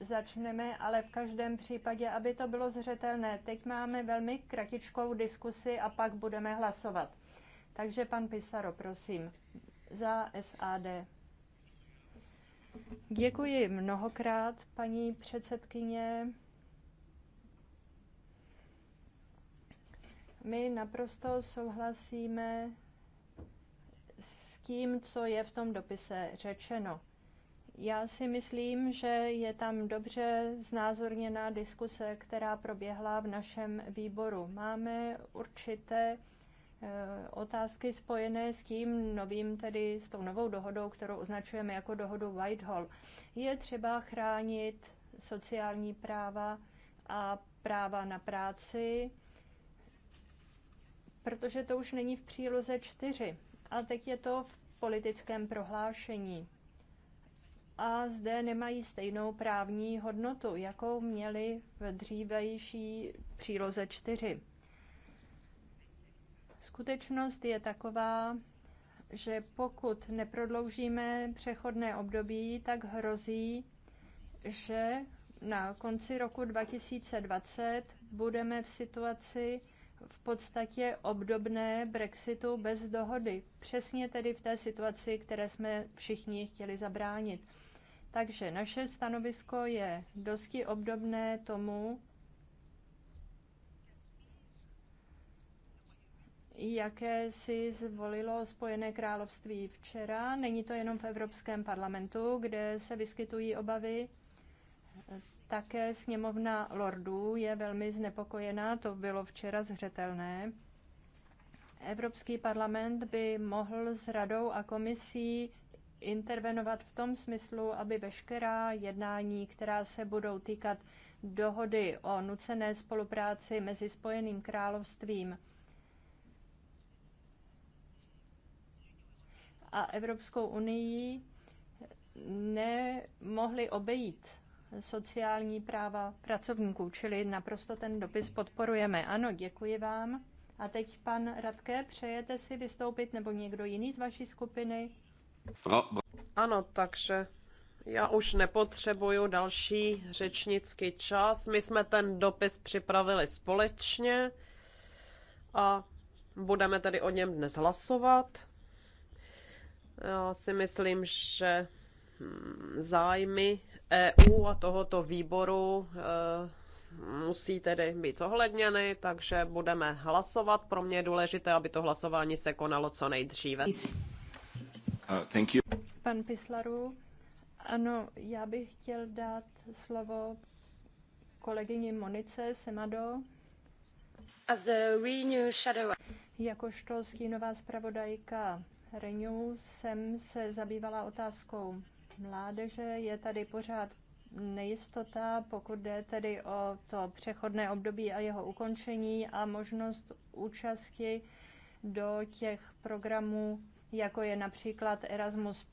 začneme, ale v každém případě, aby to bylo zřetelné. Teď máme velmi kratičkou diskusi a pak budeme hlasovat. Takže pan Pisaro, prosím, za SAD. Děkuji mnohokrát, paní předsedkyně. My naprosto souhlasíme s tím, co je v tom dopise řečeno. Já si myslím, že je tam dobře znázorněná diskuse, která proběhla v našem výboru. Máme určité eh, otázky spojené s tím novým, tedy s tou novou dohodou, kterou označujeme jako dohodu Whitehall. Je třeba chránit sociální práva a práva na práci protože to už není v příloze 4, ale teď je to v politickém prohlášení. A zde nemají stejnou právní hodnotu, jakou měli v dřívější příloze 4. Skutečnost je taková, že pokud neprodloužíme přechodné období, tak hrozí, že na konci roku 2020 budeme v situaci, v podstatě obdobné Brexitu bez dohody. Přesně tedy v té situaci, které jsme všichni chtěli zabránit. Takže naše stanovisko je dosti obdobné tomu, jaké si zvolilo Spojené království včera. Není to jenom v Evropském parlamentu, kde se vyskytují obavy také sněmovna lordů je velmi znepokojená, to bylo včera zřetelné. Evropský parlament by mohl s radou a komisí intervenovat v tom smyslu, aby veškerá jednání, která se budou týkat dohody o nucené spolupráci mezi Spojeným královstvím a Evropskou unii, nemohly obejít sociální práva pracovníků, čili naprosto ten dopis podporujeme. Ano, děkuji vám. A teď pan Radke, přejete si vystoupit nebo někdo jiný z vaší skupiny? No. Ano, takže já už nepotřebuju další řečnický čas. My jsme ten dopis připravili společně a budeme tedy o něm dnes hlasovat. Já si myslím, že hm, zájmy EU a tohoto výboru e, musí tedy být zohledněny, takže budeme hlasovat. Pro mě je důležité, aby to hlasování se konalo co nejdříve. Uh, thank you. Pan Pislaru, ano, já bych chtěl dát slovo kolegyni Monice Semado. As the Renew Shadow. Jakožto stínová zpravodajka Renew jsem se zabývala otázkou mládeže je tady pořád nejistota, pokud jde tedy o to přechodné období a jeho ukončení a možnost účasti do těch programů, jako je například Erasmus+.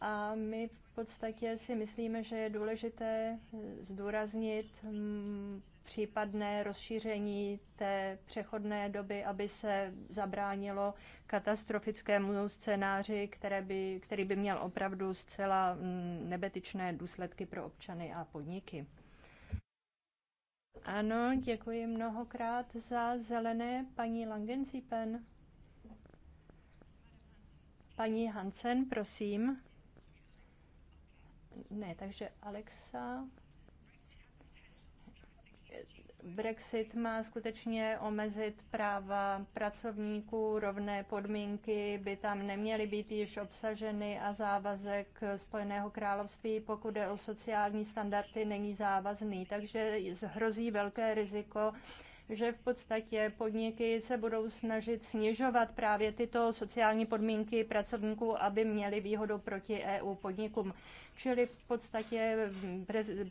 A my v podstatě si myslíme, že je důležité zdůraznit mm, případné rozšíření té přechodné doby, aby se zabránilo katastrofickému scénáři, které by, který by měl opravdu zcela mm, nebetyčné důsledky pro občany a podniky. Ano, děkuji mnohokrát za zelené paní Langenzipen. Paní Hansen, prosím. Ne, takže Alexa. Brexit má skutečně omezit práva pracovníků, rovné podmínky by tam neměly být již obsaženy a závazek Spojeného království, pokud je o sociální standardy, není závazný. Takže hrozí velké riziko že v podstatě podniky se budou snažit snižovat právě tyto sociální podmínky pracovníků, aby měli výhodu proti EU podnikům. Čili v podstatě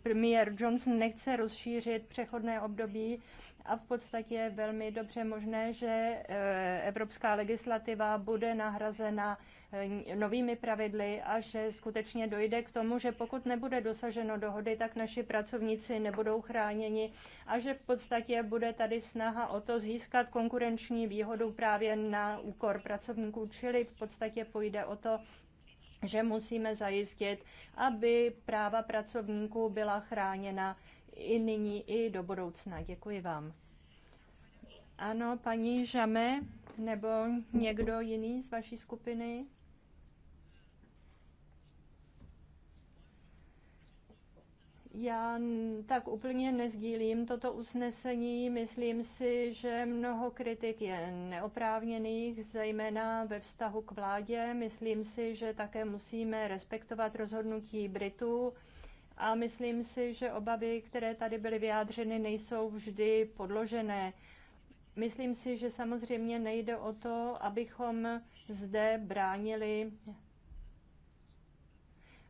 premiér Johnson nechce rozšířit přechodné období a v podstatě je velmi dobře možné, že eh, evropská legislativa bude nahrazena eh, novými pravidly a že skutečně dojde k tomu, že pokud nebude dosaženo dohody, tak naši pracovníci nebudou chráněni a že v podstatě bude tady snaha o to získat konkurenční výhodu právě na úkor pracovníků, čili v podstatě půjde o to, že musíme zajistit, aby práva pracovníků byla chráněna i nyní, i do budoucna. Děkuji vám. Ano, paní Žame, nebo někdo jiný z vaší skupiny? Já tak úplně nezdílím toto usnesení. Myslím si, že mnoho kritik je neoprávněných, zejména ve vztahu k vládě. Myslím si, že také musíme respektovat rozhodnutí Britů a myslím si, že obavy, které tady byly vyjádřeny, nejsou vždy podložené. Myslím si, že samozřejmě nejde o to, abychom zde bránili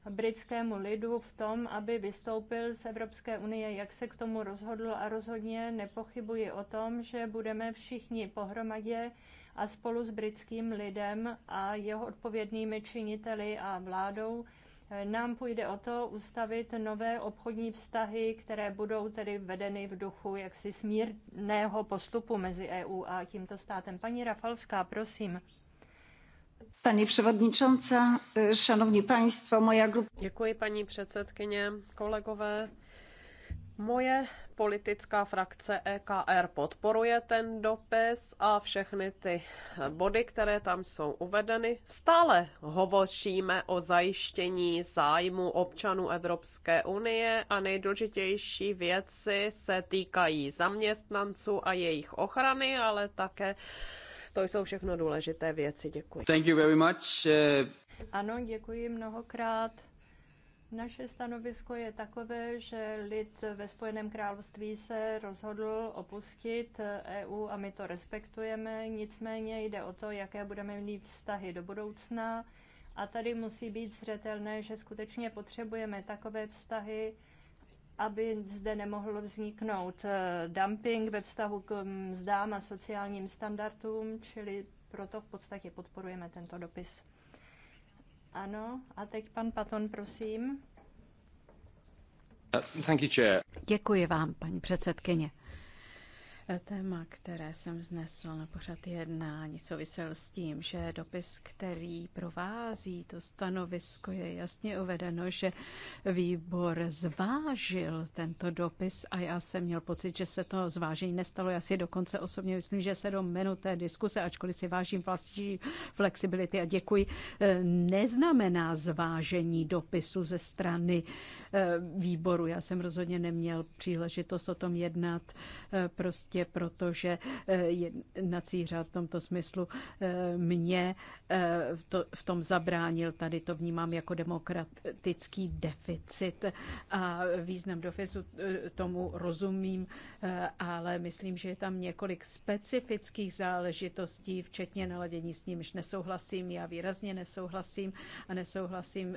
britskému lidu v tom, aby vystoupil z Evropské unie, jak se k tomu rozhodl a rozhodně nepochybuji o tom, že budeme všichni pohromadě a spolu s britským lidem a jeho odpovědnými činiteli a vládou nám půjde o to ustavit nové obchodní vztahy, které budou tedy vedeny v duchu jaksi smírného postupu mezi EU a tímto státem. Paní Rafalská, prosím. Pani przewodnicząca, szanowni państwo, moja grupa. Děkuji paní předsedkyně, kolegové. Moje politická frakce EKR podporuje ten dopis a všechny ty body, které tam jsou uvedeny. Stále hovoříme o zajištění zájmu občanů Evropské unie a nejdůležitější věci se týkají zaměstnanců a jejich ochrany, ale také to jsou všechno důležité věci. Děkuji. Thank you very much. Eh, ano, děkuji mnohokrát. Naše stanovisko je takové, že lid ve Spojeném království se rozhodl opustit EU a my to respektujeme, nicméně jde o to, jaké budeme mít vztahy do budoucna. A tady musí být zřetelné, že skutečně potřebujeme takové vztahy, aby zde nemohl vzniknout eh, dumping ve vztahu k mm, mzdám a sociálním standardům, čili proto v podstatě podporujeme tento dopis. Ano, a teď pan Paton, prosím. Uh, Děkuji vám, paní předsedkyně. Eh, téma, které jsem vznesl na pořad jednání, souvisel s tím, že dopis, který provází to stanovisko, je jasně uvedeno, že výbor zvážil tento dopis a já jsem měl pocit, že se to zvážení nestalo. Já si dokonce osobně myslím, že se do menu té diskuse, ačkoliv si vážím vlastní flexibility a děkuji, eh, neznamená zvážení dopisu ze strany eh, výboru. Já jsem rozhodně neměl příležitost o tom jednat. Prostě místě, prostě, protože eh, jednací řád v tomto smyslu eh, mě eh, v tom zabránil. Tady to vnímám jako demokratický deficit a význam dofisu tomu rozumím, ale myslím, že je tam několik specifických záležitostí, včetně naladění s nimiž nesouhlasím. Já výrazně nesouhlasím a nesouhlasím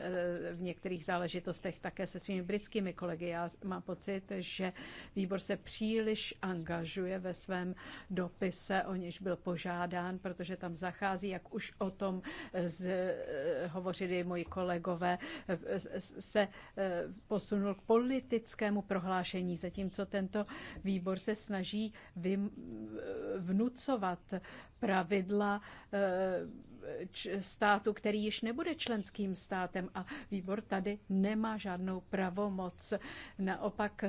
v některých záležitostech také se svými britskými kolegy. Já mám pocit, že výbor se příliš angažuje zmiňuje ve svém dopise, o něž byl požádán, protože tam zachází, jak už o tom eh, z, eh, hovořili moji kolegové, eh, se posunul k politickému prohlášení, zatímco tento výbor se snaží vnucovat pravidla státu, který již nebude členským státem a výbor tady nemá žádnou pravomoc. Naopak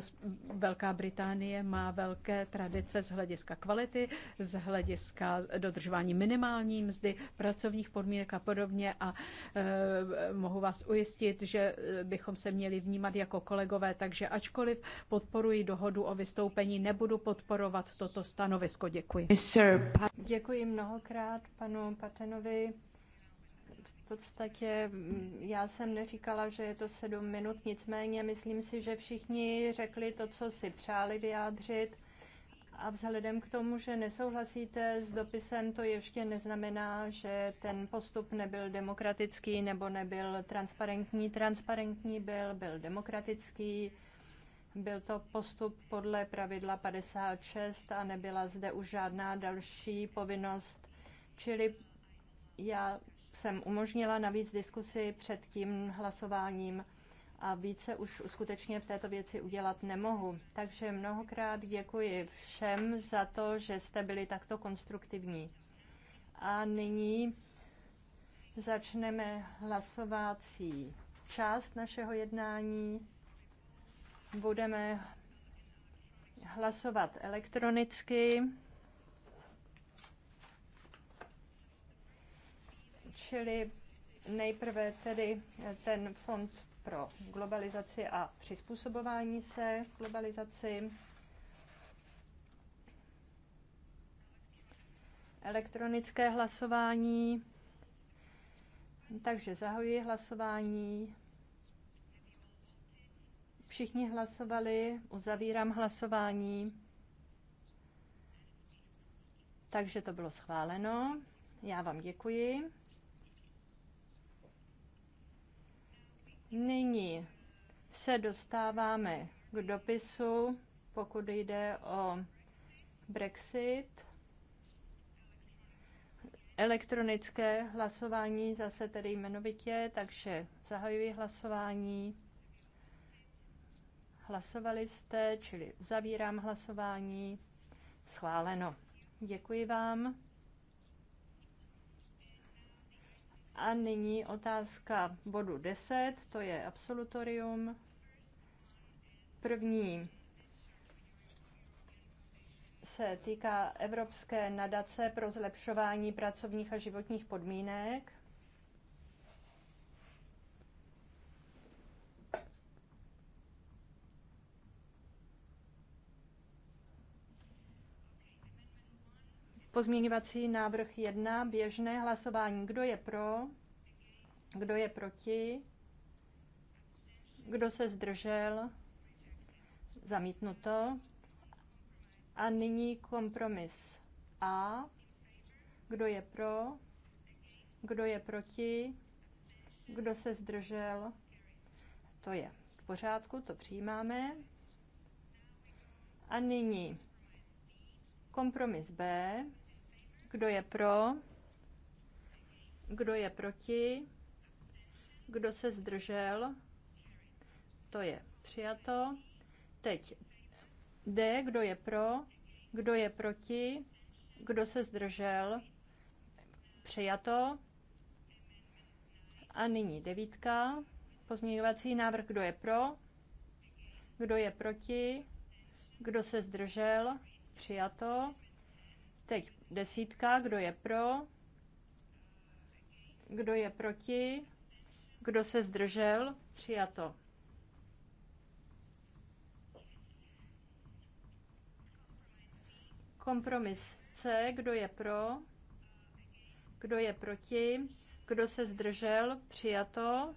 Velká Británie má velké tradice z hlediska kvality, z hlediska dodržování minimální mzdy, pracovních podmínek a podobně a e, mohu vás ujistit, že e, bychom se měli vnímat jako kolegové, takže ačkoliv podporuji dohodu o vystoupení, nebudu podporovat toto stanovisko. Děkuji. Děkuji mnohokrát panu Patenovi podstatě mm, já jsem neříkala, že je to sedm minut, nicméně myslím si, že všichni řekli to, co si přáli vyjádřit. A vzhledem k tomu, že nesouhlasíte s dopisem, to ještě neznamená, že ten postup nebyl demokratický nebo nebyl transparentní. Transparentní byl, byl demokratický. Byl to postup podle pravidla 56 a nebyla zde už žádná další povinnost. Čili já jsem umožnila navíc diskusi před tím hlasováním a více už skutečně v této věci udělat nemohu. Takže mnohokrát děkuji všem za to, že jste byli takto konstruktivní. A nyní začneme hlasovací část našeho jednání. Budeme hlasovat elektronicky. Čili nejprve tedy ten fond pro globalizaci a přizpůsobování se globalizaci. Elektronické hlasování. Takže zahoji hlasování. Všichni hlasovali, uzavírám hlasování. Takže to bylo schváleno. Já vám děkuji. Nyní se dostáváme k dopisu, pokud jde o Brexit. Elektronické hlasování zase tedy jmenovitě, takže zahajuji hlasování. Hlasovali jste, čili uzavírám hlasování. Schváleno. Děkuji vám. A nyní otázka bodu 10, to je absolutorium. První se týká Evropské nadace pro zlepšování pracovních a životních podmínek. Pozměňovací návrh 1, běžné hlasování. Kdo je pro? Kdo je proti? Kdo se zdržel? Zamítnuto. A nyní kompromis A. Kdo je pro? Kdo je proti? Kdo se zdržel? To je v pořádku, to přijímáme. A nyní kompromis B. Kdo je pro? Kdo je proti? Kdo se zdržel? To je přijato. Teď D, kdo je pro, kdo je proti, kdo se zdržel, přijato. A nyní devítka, pozměňovací návrh, kdo je pro, kdo je proti, kdo se zdržel, přijato. Teď Desítka, kdo je pro? Kdo je proti? Kdo se zdržel? Přijato. Kompromis C, kdo je pro? Kdo je proti? Kdo se zdržel? Přijato.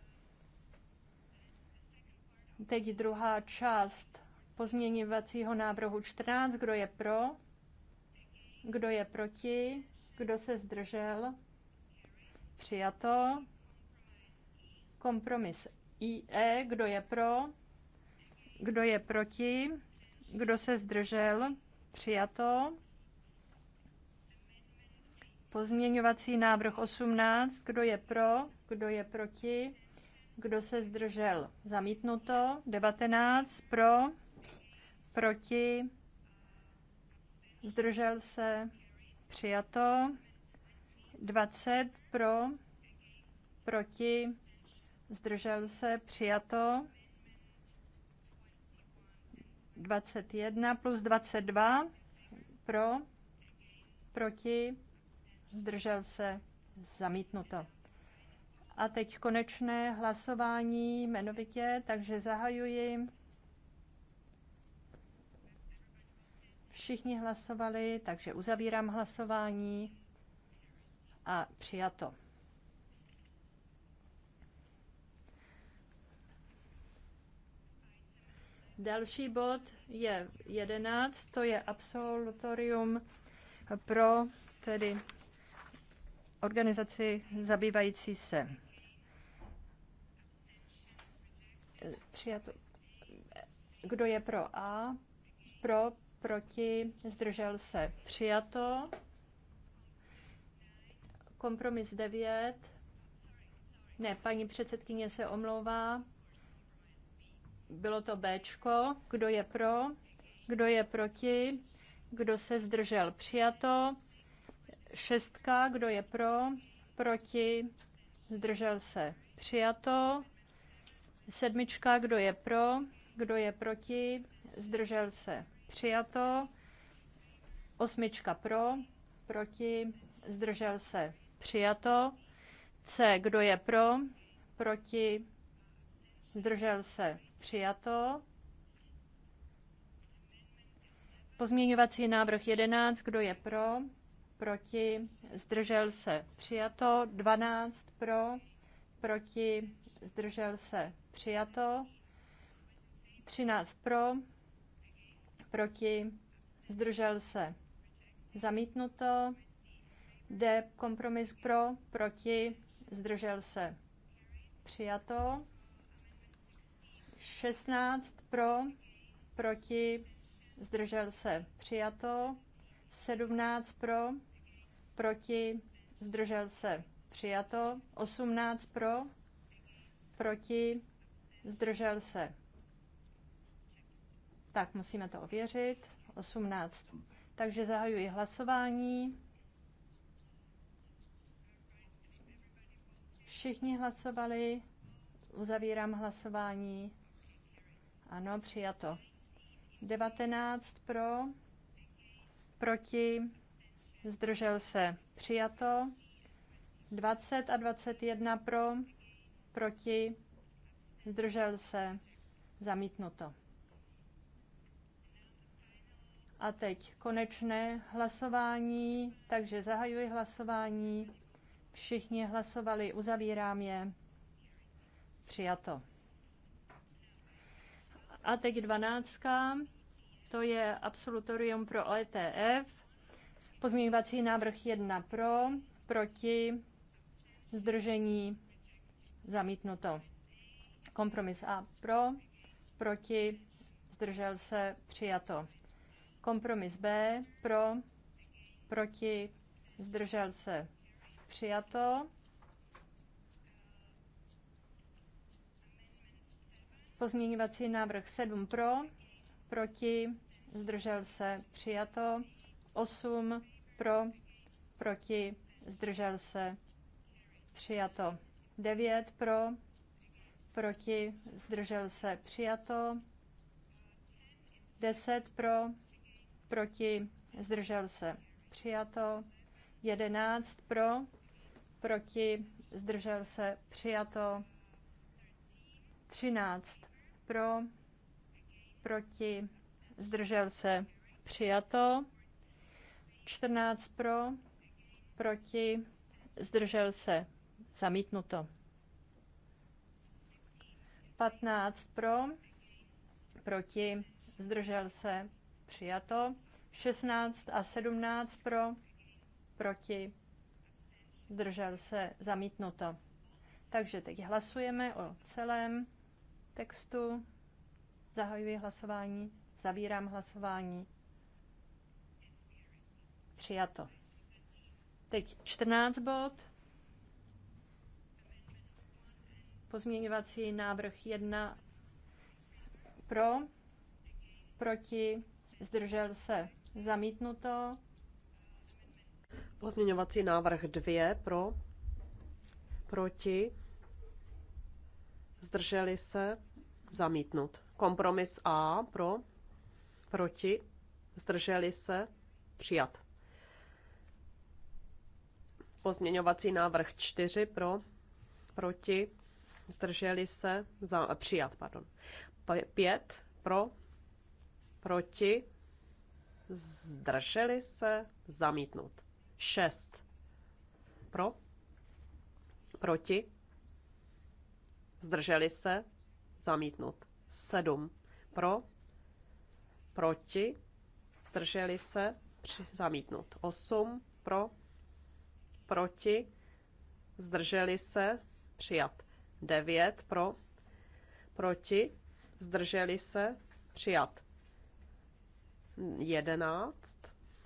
Teď druhá část pozměňovacího návrhu 14. Kdo je pro? Kdo je proti? Kdo se zdržel? Přijato. Kompromis IE. Kdo je pro? Kdo je proti? Kdo se zdržel? Přijato. Pozměňovací návrh 18. Kdo je pro? Kdo je proti? Kdo se zdržel? Zamítnuto. 19. Pro? Proti? zdržel se, přijato. 20 pro, proti, zdržel se, přijato. 21 plus 22 pro, proti, zdržel se, zamítnuto. A teď konečné hlasování jmenovitě, takže zahajuji. Všichni hlasovali, takže uzavírám hlasování a přijato. Další bod je 11, to je absolutorium pro tedy organizaci zabývající se přijato. Kdo je pro A? Pro, proti, zdržel se, přijato. Kompromis 9, ne, paní předsedkyně se omlouvá, bylo to Bčko, kdo je pro, kdo je proti, kdo se zdržel, přijato. Šestka, kdo je pro, proti, zdržel se, přijato. Sedmička, kdo je pro, kdo je proti, zdržel se, přijato. Osmička pro, proti, zdržel se, přijato. C, kdo je pro, proti, zdržel se, přijato. Pozměňovací návrh 11, kdo je pro, proti, zdržel se, přijato. 12 pro, proti, zdržel se, přijato. 13 pro, proti, zdržel se, zamítnuto, D, kompromis pro, proti, zdržel se, přijato, 16 pro, proti, zdržel se, přijato, 17 pro, proti, zdržel se, přijato, 18 pro, proti, zdržel se, tak musíme to ověřit. 18. Takže zahajuji hlasování. Všichni hlasovali. Uzavírám hlasování. Ano, přijato. 19 pro, proti, zdržel se, přijato. 20 a 21 pro, proti, zdržel se, zamítnuto. A teď konečné hlasování, takže zahajuji hlasování. Všichni hlasovali, uzavírám je. Přijato. A teď dvanáctka, to je absolutorium pro ETF. Pozměňovací návrh 1 pro, proti, zdržení, zamítnuto. Kompromis A pro, proti, zdržel se, přijato. Kompromis B pro, proti, zdržel se, přijato. Pozměňovací návrh 7 pro, proti, zdržel se, přijato. 8 pro, proti, zdržel se, přijato. 9 pro, proti, zdržel se, přijato. 10 pro, proti, zdržel se, přijato. 11 pro, proti, zdržel se, přijato. 13 pro, proti, zdržel se, přijato. 14 pro, proti, zdržel se, zamítnuto. 15 pro, proti, zdržel se, Přijato. 16 a 17 pro, proti, zdržel se, zamítnuto. Takže teď hlasujeme o celém textu. Zahajuji hlasování, zavírám hlasování. Přijato. Teď 14 bod. Pozměňovací návrh 1 pro, proti, zdržel se, zamítnuto. Pozměňovací návrh 2 pro, proti, zdrželi se, zamítnut. Kompromis A pro, proti, zdrželi se, přijat. Pozměňovací návrh 4 pro, proti, zdrželi se, za, přijat, pardon. 5 pro, proti, zdrželi se, zamítnut. 6 pro, proti, zdrželi se, zamítnut. 7 pro, proti, zdrželi se, při, zamítnut. 8 pro, proti, zdrželi se, přijat. 9 pro, proti, zdrželi se, přijat. 11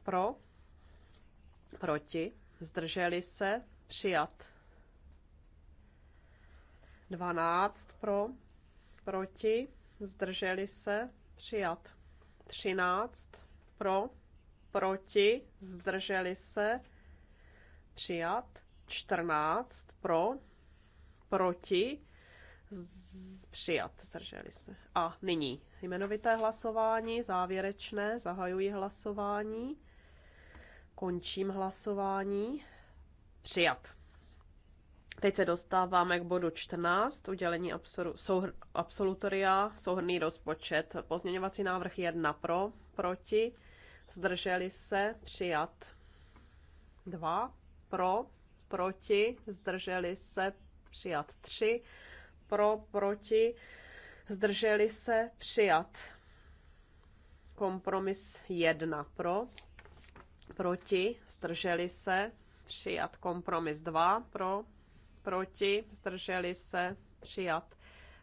pro, proti, zdrželi se, přijat. 12 pro, proti, zdrželi se, přijat. 13 pro, proti, zdrželi se, přijat. 14 pro, proti, přijat, zdrželi se. A nyní jmenovité hlasování, závěrečné, zahajuji hlasování, končím hlasování, přijat. Teď se dostáváme k bodu 14, udělení absolu, souhr, absolutoria, souhrný rozpočet. Pozměňovací návrh 1 pro, proti, zdrželi se, přijat. 2 pro, proti, zdrželi se, přijat 3 pro, proti, zdrželi se, přijat. Kompromis jedna pro, proti, zdrželi se, přijat. Kompromis dva pro, proti, zdrželi se, přijat.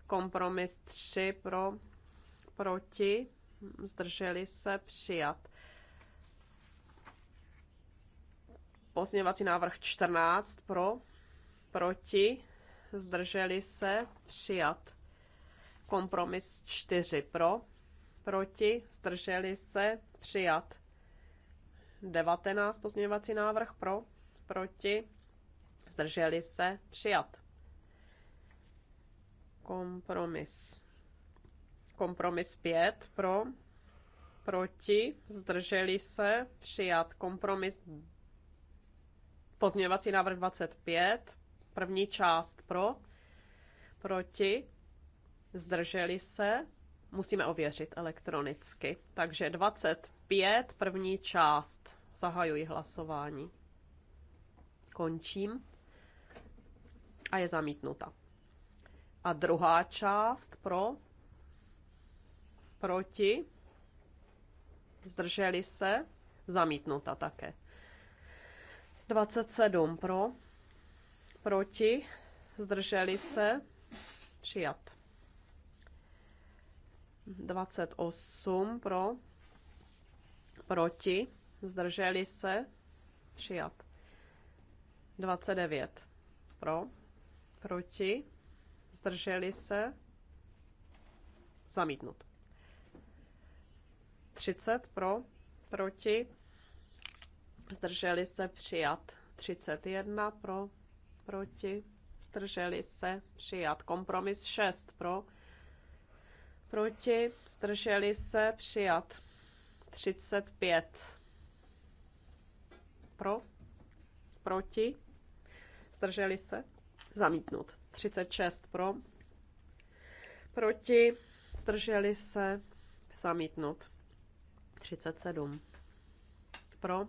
Kompromis tři pro, proti, zdrželi se, přijat. Pozměňovací návrh 14 pro, proti, zdrželi se, přijat. Kompromis 4 pro, proti, zdrželi se, přijat. 19 pozměňovací návrh pro, proti, zdrželi se, přijat. Kompromis. Kompromis 5 pro, proti, zdrželi se, přijat. Kompromis pozměňovací návrh 25 První část pro, proti, zdrželi se, musíme ověřit elektronicky. Takže 25, první část. Zahajuji hlasování. Končím. A je zamítnuta. A druhá část pro, proti, zdrželi se, zamítnuta také. 27 pro, proti, zdrželi se, přijat. 28 pro, proti, zdrželi se, přijat. 29 pro, proti, zdrželi se, zamítnut. 30 pro, proti, zdrželi se, přijat. 31 pro, proti, zdrželi se, přijat. Kompromis 6 pro, proti, zdrželi se, přijat. 35 pro, proti, zdrželi se, zamítnut. 36 pro, proti, zdrželi se, zamítnut. 37 pro,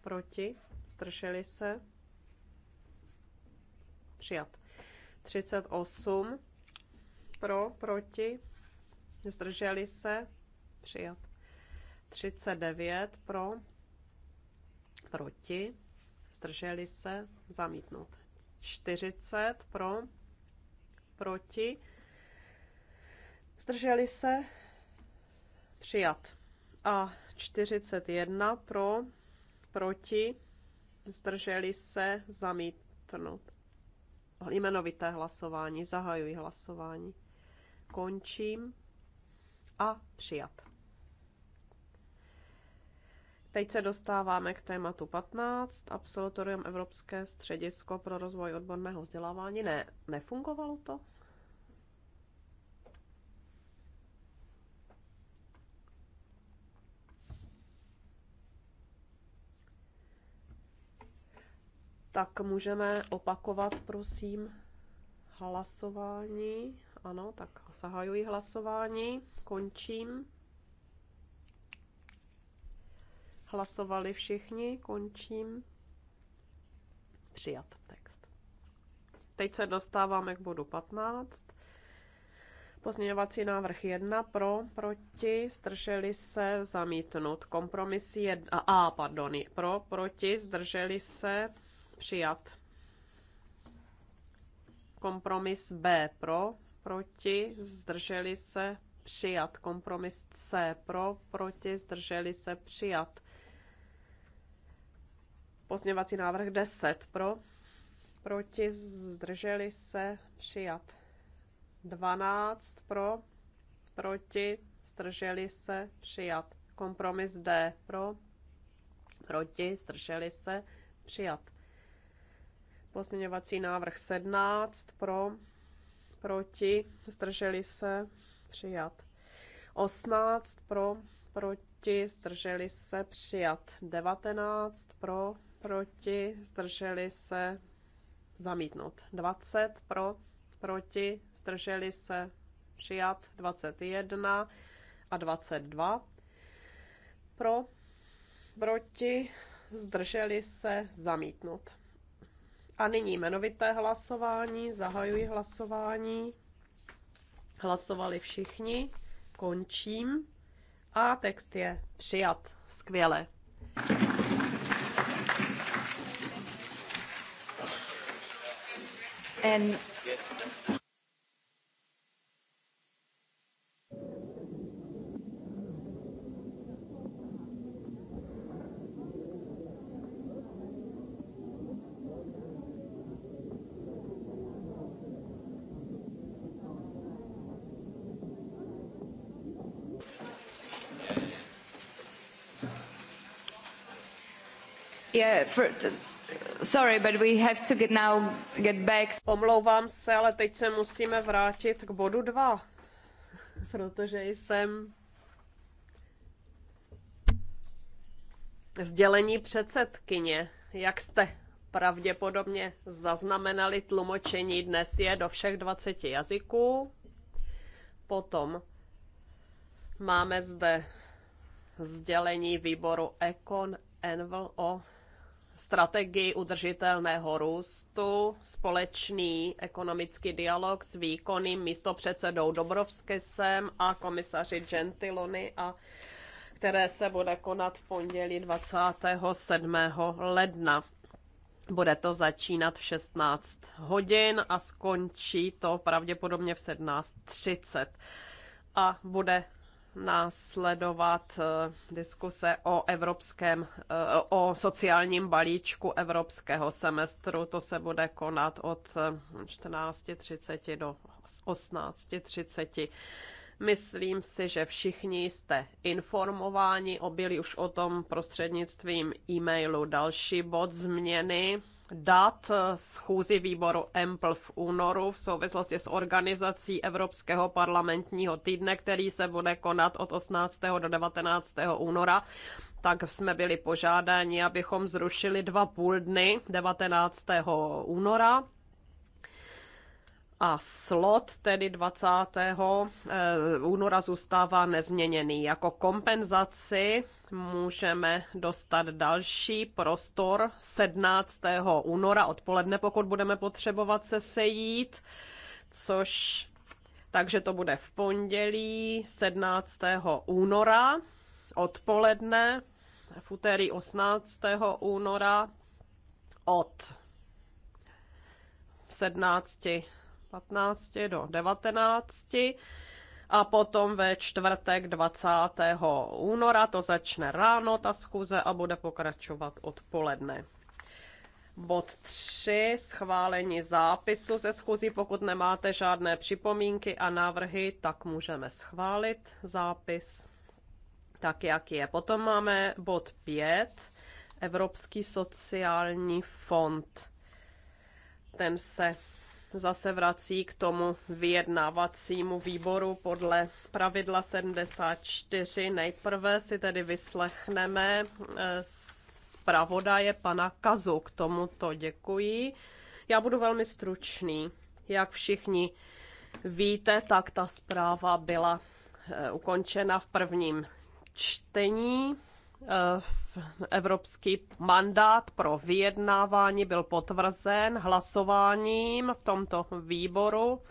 proti, zdrželi se, Přijat. 38 pro, proti, zdrželi se, přijat. 39 pro, proti, zdrželi se, zamítnout. 40 pro, proti, zdrželi se, přijat. A 41 pro, proti, zdrželi se, zamítnout jmenovité hlasování. Zahajuji hlasování. Končím. A přijat. Teď se dostáváme k tématu 15. Absolutorium Evropské středisko pro rozvoj odborného vzdělávání. Ne, nefungovalo to? Tak můžeme opakovat, prosím, hlasování. Ano, tak zahajuji hlasování, končím. Hlasovali všichni, končím. Přijat text. Teď se dostáváme k bodu 15. Pozměňovací návrh 1 pro, proti, zdrželi se, zamítnut. Kompromis 1, a, pardon, pro, proti, zdrželi se, Přijat. Kompromis B pro, proti, zdrželi se, přijat. Kompromis C pro, proti, zdrželi se, přijat. Pozměvací návrh 10 pro, proti, zdrželi se, přijat. 12 pro, proti, zdrželi se, přijat. Kompromis D pro, proti, zdrželi se, přijat. Pozměňovací návrh 17 pro, proti, zdrželi se, přijat. 18 pro, proti, zdrželi se, přijat. 19 pro, proti, zdrželi se, zamítnout. 20 pro, proti, zdrželi se, přijat. 21 a 22 pro, proti, zdrželi se, zamítnout. A nyní jmenovité hlasování. Zahajuji hlasování. Hlasovali všichni. Končím. A text je přijat. Skvěle. And Yeah, for, sorry, but we have to get now get back. Omlouvám se, ale teď se musíme vrátit k bodu 2, protože jsem sdělení předsedkyně. Jak jste pravděpodobně zaznamenali, tlumočení dnes je do všech 20 jazyků. Potom máme zde sdělení výboru Econ Envil o strategii udržitelného růstu, společný ekonomický dialog s výkonným místopředsedou Dobrovskisem a komisaři Gentiloni a které se bude konat v pondělí 27. ledna. Bude to začínat v 16 hodin a skončí to pravděpodobně v 17.30. A bude následovat eh, diskuse o evropském, eh, o sociálním balíčku evropského semestru. To se bude konat od 14.30 eh, do 18.30. Myslím si, že všichni jste informováni, obili už o tom prostřednictvím e-mailu. Další bod změny dát eh, schůzi výboru EMPL v únoru v souvislosti s organizací Evropského parlamentního týdne, který se bude konat od 18. do 19. února tak jsme byli požádáni, abychom zrušili dva půl dny 19. února a slot tedy 20. Eh, února zůstává nezměněný. Jako kompenzaci můžeme dostat další prostor 17. února odpoledne, pokud budeme potřebovat se sejít, což takže to bude v pondělí 17. února odpoledne, v úterý 18. února od 17 15 do 19 a potom ve čtvrtek 20. února to začne ráno ta schůze a bude pokračovat odpoledne. Bod 3. Schválení zápisu ze schůzí. Pokud nemáte žádné připomínky a návrhy, tak můžeme schválit zápis tak, jak je. Potom máme bod 5. Evropský sociální fond. Ten se zase vrací k tomu vyjednávacímu výboru podle pravidla 74. Nejprve si tedy vyslechneme eh, zpravodaje pana Kazu. K tomuto děkuji. Já budu velmi stručný. Jak všichni víte, tak ta zpráva byla eh, ukončena v prvním čtení Eh, evropský mandát pro vyjednávání byl potvrzen hlasováním v tomto výboru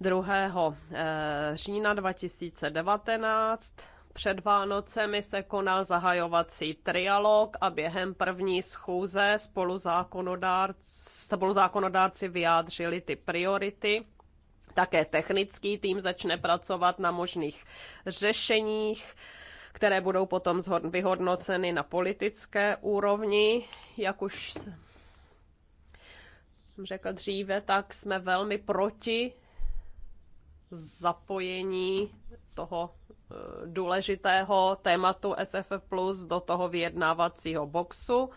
2. Eh, října 2019. Před Vánocemi se konal zahajovací trialog a během první schůze spoluzákonodárci vyjádřili ty priority. Také technický tým začne pracovat na možných řešeních které budou potom vyhodnoceny na politické úrovni, jak už jsem řekl dříve, tak jsme velmi proti zapojení toho eh, důležitého tématu SFF Plus do toho vyjednávacího boxu.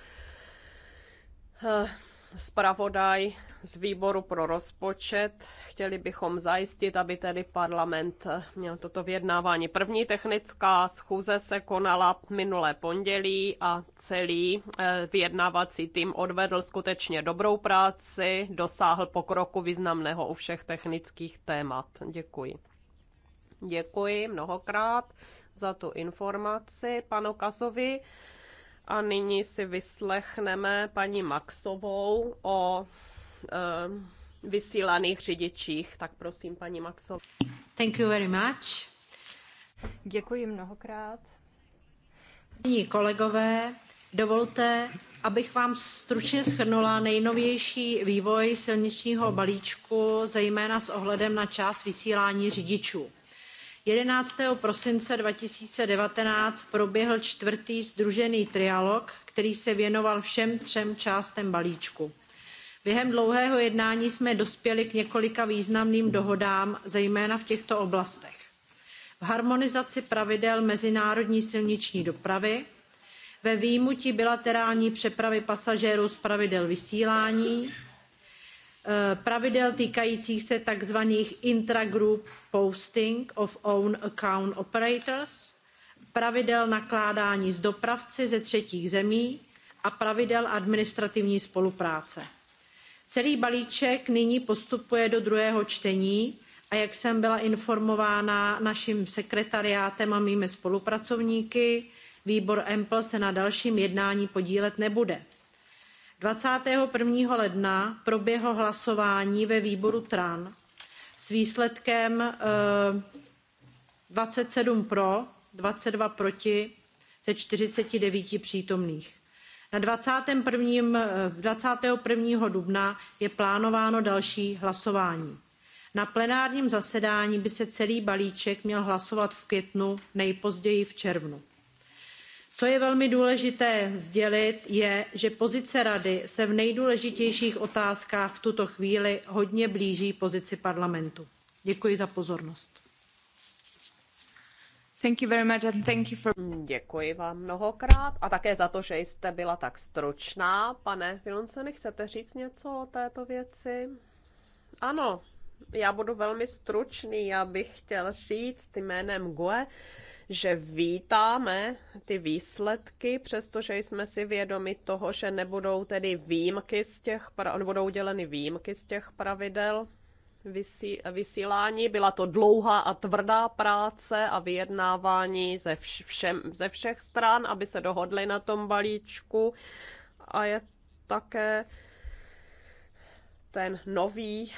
Eh, zpravodaj z výboru pro rozpočet. Chtěli bychom zajistit, aby tedy parlament měl toto vyjednávání. První technická schůze se konala minulé pondělí a celý eh, vyjednávací tým odvedl skutečně dobrou práci, dosáhl pokroku významného u všech technických témat. Děkuji. Děkuji mnohokrát za tu informaci panu Kasovi. A nyní si vyslechneme paní Maxovou o e, vysílaných řidičích. Tak prosím, paní Maxovou. Thank you very much. Děkuji mnohokrát. Nyní kolegové, dovolte, abych vám stručně shrnula nejnovější vývoj silničního balíčku, zejména s ohledem na čas vysílání řidičů. 11. prosince 2019 proběhl čtvrtý združený trialog, který se věnoval všem třem částem balíčku. Během dlouhého jednání jsme dospěli k několika významným dohodám, zejména v těchto oblastech. V harmonizaci pravidel mezinárodní silniční dopravy, ve výjimutí bilaterální přepravy pasažérů z pravidel vysílání, Eh, pravidel týkajících se tzv. intragroup posting of own account operators, pravidel nakládání s dopravci ze třetích zemí a pravidel administrativní spolupráce. Celý balíček nyní postupuje do druhého čtení a jak jsem byla informována naším sekretariátem a mými spolupracovníky, výbor EMPL se na dalším jednání podílet nebude 21. ledna proběhlo hlasování ve výboru TRAN s výsledkem 27 eh, pro, 22 proti ze 49 přítomných. Na 21. 21. Eh, dubna je plánováno další hlasování. Na plenárním zasedání by se celý balíček měl hlasovat v květnu, nejpozději v červnu. Co je velmi důležité sdělit, je, že pozice Rady se v nejdůležitějších otázkách v tuto chvíli hodně blíží pozici parlamentu. Děkuji za pozornost. For... Děkuji vám mnohokrát a také za to, že jste byla tak stručná. Pane Filonseny, chcete říct něco o této věci? Ano, já budu velmi stručný, já bych chtěl říct jménem GUE, že vítáme ty výsledky, přestože jsme si vědomi toho, že nebudou tedy výjimky z těch, budou uděleny výjimky z těch pravidel vysílání. Byla to dlouhá a tvrdá práce a vyjednávání ze, všem, ze všech stran, aby se dohodli na tom balíčku. A je také ten nový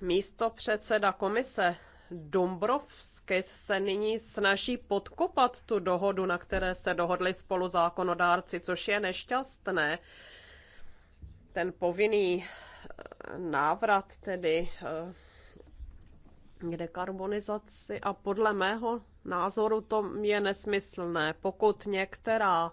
místo předseda komise Dombrovsky se nyní snaží podkopat tu dohodu, na které se dohodli spolu zákonodárci, což je nešťastné. Ten povinný eh, návrat tedy eh, k dekarbonizaci a podle mého názoru to je nesmyslné. Pokud některá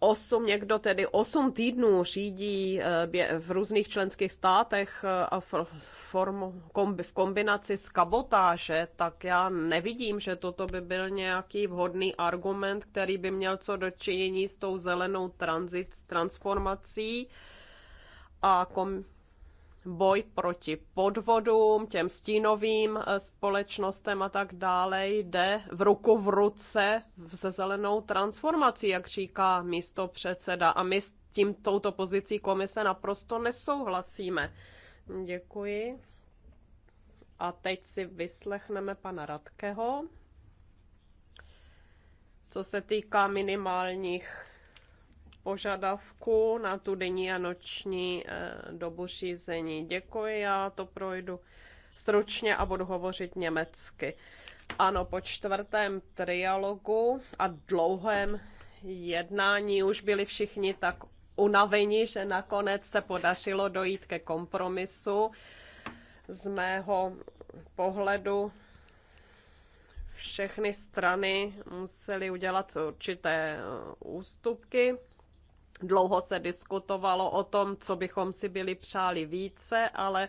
osm, někdo tedy osm týdnů řídí eh, v různých členských státech eh, a form, v kombinaci s kabotáže, tak já nevidím, že toto by byl nějaký vhodný argument, který by měl co dočinění s tou zelenou transit, transformací a kom, boj proti podvodům, těm stínovým eh, společnostem a tak dále jde v ruku v ruce se zelenou transformací, jak říká místo předseda. A my s tím touto pozicí komise naprosto nesouhlasíme. Děkuji. A teď si vyslechneme pana Radkeho. Co se týká minimálních požadavku na tu denní a noční eh, dobu řízení. Děkuji, já to projdu stručně a budu hovořit německy. Ano, po čtvrtém trialogu a dlouhém jednání už byli všichni tak unaveni, že nakonec se podařilo dojít ke kompromisu. Z mého pohledu všechny strany musely udělat určité eh, ústupky Dlouho se diskutovalo o tom, co bychom si byli přáli více, ale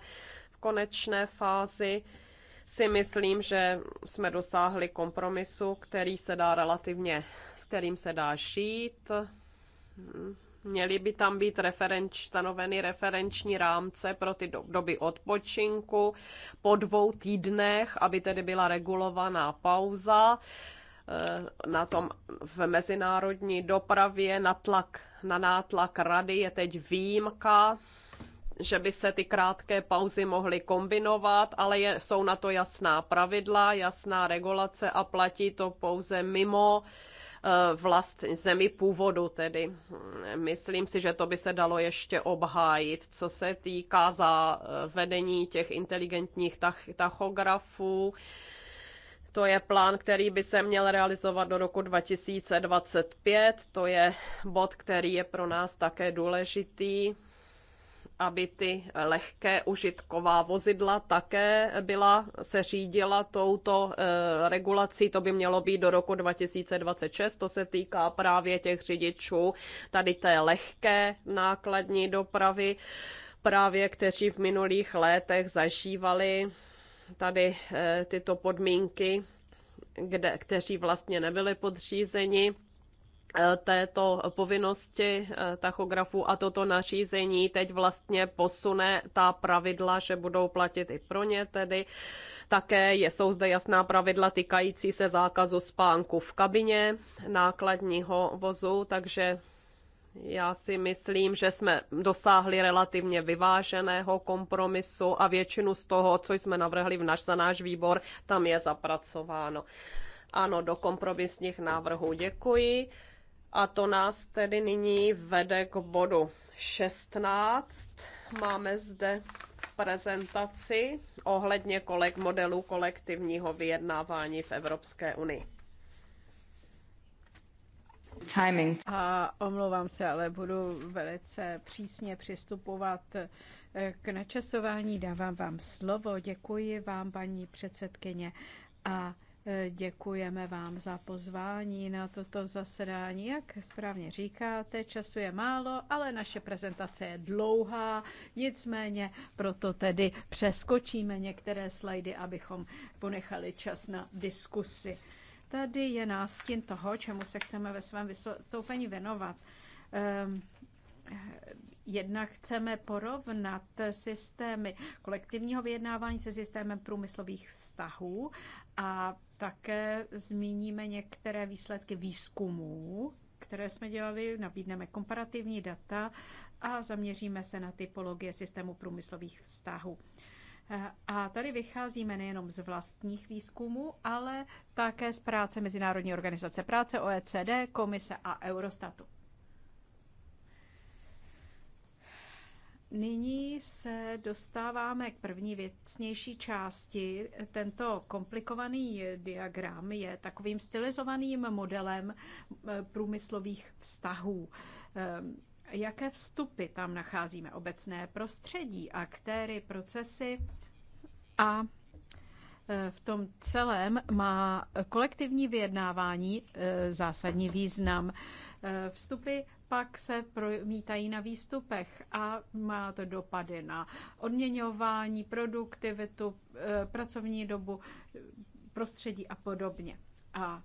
v konečné fázi si myslím, že jsme dosáhli kompromisu, který se dá relativně, s kterým se dá šít. Měly by tam být referenč, stanoveny referenční rámce pro ty doby odpočinku po dvou týdnech, aby tedy byla regulovaná pauza eh, na tom v mezinárodní dopravě na tlak na nátlak rady je teď výjimka, že by se ty krátké pauzy mohly kombinovat, ale je, jsou na to jasná pravidla, jasná regulace a platí to pouze mimo eh, vlast zemi původu tedy. Myslím si, že to by se dalo ještě obhájit. Co se týká zavedení eh, těch inteligentních tach- tachografů, to je plán, který by se měl realizovat do roku 2025. To je bod, který je pro nás také důležitý, aby ty lehké užitková vozidla také byla, se řídila touto e, regulací. To by mělo být do roku 2026. To se týká právě těch řidičů tady té lehké nákladní dopravy, právě kteří v minulých letech zažívali tady eh, tyto podmínky, kde, kteří vlastně nebyli podřízeni eh, této povinnosti eh, tachografu a toto nařízení teď vlastně posune ta pravidla, že budou platit i pro ně tedy. Také jsou zde jasná pravidla týkající se zákazu spánku v kabině nákladního vozu, takže já si myslím, že jsme dosáhli relativně vyváženého kompromisu a většinu z toho, co jsme navrhli v naš, za náš výbor, tam je zapracováno. Ano, do kompromisních návrhů děkuji. A to nás tedy nyní vede k bodu 16. Máme zde prezentaci ohledně kolek modelů kolektivního vyjednávání v Evropské unii. Timing. A omlouvám se, ale budu velice přísně přistupovat eh, k načasování. Dávám vám slovo. Děkuji vám, paní předsedkyně. A eh, Děkujeme vám za pozvání na toto zasedání. Jak správně říkáte, času je málo, ale naše prezentace je dlouhá, nicméně proto tedy přeskočíme některé slajdy, abychom ponechali čas na diskusi. Tady je nástin toho, čemu se chceme ve svém vystoupení věnovat. Ehm, jednak chceme porovnat systémy kolektivního vyjednávání se systémem průmyslových vztahů a také zmíníme některé výsledky výzkumů, které jsme dělali, nabídneme komparativní data a zaměříme se na typologie systému průmyslových vztahů. A tady vycházíme nejenom z vlastních výzkumů, ale také z práce Mezinárodní organizace práce, OECD, Komise a Eurostatu. Nyní se dostáváme k první věcnější části. Tento komplikovaný diagram je takovým stylizovaným modelem průmyslových vztahů. Ehm, jaké vstupy tam nacházíme? Obecné prostředí, aktéry, procesy, a e, v tom celém má kolektivní vyjednávání e, zásadní význam. E, vstupy pak se promítají na výstupech a má to dopady na odměňování, produktivitu, pracovní dobu, prostředí a podobně. A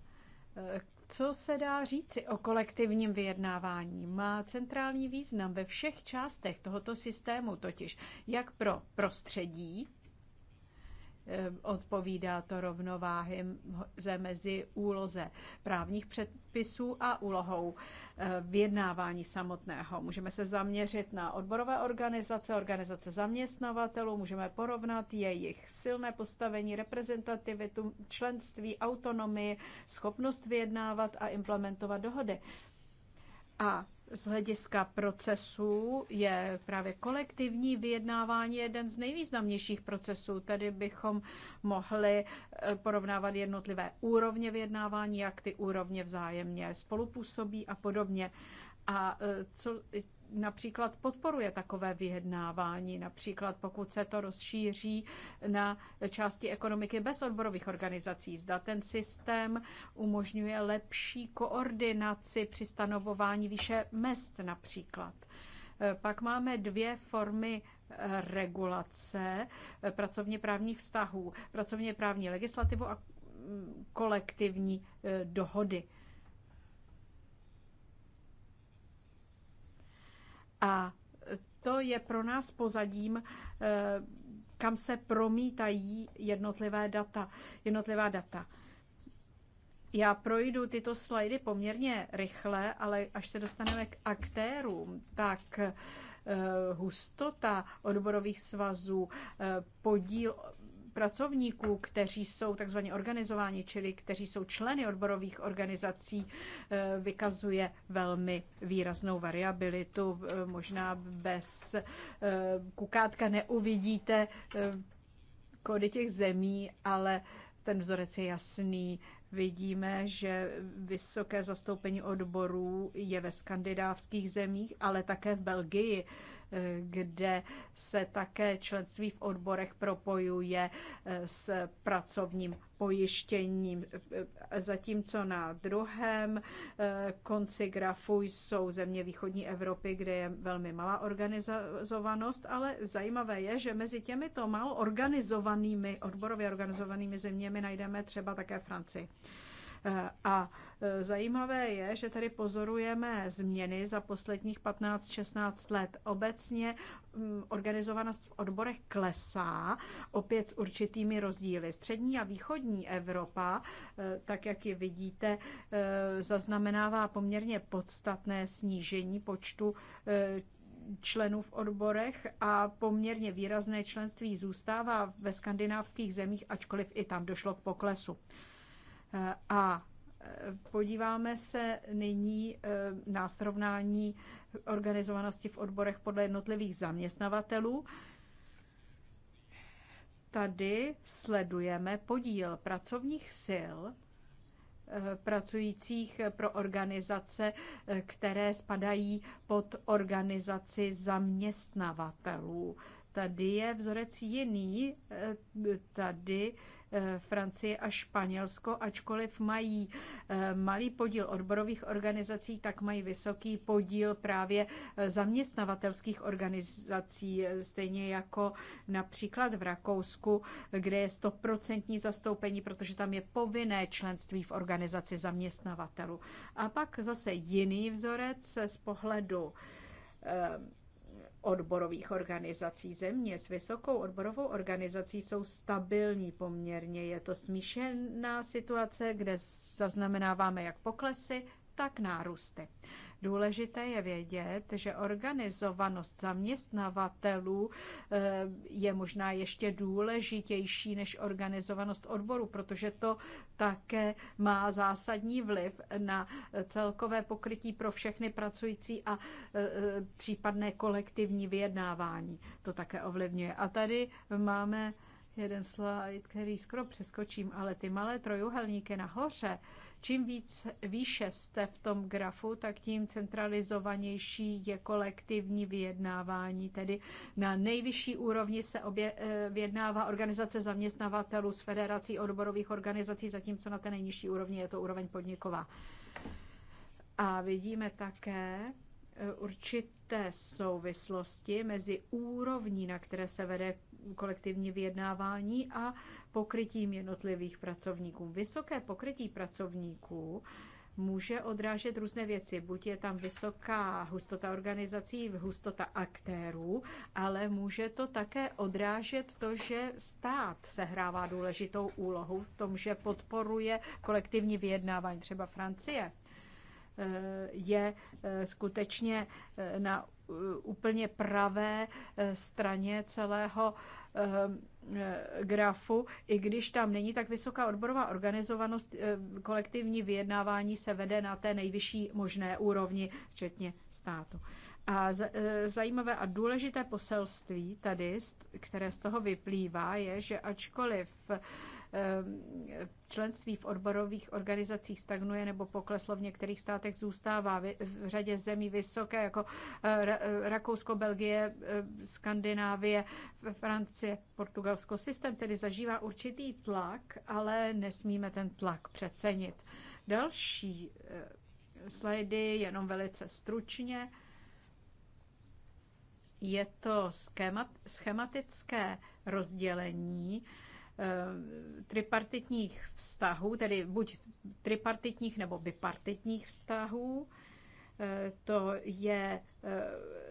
co se dá říci o kolektivním vyjednávání? Má centrální význam ve všech částech tohoto systému, totiž jak pro prostředí, Eh, odpovídá to rovnováhy mezi úloze právních předpisů a úlohou eh, vyjednávání samotného. Můžeme se zaměřit na odborové organizace, organizace zaměstnavatelů, můžeme porovnat jejich silné postavení, reprezentativitu, členství, autonomii, schopnost vyjednávat a implementovat dohody. A z hlediska procesů je právě kolektivní vyjednávání jeden z nejvýznamnějších procesů. Tady bychom mohli eh, porovnávat jednotlivé úrovně vyjednávání, jak ty úrovně vzájemně spolupůsobí a podobně. A eh, co například podporuje takové vyjednávání, například pokud se to rozšíří na části ekonomiky bez odborových organizací. Zda ten systém umožňuje lepší koordinaci při stanovování výše mest například. Pak máme dvě formy regulace pracovně právních vztahů, pracovně právní legislativu a kolektivní eh, dohody. A to je pro nás pozadím, eh, kam se promítají jednotlivé data, jednotlivá data. Já projdu tyto slajdy poměrně rychle, ale až se dostaneme k aktérům, tak eh, hustota odborových svazů, eh, podíl pracovníků, kteří jsou takzvaně organizováni, čili kteří jsou členy odborových organizací, eh, vykazuje velmi výraznou variabilitu. Eh, možná bez eh, kukátka neuvidíte kody těch zemí, ale ten vzorec je jasný. Vidíme, že vysoké zastoupení odborů je ve skandinávských zemích, ale také v Belgii kde se také členství v odborech propojuje eh, s pracovním pojištěním. Zatímco na druhém eh, konci grafu jsou země východní Evropy, kde je velmi malá organizovanost, ale zajímavé je, že mezi těmito málo organizovanými, odborově organizovanými zeměmi najdeme třeba také Francii. A zajímavé je, že tady pozorujeme změny za posledních 15-16 let. Obecně mm, organizovanost v odborech klesá, opět s určitými rozdíly. Střední a východní Evropa, e, tak jak ji vidíte, e, zaznamenává poměrně podstatné snížení počtu e, členů v odborech a poměrně výrazné členství zůstává ve skandinávských zemích, ačkoliv i tam došlo k poklesu. A e, podíváme se nyní e, na srovnání organizovanosti v odborech podle jednotlivých zaměstnavatelů. Tady sledujeme podíl pracovních sil e, pracujících pro organizace, které spadají pod organizaci zaměstnavatelů. Tady je vzorec jiný, tady Eh, Francie a Španělsko, ačkoliv mají eh, malý podíl odborových organizací, tak mají vysoký podíl právě eh, zaměstnavatelských organizací, stejně jako například v Rakousku, kde je stoprocentní zastoupení, protože tam je povinné členství v organizaci zaměstnavatelů. A pak zase jiný vzorec z pohledu odborových organizací. Země s vysokou odborovou organizací jsou stabilní poměrně. Je to smíšená situace, kde zaznamenáváme jak poklesy, tak nárůsty. Důležité je vědět, že organizovanost zaměstnavatelů eh, je možná ještě důležitější než organizovanost odboru, protože to také má zásadní vliv na celkové pokrytí pro všechny pracující a eh, eh, případné kolektivní vyjednávání. To také ovlivňuje. A tady máme jeden slide, který skoro přeskočím, ale ty malé trojuhelníky nahoře, Čím víc výše jste v tom grafu, tak tím centralizovanější je kolektivní vyjednávání. Tedy na nejvyšší úrovni se obě, eh, vyjednává organizace zaměstnavatelů s federací odborových organizací, zatímco na té nejnižší úrovni je to úroveň podniková. A vidíme také eh, určité souvislosti mezi úrovní, na které se vede kolektivní vyjednávání a pokrytím jednotlivých pracovníků. Vysoké pokrytí pracovníků může odrážet různé věci. Buď je tam vysoká hustota organizací, hustota aktérů, ale může to také odrážet to, že stát sehrává důležitou úlohu v tom, že podporuje kolektivní vyjednávání. Třeba Francie eh, je eh, skutečně eh, na úplně pravé straně celého Eh, grafu, i když tam není tak vysoká odborová organizovanost, eh, kolektivní vyjednávání se vede na té nejvyšší možné úrovni, včetně státu. A eh, zajímavé a důležité poselství tady, které z toho vyplývá, je, že ačkoliv Ehm, členství v odborových organizacích stagnuje nebo pokleslo, v některých státech zůstává v řadě zemí vysoké, jako eh, Rakousko, Belgie, eh, Skandinávie, Francie, Portugalsko. Systém tedy zažívá určitý tlak, ale nesmíme ten tlak přecenit. Další eh, slajdy, jenom velice stručně. Je to schematické rozdělení Eh, tripartitních vztahů, tedy buď tripartitních nebo bipartitních vztahů. Eh, to je eh,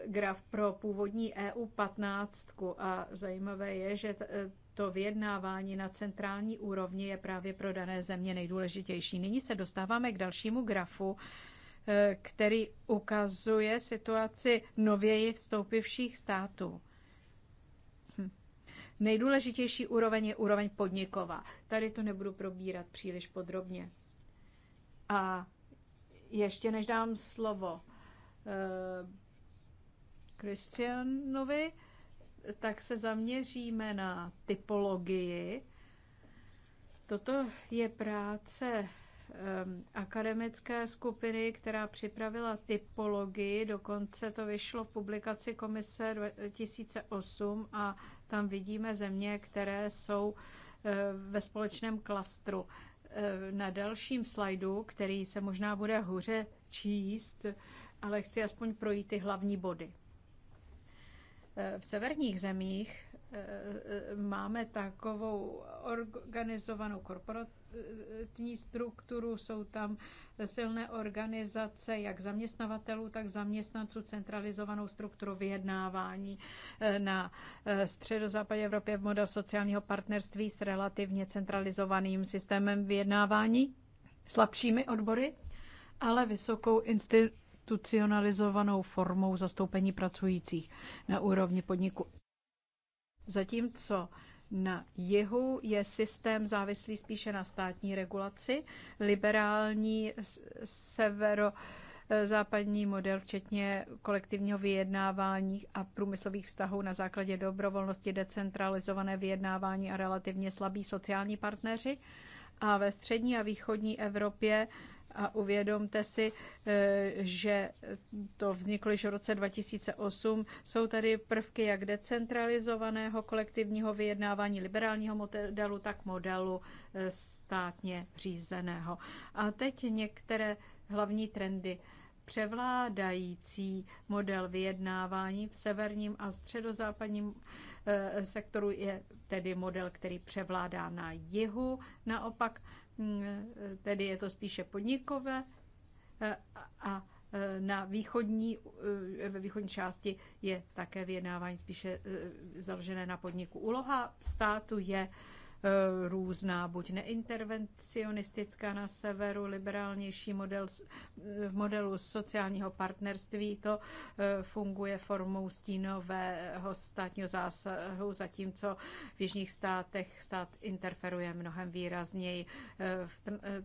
graf pro původní EU 15 a zajímavé je, že to vyjednávání na centrální úrovni je právě pro dané země nejdůležitější. Nyní se dostáváme k dalšímu grafu, který ukazuje situaci nověji vstoupivších států. Nejdůležitější úroveň je úroveň podniková. Tady to nebudu probírat příliš podrobně. A ještě než dám slovo eh, Kristianovi, eh, tak se zaměříme na typologii. Toto je práce eh, akademické skupiny, která připravila typologii, dokonce to vyšlo v publikaci komise 2008 a tam vidíme země, které jsou eh, ve společném klastru. Eh, na dalším slajdu, který se možná bude hůře číst, ale chci aspoň projít ty hlavní body. Eh, v severních zemích máme takovou organizovanou korporaci, státní strukturu, jsou tam silné organizace jak zaměstnavatelů, tak zaměstnanců, centralizovanou strukturu vyjednávání eh, na eh, středozápadě Evropě model sociálního partnerství s relativně centralizovaným systémem vyjednávání, slabšími odbory, ale vysokou institucionalizovanou formou zastoupení pracujících na úrovni podniku. Zatímco na jihu je systém závislý spíše na státní regulaci, liberální severo eh, západní model, včetně kolektivního vyjednávání a průmyslových vztahů na základě dobrovolnosti, decentralizované vyjednávání a relativně slabí sociální partneři. A ve střední a východní Evropě a uvědomte si, eh, že to vzniklo již v roce 2008. Jsou tady prvky jak decentralizovaného kolektivního vyjednávání liberálního modelu, tak modelu eh, státně řízeného. A teď některé hlavní trendy. Převládající model vyjednávání v severním a středozápadním eh, sektoru je tedy model, který převládá na jihu. Naopak Mm, tedy je to spíše podnikové eh, a na východní, eh, ve východní části je také vyjednávání spíše eh, založené na podniku. Úloha státu je Eh, různá, buď neintervencionistická na severu, liberálnější model, eh, v modelu sociálního partnerství. To eh, funguje formou stínového státního zásahu, zatímco v jižních státech stát interferuje mnohem výrazněji. V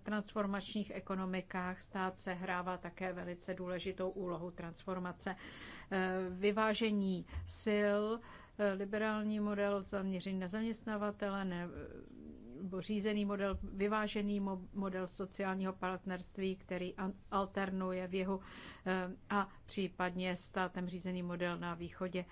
transformačních ekonomikách stát sehrává také velice důležitou úlohu transformace. Vyvážení sil, liberální model zaměřený na zaměstnavatele nebo řízený model, vyvážený model sociálního partnerství, který alternuje v jeho eh, a případně státem řízený model na východě.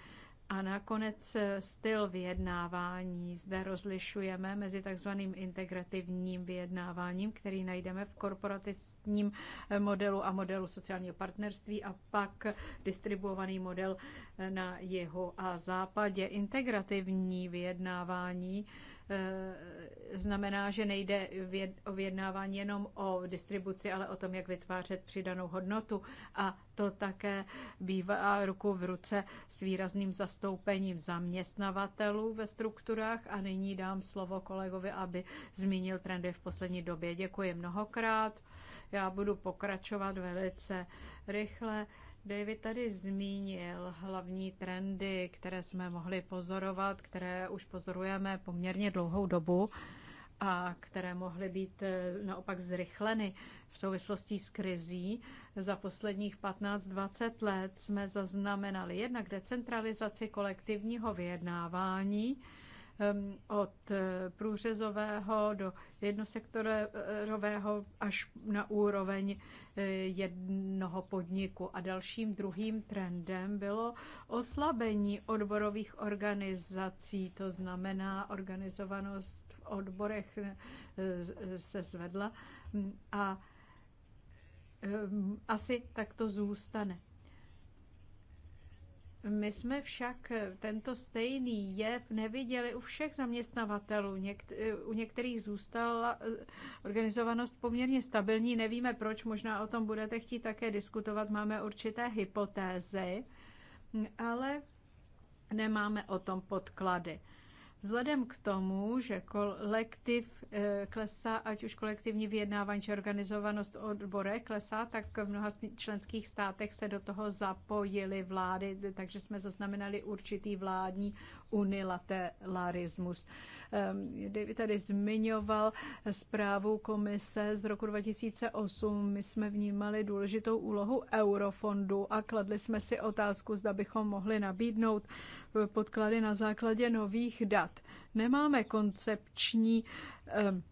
A nakonec eh, styl vyjednávání. Zde rozlišujeme mezi takzvaným integrativním vyjednáváním, který najdeme v korporativním eh, modelu a modelu sociálního partnerství a pak distribuovaný model eh, na jihu a západě. Integrativní vyjednávání Eh, znamená, že nejde o vyjednávání jenom o distribuci, ale o tom, jak vytvářet přidanou hodnotu. A to také bývá ruku v ruce s výrazným zastoupením zaměstnavatelů ve strukturách. A nyní dám slovo kolegovi, aby zmínil trendy v poslední době. Děkuji mnohokrát. Já budu pokračovat velice rychle. David tady zmínil hlavní trendy, které jsme mohli pozorovat, které už pozorujeme poměrně dlouhou dobu a které mohly být eh, naopak zrychleny v souvislosti s krizí. Za posledních 15-20 let jsme zaznamenali jednak decentralizaci kolektivního vyjednávání, Ehm, od eh, průřezového do jednosektorového až na úroveň eh, jednoho podniku. A dalším druhým trendem bylo oslabení odborových organizací, to znamená organizovanost v odborech eh, se zvedla a ehm, asi tak to zůstane. My jsme však eh, tento stejný jev neviděli u všech zaměstnavatelů. Eh, u některých zůstala eh, organizovanost poměrně stabilní. Nevíme proč, možná o tom budete chtít také diskutovat. Máme určité hypotézy, ale nemáme o tom podklady. Vzhledem k tomu, že kolektiv eh, klesá, ať už kolektivní vyjednávání či organizovanost odbore klesá, tak v mnoha členských státech se do toho zapojily vlády, takže jsme zaznamenali určitý vládní unilateralismus. Ehm, David tady zmiňoval zprávu komise z roku 2008. My jsme vnímali důležitou úlohu eurofondu a kladli jsme si otázku, zda bychom mohli nabídnout podklady na základě nových dat. Nemáme koncepční ehm,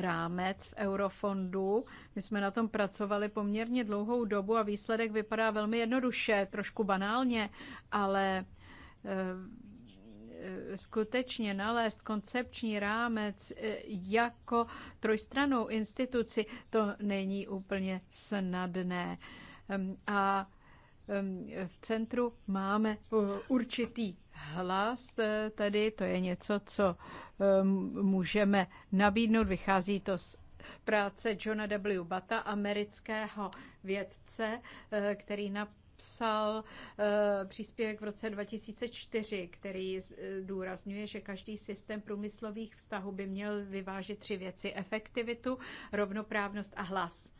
rámec v eurofondu. My jsme na tom pracovali poměrně dlouhou dobu a výsledek vypadá velmi jednoduše, trošku banálně, ale ehm, Eh, skutečně nalézt koncepční rámec eh, jako trojstranou instituci, to není úplně snadné. A v centru máme eh, určitý hlas tady, to je něco, co můžeme nabídnout, vychází to z práce Johna W. Bata, amerického vědce, který na psal eh, příspěvek v roce 2004, který eh, důrazňuje, že každý systém průmyslových vztahů by měl vyvážit tři věci. Efektivitu, rovnoprávnost a hlas.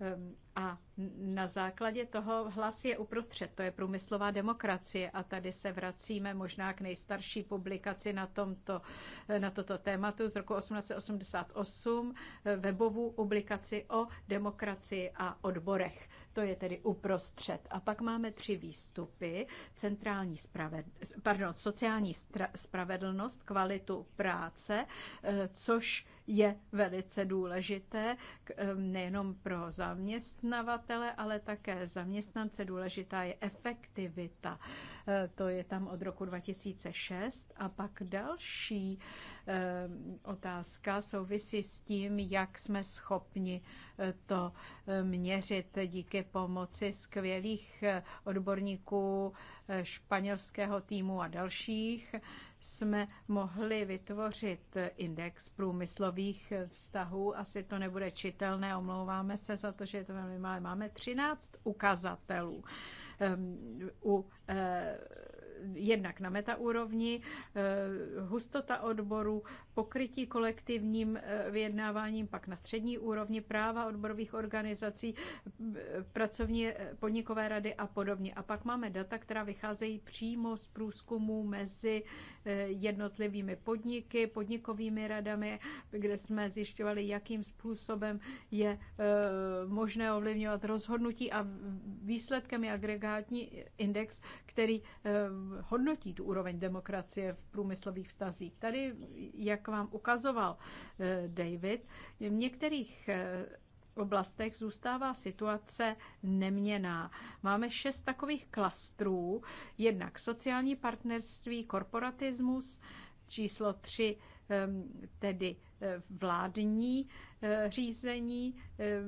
Ehm, a na základě toho hlas je uprostřed, to je průmyslová demokracie a tady se vracíme možná k nejstarší publikaci na, tomto, eh, na toto tématu z roku 1888, webovou publikaci o demokracii a odborech to je tedy uprostřed. A pak máme tři výstupy. Centrální spraved, pardon, sociální stra, spravedlnost, kvalitu práce, eh, což je velice důležité nejenom pro zaměstnavatele, ale také zaměstnance. Důležitá je efektivita. E, to je tam od roku 2006. A pak další otázka souvisí s tím, jak jsme schopni e, to e, měřit díky pomoci skvělých odborníků španělského týmu a dalších jsme mohli vytvořit index průmyslových vztahů. Asi to nebude čitelné, omlouváme se za to, že je to velmi malé. Máme 13 ukazatelů. Um, u uh, jednak na metaúrovni, eh, hustota odboru, pokrytí kolektivním eh, vyjednáváním, pak na střední úrovni práva odborových organizací, eh, pracovní podnikové rady a podobně. A pak máme data, která vycházejí přímo z průzkumů mezi jednotlivými podniky, podnikovými radami, kde jsme zjišťovali, jakým způsobem je možné ovlivňovat rozhodnutí a výsledkem je agregátní index, který hodnotí tu úroveň demokracie v průmyslových vztazích. Tady, jak vám ukazoval eh, David, v některých eh, oblastech zůstává situace neměná. Máme šest takových klastrů, jednak sociální partnerství, korporatismus, číslo tři ehm, tedy eh, vládní Eh, řízení. Eh,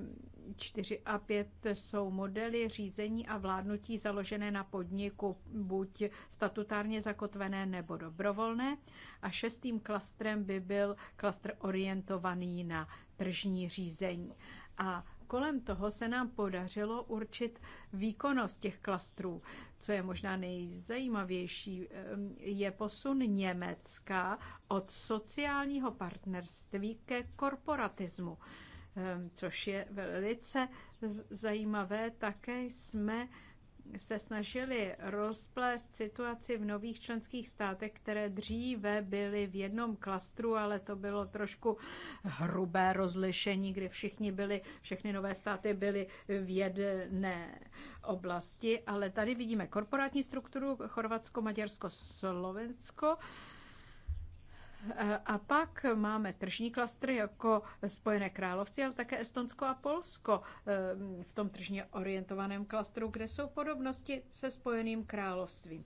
čtyři a pět jsou modely řízení a vládnutí založené na podniku, buď statutárně zakotvené nebo dobrovolné. A šestým klastrem by byl klastr orientovaný na tržní řízení. A kolem toho se nám podařilo určit výkonnost těch klastrů. Co je možná nejzajímavější, je posun Německa od sociálního partnerství ke korporatismu, což je velice zajímavé. Také jsme se snažili rozplést situaci v nových členských státech, které dříve byly v jednom klastru, ale to bylo trošku hrubé rozlišení, kdy všichni byli, všechny nové státy byly v jedné oblasti, ale tady vidíme korporátní strukturu Chorvatsko, Maďarsko, Slovensko a pak máme tržní klastry jako Spojené království, ale také Estonsko a Polsko eh, v tom tržně orientovaném klastru, kde jsou podobnosti se Spojeným královstvím.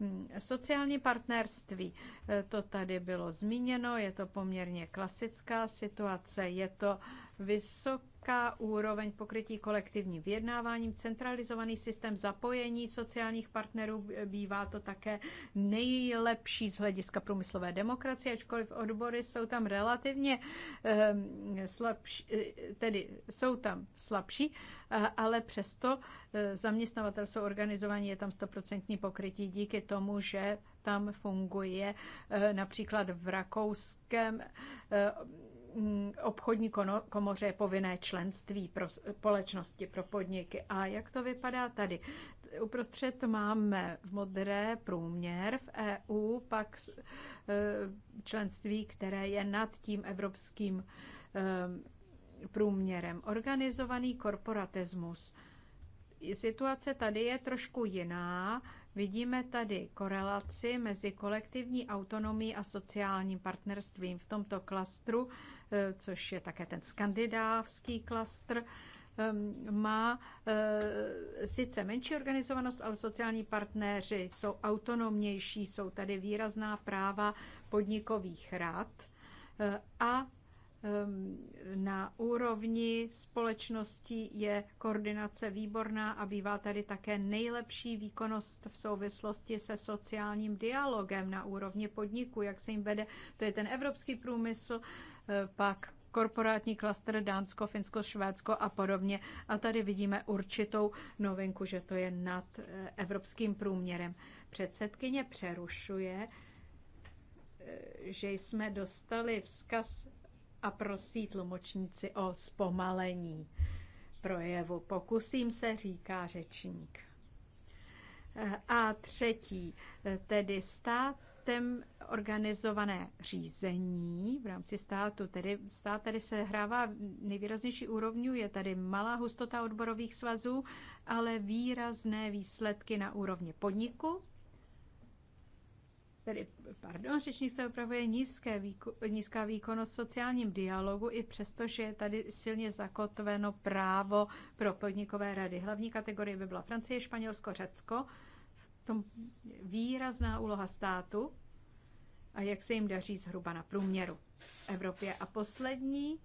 Hmm, sociální partnerství, eh, to tady bylo zmíněno, je to poměrně klasická situace, je to uh, vysoká úroveň pokrytí kolektivním vyjednáváním, centralizovaný systém zapojení sociálních partnerů, bývá to také nejlepší z hlediska průmyslové demokracie, ačkoliv odbory jsou tam relativně ehm, slabší, e, tedy jsou tam slabší, ale přesto e, zaměstnavatel jsou organizovaní, je tam stoprocentní pokrytí díky tomu, že tam funguje e, například v Rakouském Mm, obchodní komoře je povinné členství pro společnosti, pro podniky. A jak to vypadá tady? Uprostřed máme v modré průměr v EU, pak e, členství, které je nad tím evropským e, průměrem. Organizovaný korporatismus. Situace tady je trošku jiná. Vidíme tady korelaci mezi kolektivní autonomií a sociálním partnerstvím. V tomto klastru Eh, což je také ten skandinávský klastr, ehm, má eh, sice menší organizovanost, ale sociální partnéři jsou autonomnější, jsou tady výrazná práva podnikových rad eh, a ehm, na úrovni společnosti je koordinace výborná a bývá tady také nejlepší výkonnost v souvislosti se sociálním dialogem na úrovni podniku, jak se jim vede. To je ten evropský průmysl, pak korporátní klaster Dánsko, Finsko, Švédsko a podobně. A tady vidíme určitou novinku, že to je nad eh, evropským průměrem. Předsedkyně přerušuje, eh, že jsme dostali vzkaz a prosí tlumočníci o zpomalení projevu. Pokusím se, říká řečník. Eh, a třetí, tedy stát státem organizované řízení v rámci státu. Tedy stát tady se hrává nejvýraznější úrovni, je tady malá hustota odborových svazů, ale výrazné výsledky na úrovni podniku, tedy, pardon, řečník se opravuje nízké výko, nízká výkonnost v sociálním dialogu, i přesto, že je tady silně zakotveno právo pro podnikové rady. Hlavní kategorie by byla Francie, Španělsko, Řecko tom výrazná úloha státu a jak se jim daří zhruba na průměru v Evropě. A poslední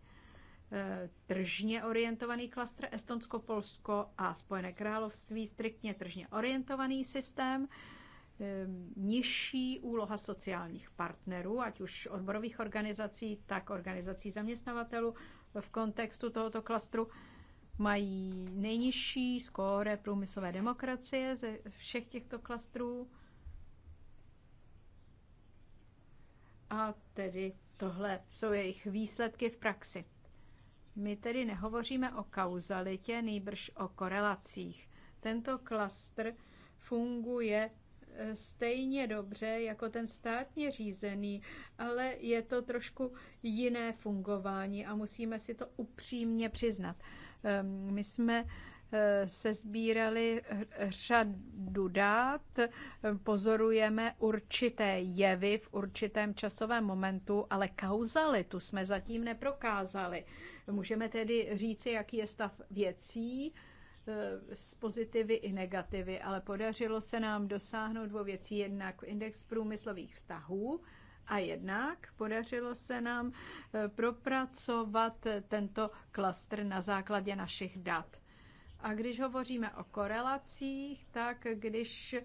eh, tržně orientovaný klastr Estonsko, Polsko a Spojené království, striktně tržně orientovaný systém, eh, nižší úloha sociálních partnerů, ať už odborových organizací, tak organizací zaměstnavatelů v kontextu tohoto klastru mají nejnižší skóre průmyslové demokracie ze všech těchto klastrů. A tedy tohle jsou jejich výsledky v praxi. My tedy nehovoříme o kauzalitě, nejbrž o korelacích. Tento klastr funguje e, stejně dobře jako ten státně řízený, ale je to trošku jiné fungování a musíme si to upřímně přiznat. Ehm, my jsme eh, se sbírali řadu dát, pozorujeme určité jevy v určitém časovém momentu, ale kauzalitu jsme zatím neprokázali. Můžeme tedy říci, jaký je stav věcí s eh, pozitivy i negativy, ale podařilo se nám dosáhnout dvou věcí. Jednak index průmyslových vztahů, a jednak podařilo se nám eh, propracovat tento klastr na základě našich dat. A když hovoříme o korelacích, tak když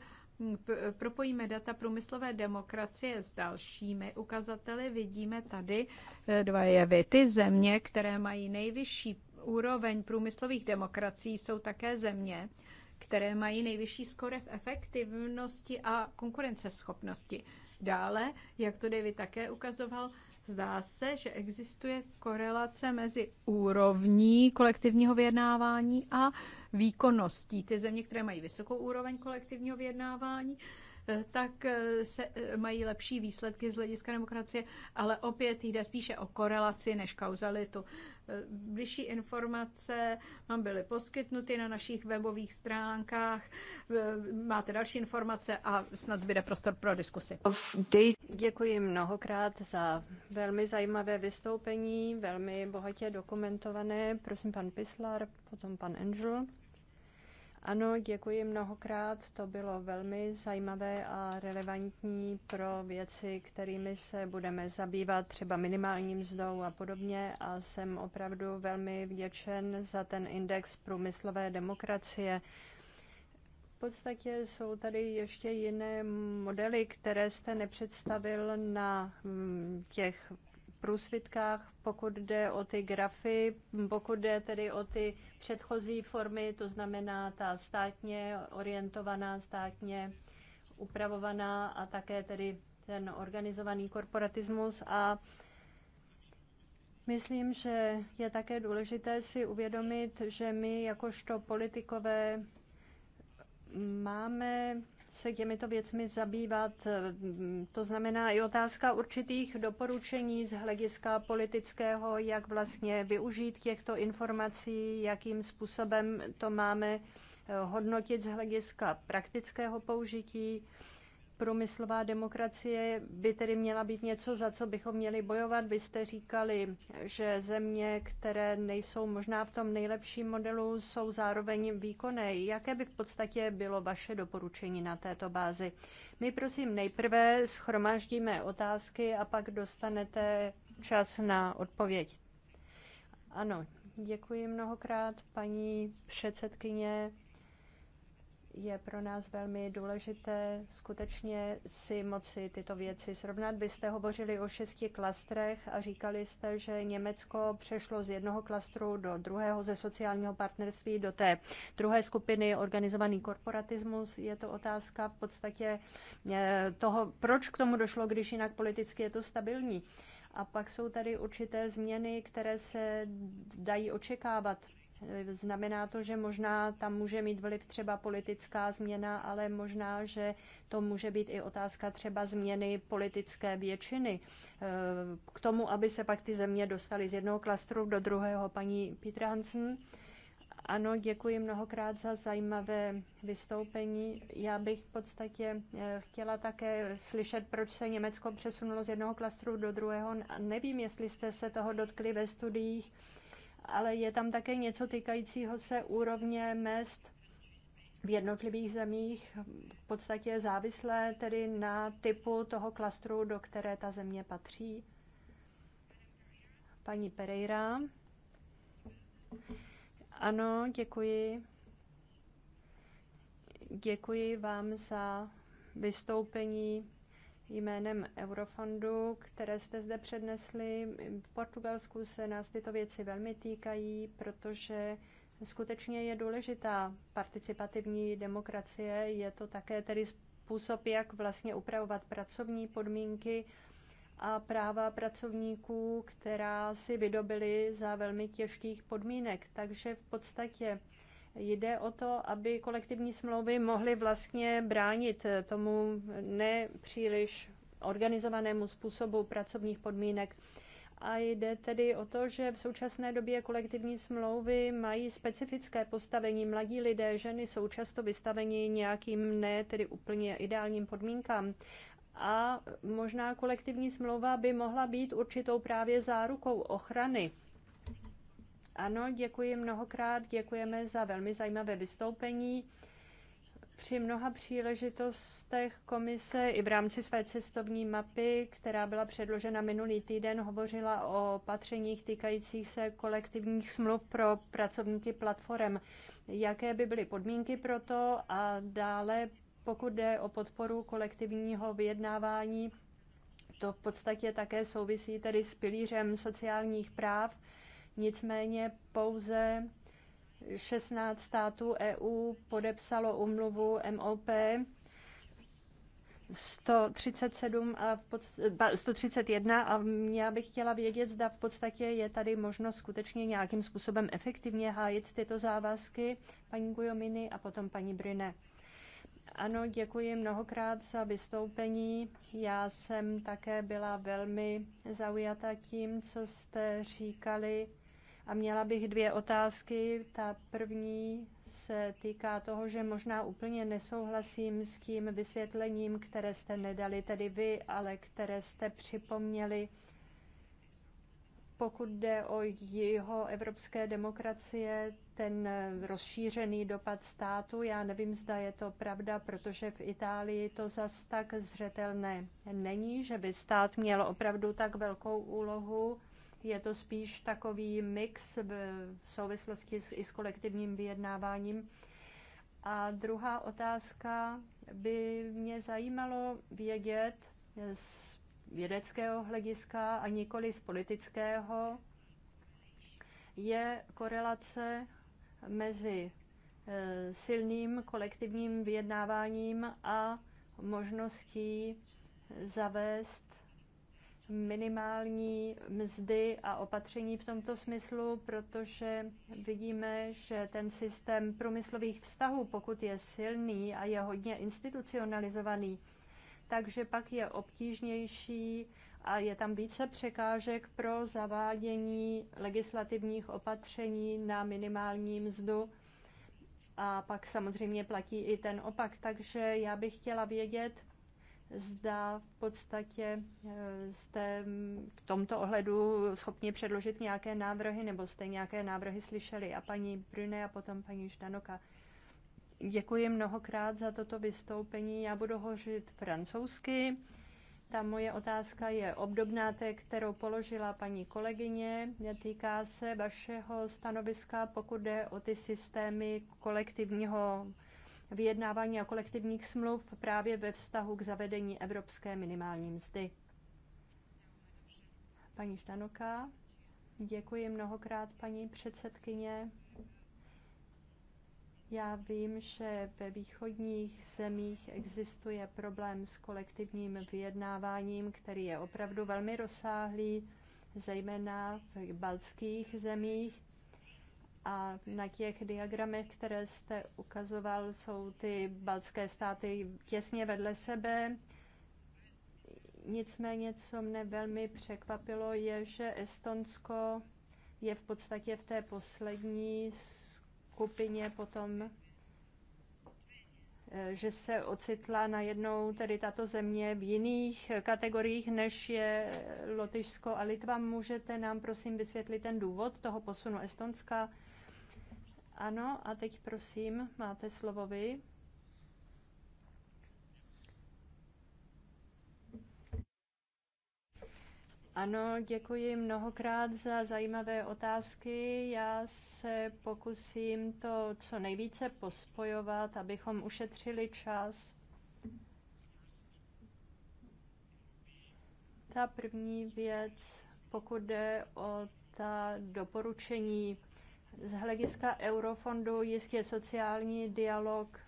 hm, propojíme data průmyslové demokracie s dalšími ukazateli, vidíme tady eh, dva jevy. Ty země, které mají nejvyšší úroveň průmyslových demokracií, jsou také země, které mají nejvyšší skore v efektivnosti a konkurenceschopnosti. Dále, jak to David také ukazoval, zdá se, že existuje korelace mezi úrovní kolektivního vyjednávání a výkonností. Ty země, které mají vysokou úroveň kolektivního vyjednávání, Eh, tak eh, se, eh, mají lepší výsledky z hlediska demokracie, ale opět jde spíše o korelaci než kauzalitu. Bližší informace vám byly poskytnuty na našich webových stránkách. Máte další informace a snad zbyde prostor pro diskusi. Děkuji mnohokrát za velmi zajímavé vystoupení, velmi bohatě dokumentované. Prosím, pan Pislar, potom pan Angel. Ano, děkuji mnohokrát. To bylo velmi zajímavé a relevantní pro věci, kterými se budeme zabývat, třeba minimální mzdou a podobně. A jsem opravdu velmi vděčen za ten index průmyslové demokracie. V podstatě jsou tady ještě jiné modely, které jste nepředstavil na hm, těch průsvitkách, pokud jde o ty grafy, pokud jde tedy o ty předchozí formy, to znamená ta státně orientovaná, státně upravovaná a také tedy ten organizovaný korporatismus a Myslím, že je také důležité si uvědomit, že my jakožto politikové máme se těmito věcmi zabývat. To znamená i otázka určitých doporučení z hlediska politického, jak vlastně využít těchto informací, jakým způsobem to máme hodnotit z hlediska praktického použití průmyslová demokracie by tedy měla být něco, za co bychom měli bojovat. Vy jste říkali, že země, které nejsou možná v tom nejlepším modelu, jsou zároveň výkonné. Jaké by v podstatě bylo vaše doporučení na této bázi? My prosím nejprve schromáždíme otázky a pak dostanete čas na odpověď. Ano, děkuji mnohokrát, paní předsedkyně je pro nás velmi důležité skutečně si moci tyto věci srovnat. Vy jste hovořili o šesti klastrech a říkali jste, že Německo přešlo z jednoho klastru do druhého ze sociálního partnerství do té druhé skupiny organizovaný korporatismus. Je to otázka v podstatě eh, toho, proč k tomu došlo, když jinak politicky je to stabilní. A pak jsou tady určité změny, které se dají očekávat Znamená to, že možná tam může mít vliv třeba politická změna, ale možná, že to může být i otázka třeba změny politické většiny. Eh, k tomu, aby se pak ty země dostaly z jednoho klastru do druhého, paní Petr Hansen. Ano, děkuji mnohokrát za zajímavé vystoupení. Já bych v podstatě eh, chtěla také slyšet, proč se Německo přesunulo z jednoho klastru do druhého. Nevím, jestli jste se toho dotkli ve studiích ale je tam také něco týkajícího se úrovně mest v jednotlivých zemích, v podstatě závislé tedy na typu toho klastru, do které ta země patří. Paní Pereira. Ano, děkuji. Děkuji vám za vystoupení jménem Eurofondu, které jste zde přednesli. V Portugalsku se nás tyto věci velmi týkají, protože skutečně je důležitá participativní demokracie. Je to také tedy způsob, jak vlastně upravovat pracovní podmínky a práva pracovníků, která si vydobili za velmi těžkých podmínek. Takže v podstatě Jde o to, aby kolektivní smlouvy mohly vlastně bránit tomu nepříliš organizovanému způsobu pracovních podmínek. A jde tedy o to, že v současné době kolektivní smlouvy mají specifické postavení. Mladí lidé, ženy jsou často vystaveni nějakým ne tedy úplně ideálním podmínkám. A možná kolektivní smlouva by mohla být určitou právě zárukou ochrany ano, děkuji mnohokrát, děkujeme za velmi zajímavé vystoupení. Při mnoha příležitostech komise i v rámci své cestovní mapy, která byla předložena minulý týden, hovořila o opatřeních týkajících se kolektivních smluv pro pracovníky platform. Jaké by byly podmínky pro to a dále, pokud jde o podporu kolektivního vyjednávání, to v podstatě také souvisí tedy s pilířem sociálních práv Nicméně pouze 16 států EU podepsalo umluvu MOP 137 a 131 a já bych chtěla vědět, zda v podstatě je tady možnost skutečně nějakým způsobem efektivně hájit tyto závazky paní Gujominy a potom paní Brine. Ano, děkuji mnohokrát za vystoupení. Já jsem také byla velmi zaujata tím, co jste říkali a měla bych dvě otázky. Ta první se týká toho, že možná úplně nesouhlasím s tím vysvětlením, které jste nedali, tedy vy, ale které jste připomněli, pokud jde o jeho evropské demokracie, ten rozšířený dopad státu, já nevím, zda je to pravda, protože v Itálii to zas tak zřetelné není, že by stát měl opravdu tak velkou úlohu je to spíš takový mix v souvislosti s, i s kolektivním vyjednáváním. A druhá otázka by mě zajímalo vědět z vědeckého hlediska a nikoli z politického, je korelace mezi e, silným kolektivním vyjednáváním a možností zavést minimální mzdy a opatření v tomto smyslu, protože vidíme, že ten systém průmyslových vztahů, pokud je silný a je hodně institucionalizovaný, takže pak je obtížnější a je tam více překážek pro zavádění legislativních opatření na minimální mzdu. A pak samozřejmě platí i ten opak. Takže já bych chtěla vědět, zda v podstatě eh, jste v tomto ohledu schopni předložit nějaké návrhy, nebo jste nějaké návrhy slyšeli. A paní Brune a potom paní Ždanoka. Děkuji mnohokrát za toto vystoupení. Já budu hořit francouzsky. Ta moje otázka je obdobná té, kterou položila paní kolegyně. Týká se vašeho stanoviska, pokud jde o ty systémy kolektivního vyjednávání a kolektivních smluv právě ve vztahu k zavedení evropské minimální mzdy. Paní Štanoka, děkuji mnohokrát, paní předsedkyně. Já vím, že ve východních zemích existuje problém s kolektivním vyjednáváním, který je opravdu velmi rozsáhlý, zejména v baltských zemích. A na těch diagramech, které jste ukazoval, jsou ty baltské státy těsně vedle sebe. Nicméně, co mne velmi překvapilo, je, že Estonsko je v podstatě v té poslední skupině potom, eh, že se ocitla najednou tedy tato země v jiných kategoriích, než je Lotyšsko a Litva. Můžete nám prosím vysvětlit ten důvod toho posunu Estonska? Ano, a teď prosím, máte slovo vy. Ano, děkuji mnohokrát za zajímavé otázky. Já se pokusím to co nejvíce pospojovat, abychom ušetřili čas. Ta první věc, pokud jde o ta doporučení z hlediska eurofondu jistě sociální dialog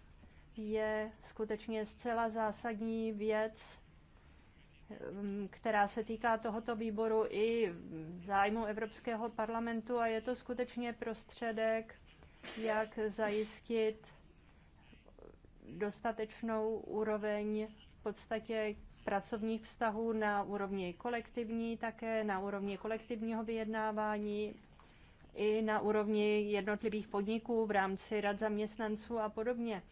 je skutečně zcela zásadní věc, mm, která se týká tohoto výboru i zájmu Evropského parlamentu a je to skutečně prostředek, jak zajistit dostatečnou úroveň v podstatě pracovních vztahů na úrovni kolektivní, také na úrovni kolektivního vyjednávání i na úrovni jednotlivých podniků v rámci rad zaměstnanců a podobně.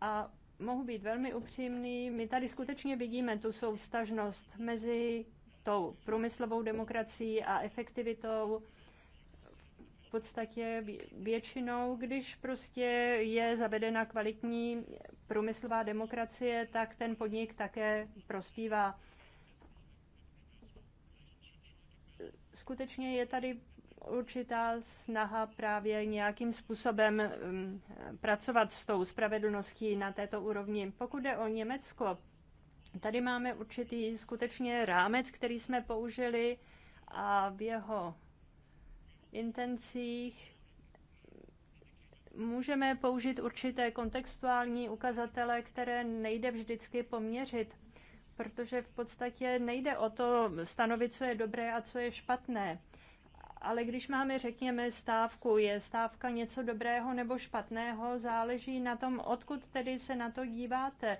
A mohu být velmi upřímný, my tady skutečně vidíme tu soustažnost mezi tou průmyslovou demokracií a efektivitou v podstatě většinou, když prostě je zavedena kvalitní průmyslová demokracie, tak ten podnik také prospívá. skutečně je tady určitá snaha právě nějakým způsobem um, pracovat s tou spravedlností na této úrovni. Pokud jde o Německo, tady máme určitý skutečně rámec, který jsme použili a v jeho intencích můžeme použít určité kontextuální ukazatele, které nejde vždycky poměřit protože v podstatě nejde o to stanovit, co je dobré a co je špatné. Ale když máme, řekněme, stávku, je stávka něco dobrého nebo špatného, záleží na tom, odkud tedy se na to díváte.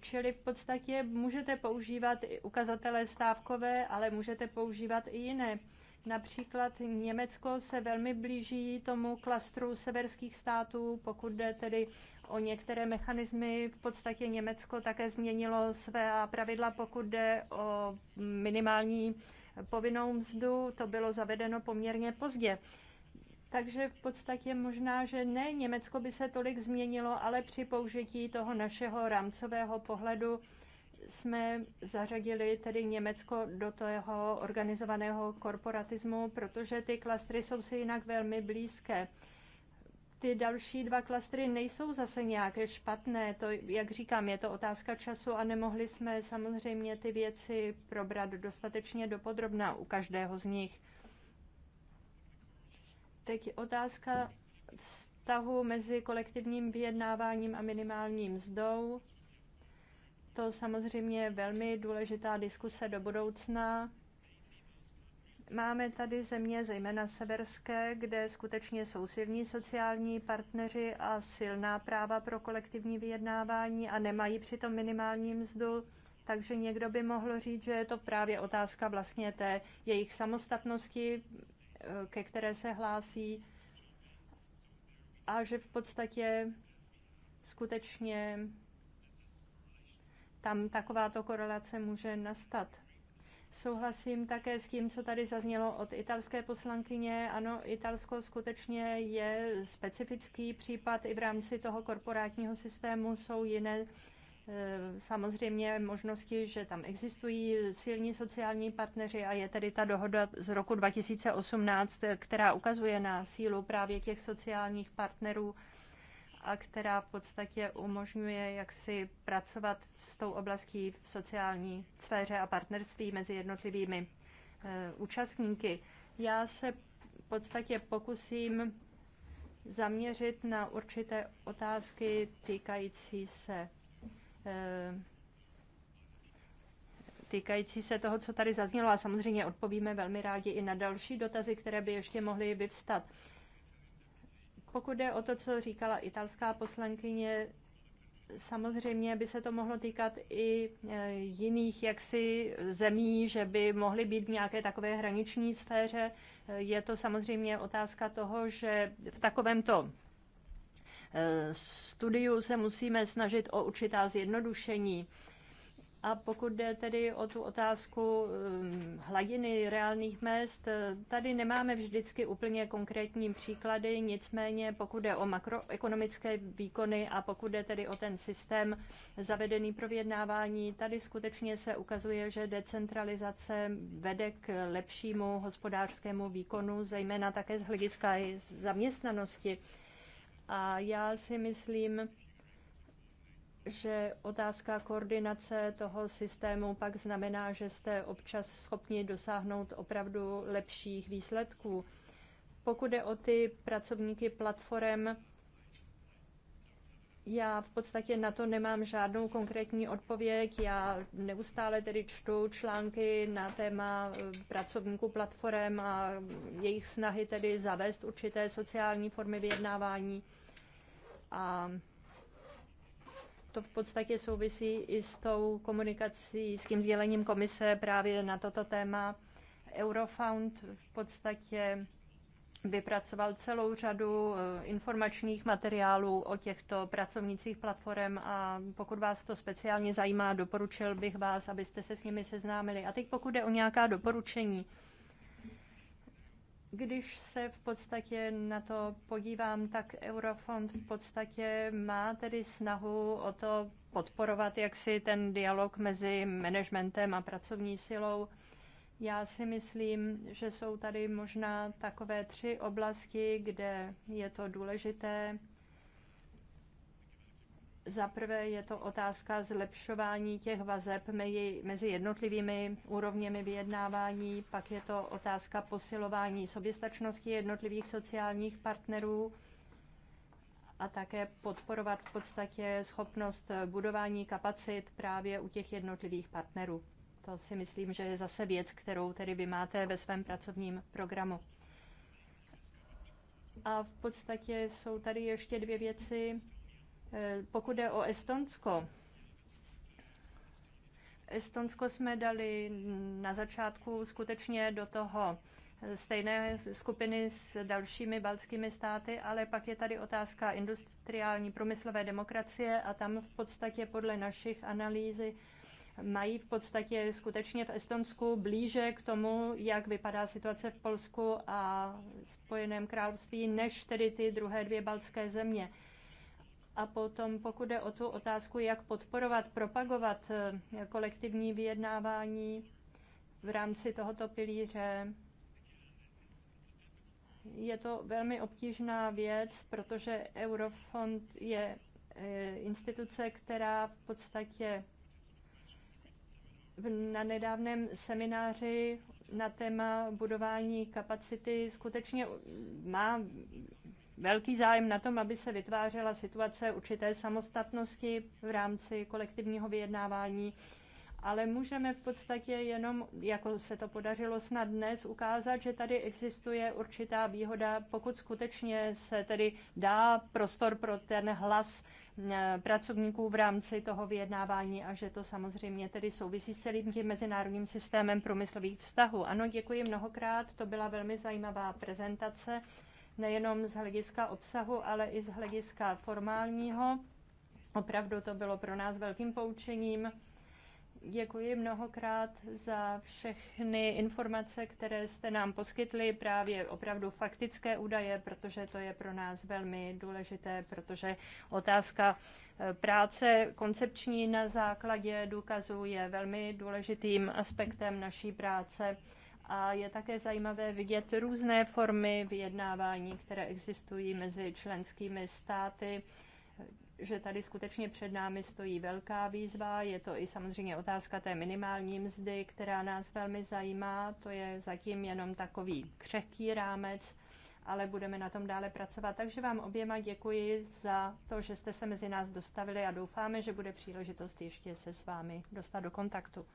Čili v podstatě můžete používat i ukazatele stávkové, ale můžete používat i jiné. Například Německo se velmi blíží tomu klastru severských států, pokud jde tedy o některé mechanismy. V podstatě Německo také změnilo své pravidla, pokud jde o minimální povinnou mzdu. To bylo zavedeno poměrně pozdě. Takže v podstatě možná, že ne Německo by se tolik změnilo, ale při použití toho našeho rámcového pohledu jsme zařadili tedy Německo do toho organizovaného korporatismu, protože ty klastry jsou si jinak velmi blízké ty další dva klastry nejsou zase nějaké špatné. To, jak říkám, je to otázka času a nemohli jsme samozřejmě ty věci probrat dostatečně dopodrobná u každého z nich. Teď otázka vztahu mezi kolektivním vyjednáváním a minimálním mzdou. To samozřejmě je velmi důležitá diskuse do budoucna Máme tady země, zejména severské, kde skutečně jsou silní sociální partneři a silná práva pro kolektivní vyjednávání a nemají přitom minimální mzdu. Takže někdo by mohl říct, že je to právě otázka vlastně té jejich samostatnosti, eh, ke které se hlásí a že v podstatě skutečně tam takováto korelace může nastat. Souhlasím také s tím, co tady zaznělo od italské poslankyně. Ano, Italsko skutečně je specifický případ i v rámci toho korporátního systému. Jsou jiné eh, samozřejmě možnosti, že tam existují silní sociální partneři a je tedy ta dohoda z roku 2018, která ukazuje na sílu právě těch sociálních partnerů a která v podstatě umožňuje jak si pracovat s tou oblastí v sociální sféře a partnerství mezi jednotlivými eh, účastníky. Já se v podstatě pokusím zaměřit na určité otázky týkající se eh, týkající se toho, co tady zaznělo a samozřejmě odpovíme velmi rádi i na další dotazy, které by ještě mohly vyvstat. Pokud jde o to, co říkala italská poslankyně, samozřejmě by se to mohlo týkat i e, jiných jaksi zemí, že by mohly být v nějaké takové hraniční sféře. E, je to samozřejmě otázka toho, že v takovémto e, studiu se musíme snažit o určitá zjednodušení a pokud jde tedy o tu otázku um, hladiny reálných mest, eh, tady nemáme vždycky úplně konkrétní příklady, nicméně pokud jde o makroekonomické výkony a pokud jde tedy o ten systém zavedený pro vyjednávání, tady skutečně se ukazuje, že decentralizace vede k lepšímu hospodářskému výkonu, zejména také z hlediska zaměstnanosti. A já si myslím, že otázka koordinace toho systému pak znamená, že jste občas schopni dosáhnout opravdu lepších výsledků. Pokud jde o ty pracovníky platform, já v podstatě na to nemám žádnou konkrétní odpověď. Já neustále tedy čtu články na téma eh, pracovníků platform a jejich snahy tedy zavést určité sociální formy vyjednávání. A to v podstatě souvisí i s tou komunikací, s tím sdělením komise právě na toto téma. Eurofound v podstatě vypracoval celou řadu eh, informačních materiálů o těchto pracovnících platform a pokud vás to speciálně zajímá, doporučil bych vás, abyste se s nimi seznámili. A teď pokud jde o nějaká doporučení, když se v podstatě na to podívám, tak Eurofond v podstatě má tedy snahu o to podporovat jaksi ten dialog mezi managementem a pracovní silou. Já si myslím, že jsou tady možná takové tři oblasti, kde je to důležité. Za prvé je to otázka zlepšování těch vazeb mezi jednotlivými úrovněmi vyjednávání, pak je to otázka posilování soběstačnosti jednotlivých sociálních partnerů a také podporovat v podstatě schopnost budování kapacit právě u těch jednotlivých partnerů. To si myslím, že je zase věc, kterou tedy vy máte ve svém pracovním programu. A v podstatě jsou tady ještě dvě věci Eh, pokud jde o Estonsko, Estonsko jsme dali na začátku skutečně do toho stejné skupiny s dalšími balskými státy, ale pak je tady otázka industriální průmyslové demokracie a tam v podstatě podle našich analýzy mají v podstatě skutečně v Estonsku blíže k tomu, jak vypadá situace v Polsku a Spojeném království, než tedy ty druhé dvě balské země. A potom, pokud jde o tu otázku, jak podporovat, propagovat eh, kolektivní vyjednávání v rámci tohoto pilíře, je to velmi obtížná věc, protože Eurofond je eh, instituce, která v podstatě na nedávném semináři na téma budování kapacity skutečně má velký zájem na tom, aby se vytvářela situace určité samostatnosti v rámci kolektivního vyjednávání, ale můžeme v podstatě jenom, jako se to podařilo snad dnes, ukázat, že tady existuje určitá výhoda, pokud skutečně se tedy dá prostor pro ten hlas eh, pracovníků v rámci toho vyjednávání a že to samozřejmě tedy souvisí s celým tím mezinárodním systémem průmyslových vztahů. Ano, děkuji mnohokrát, to byla velmi zajímavá prezentace nejenom z hlediska obsahu, ale i z hlediska formálního. Opravdu to bylo pro nás velkým poučením. Děkuji mnohokrát za všechny informace, které jste nám poskytli, právě opravdu faktické údaje, protože to je pro nás velmi důležité, protože otázka eh, práce koncepční na základě důkazů je velmi důležitým aspektem naší práce a je také zajímavé vidět různé formy vyjednávání, které existují mezi členskými státy, že tady skutečně před námi stojí velká výzva. Je to i samozřejmě otázka té minimální mzdy, která nás velmi zajímá. To je zatím jenom takový křehký rámec, ale budeme na tom dále pracovat. Takže vám oběma děkuji za to, že jste se mezi nás dostavili a doufáme, že bude příležitost ještě se s vámi dostat do kontaktu.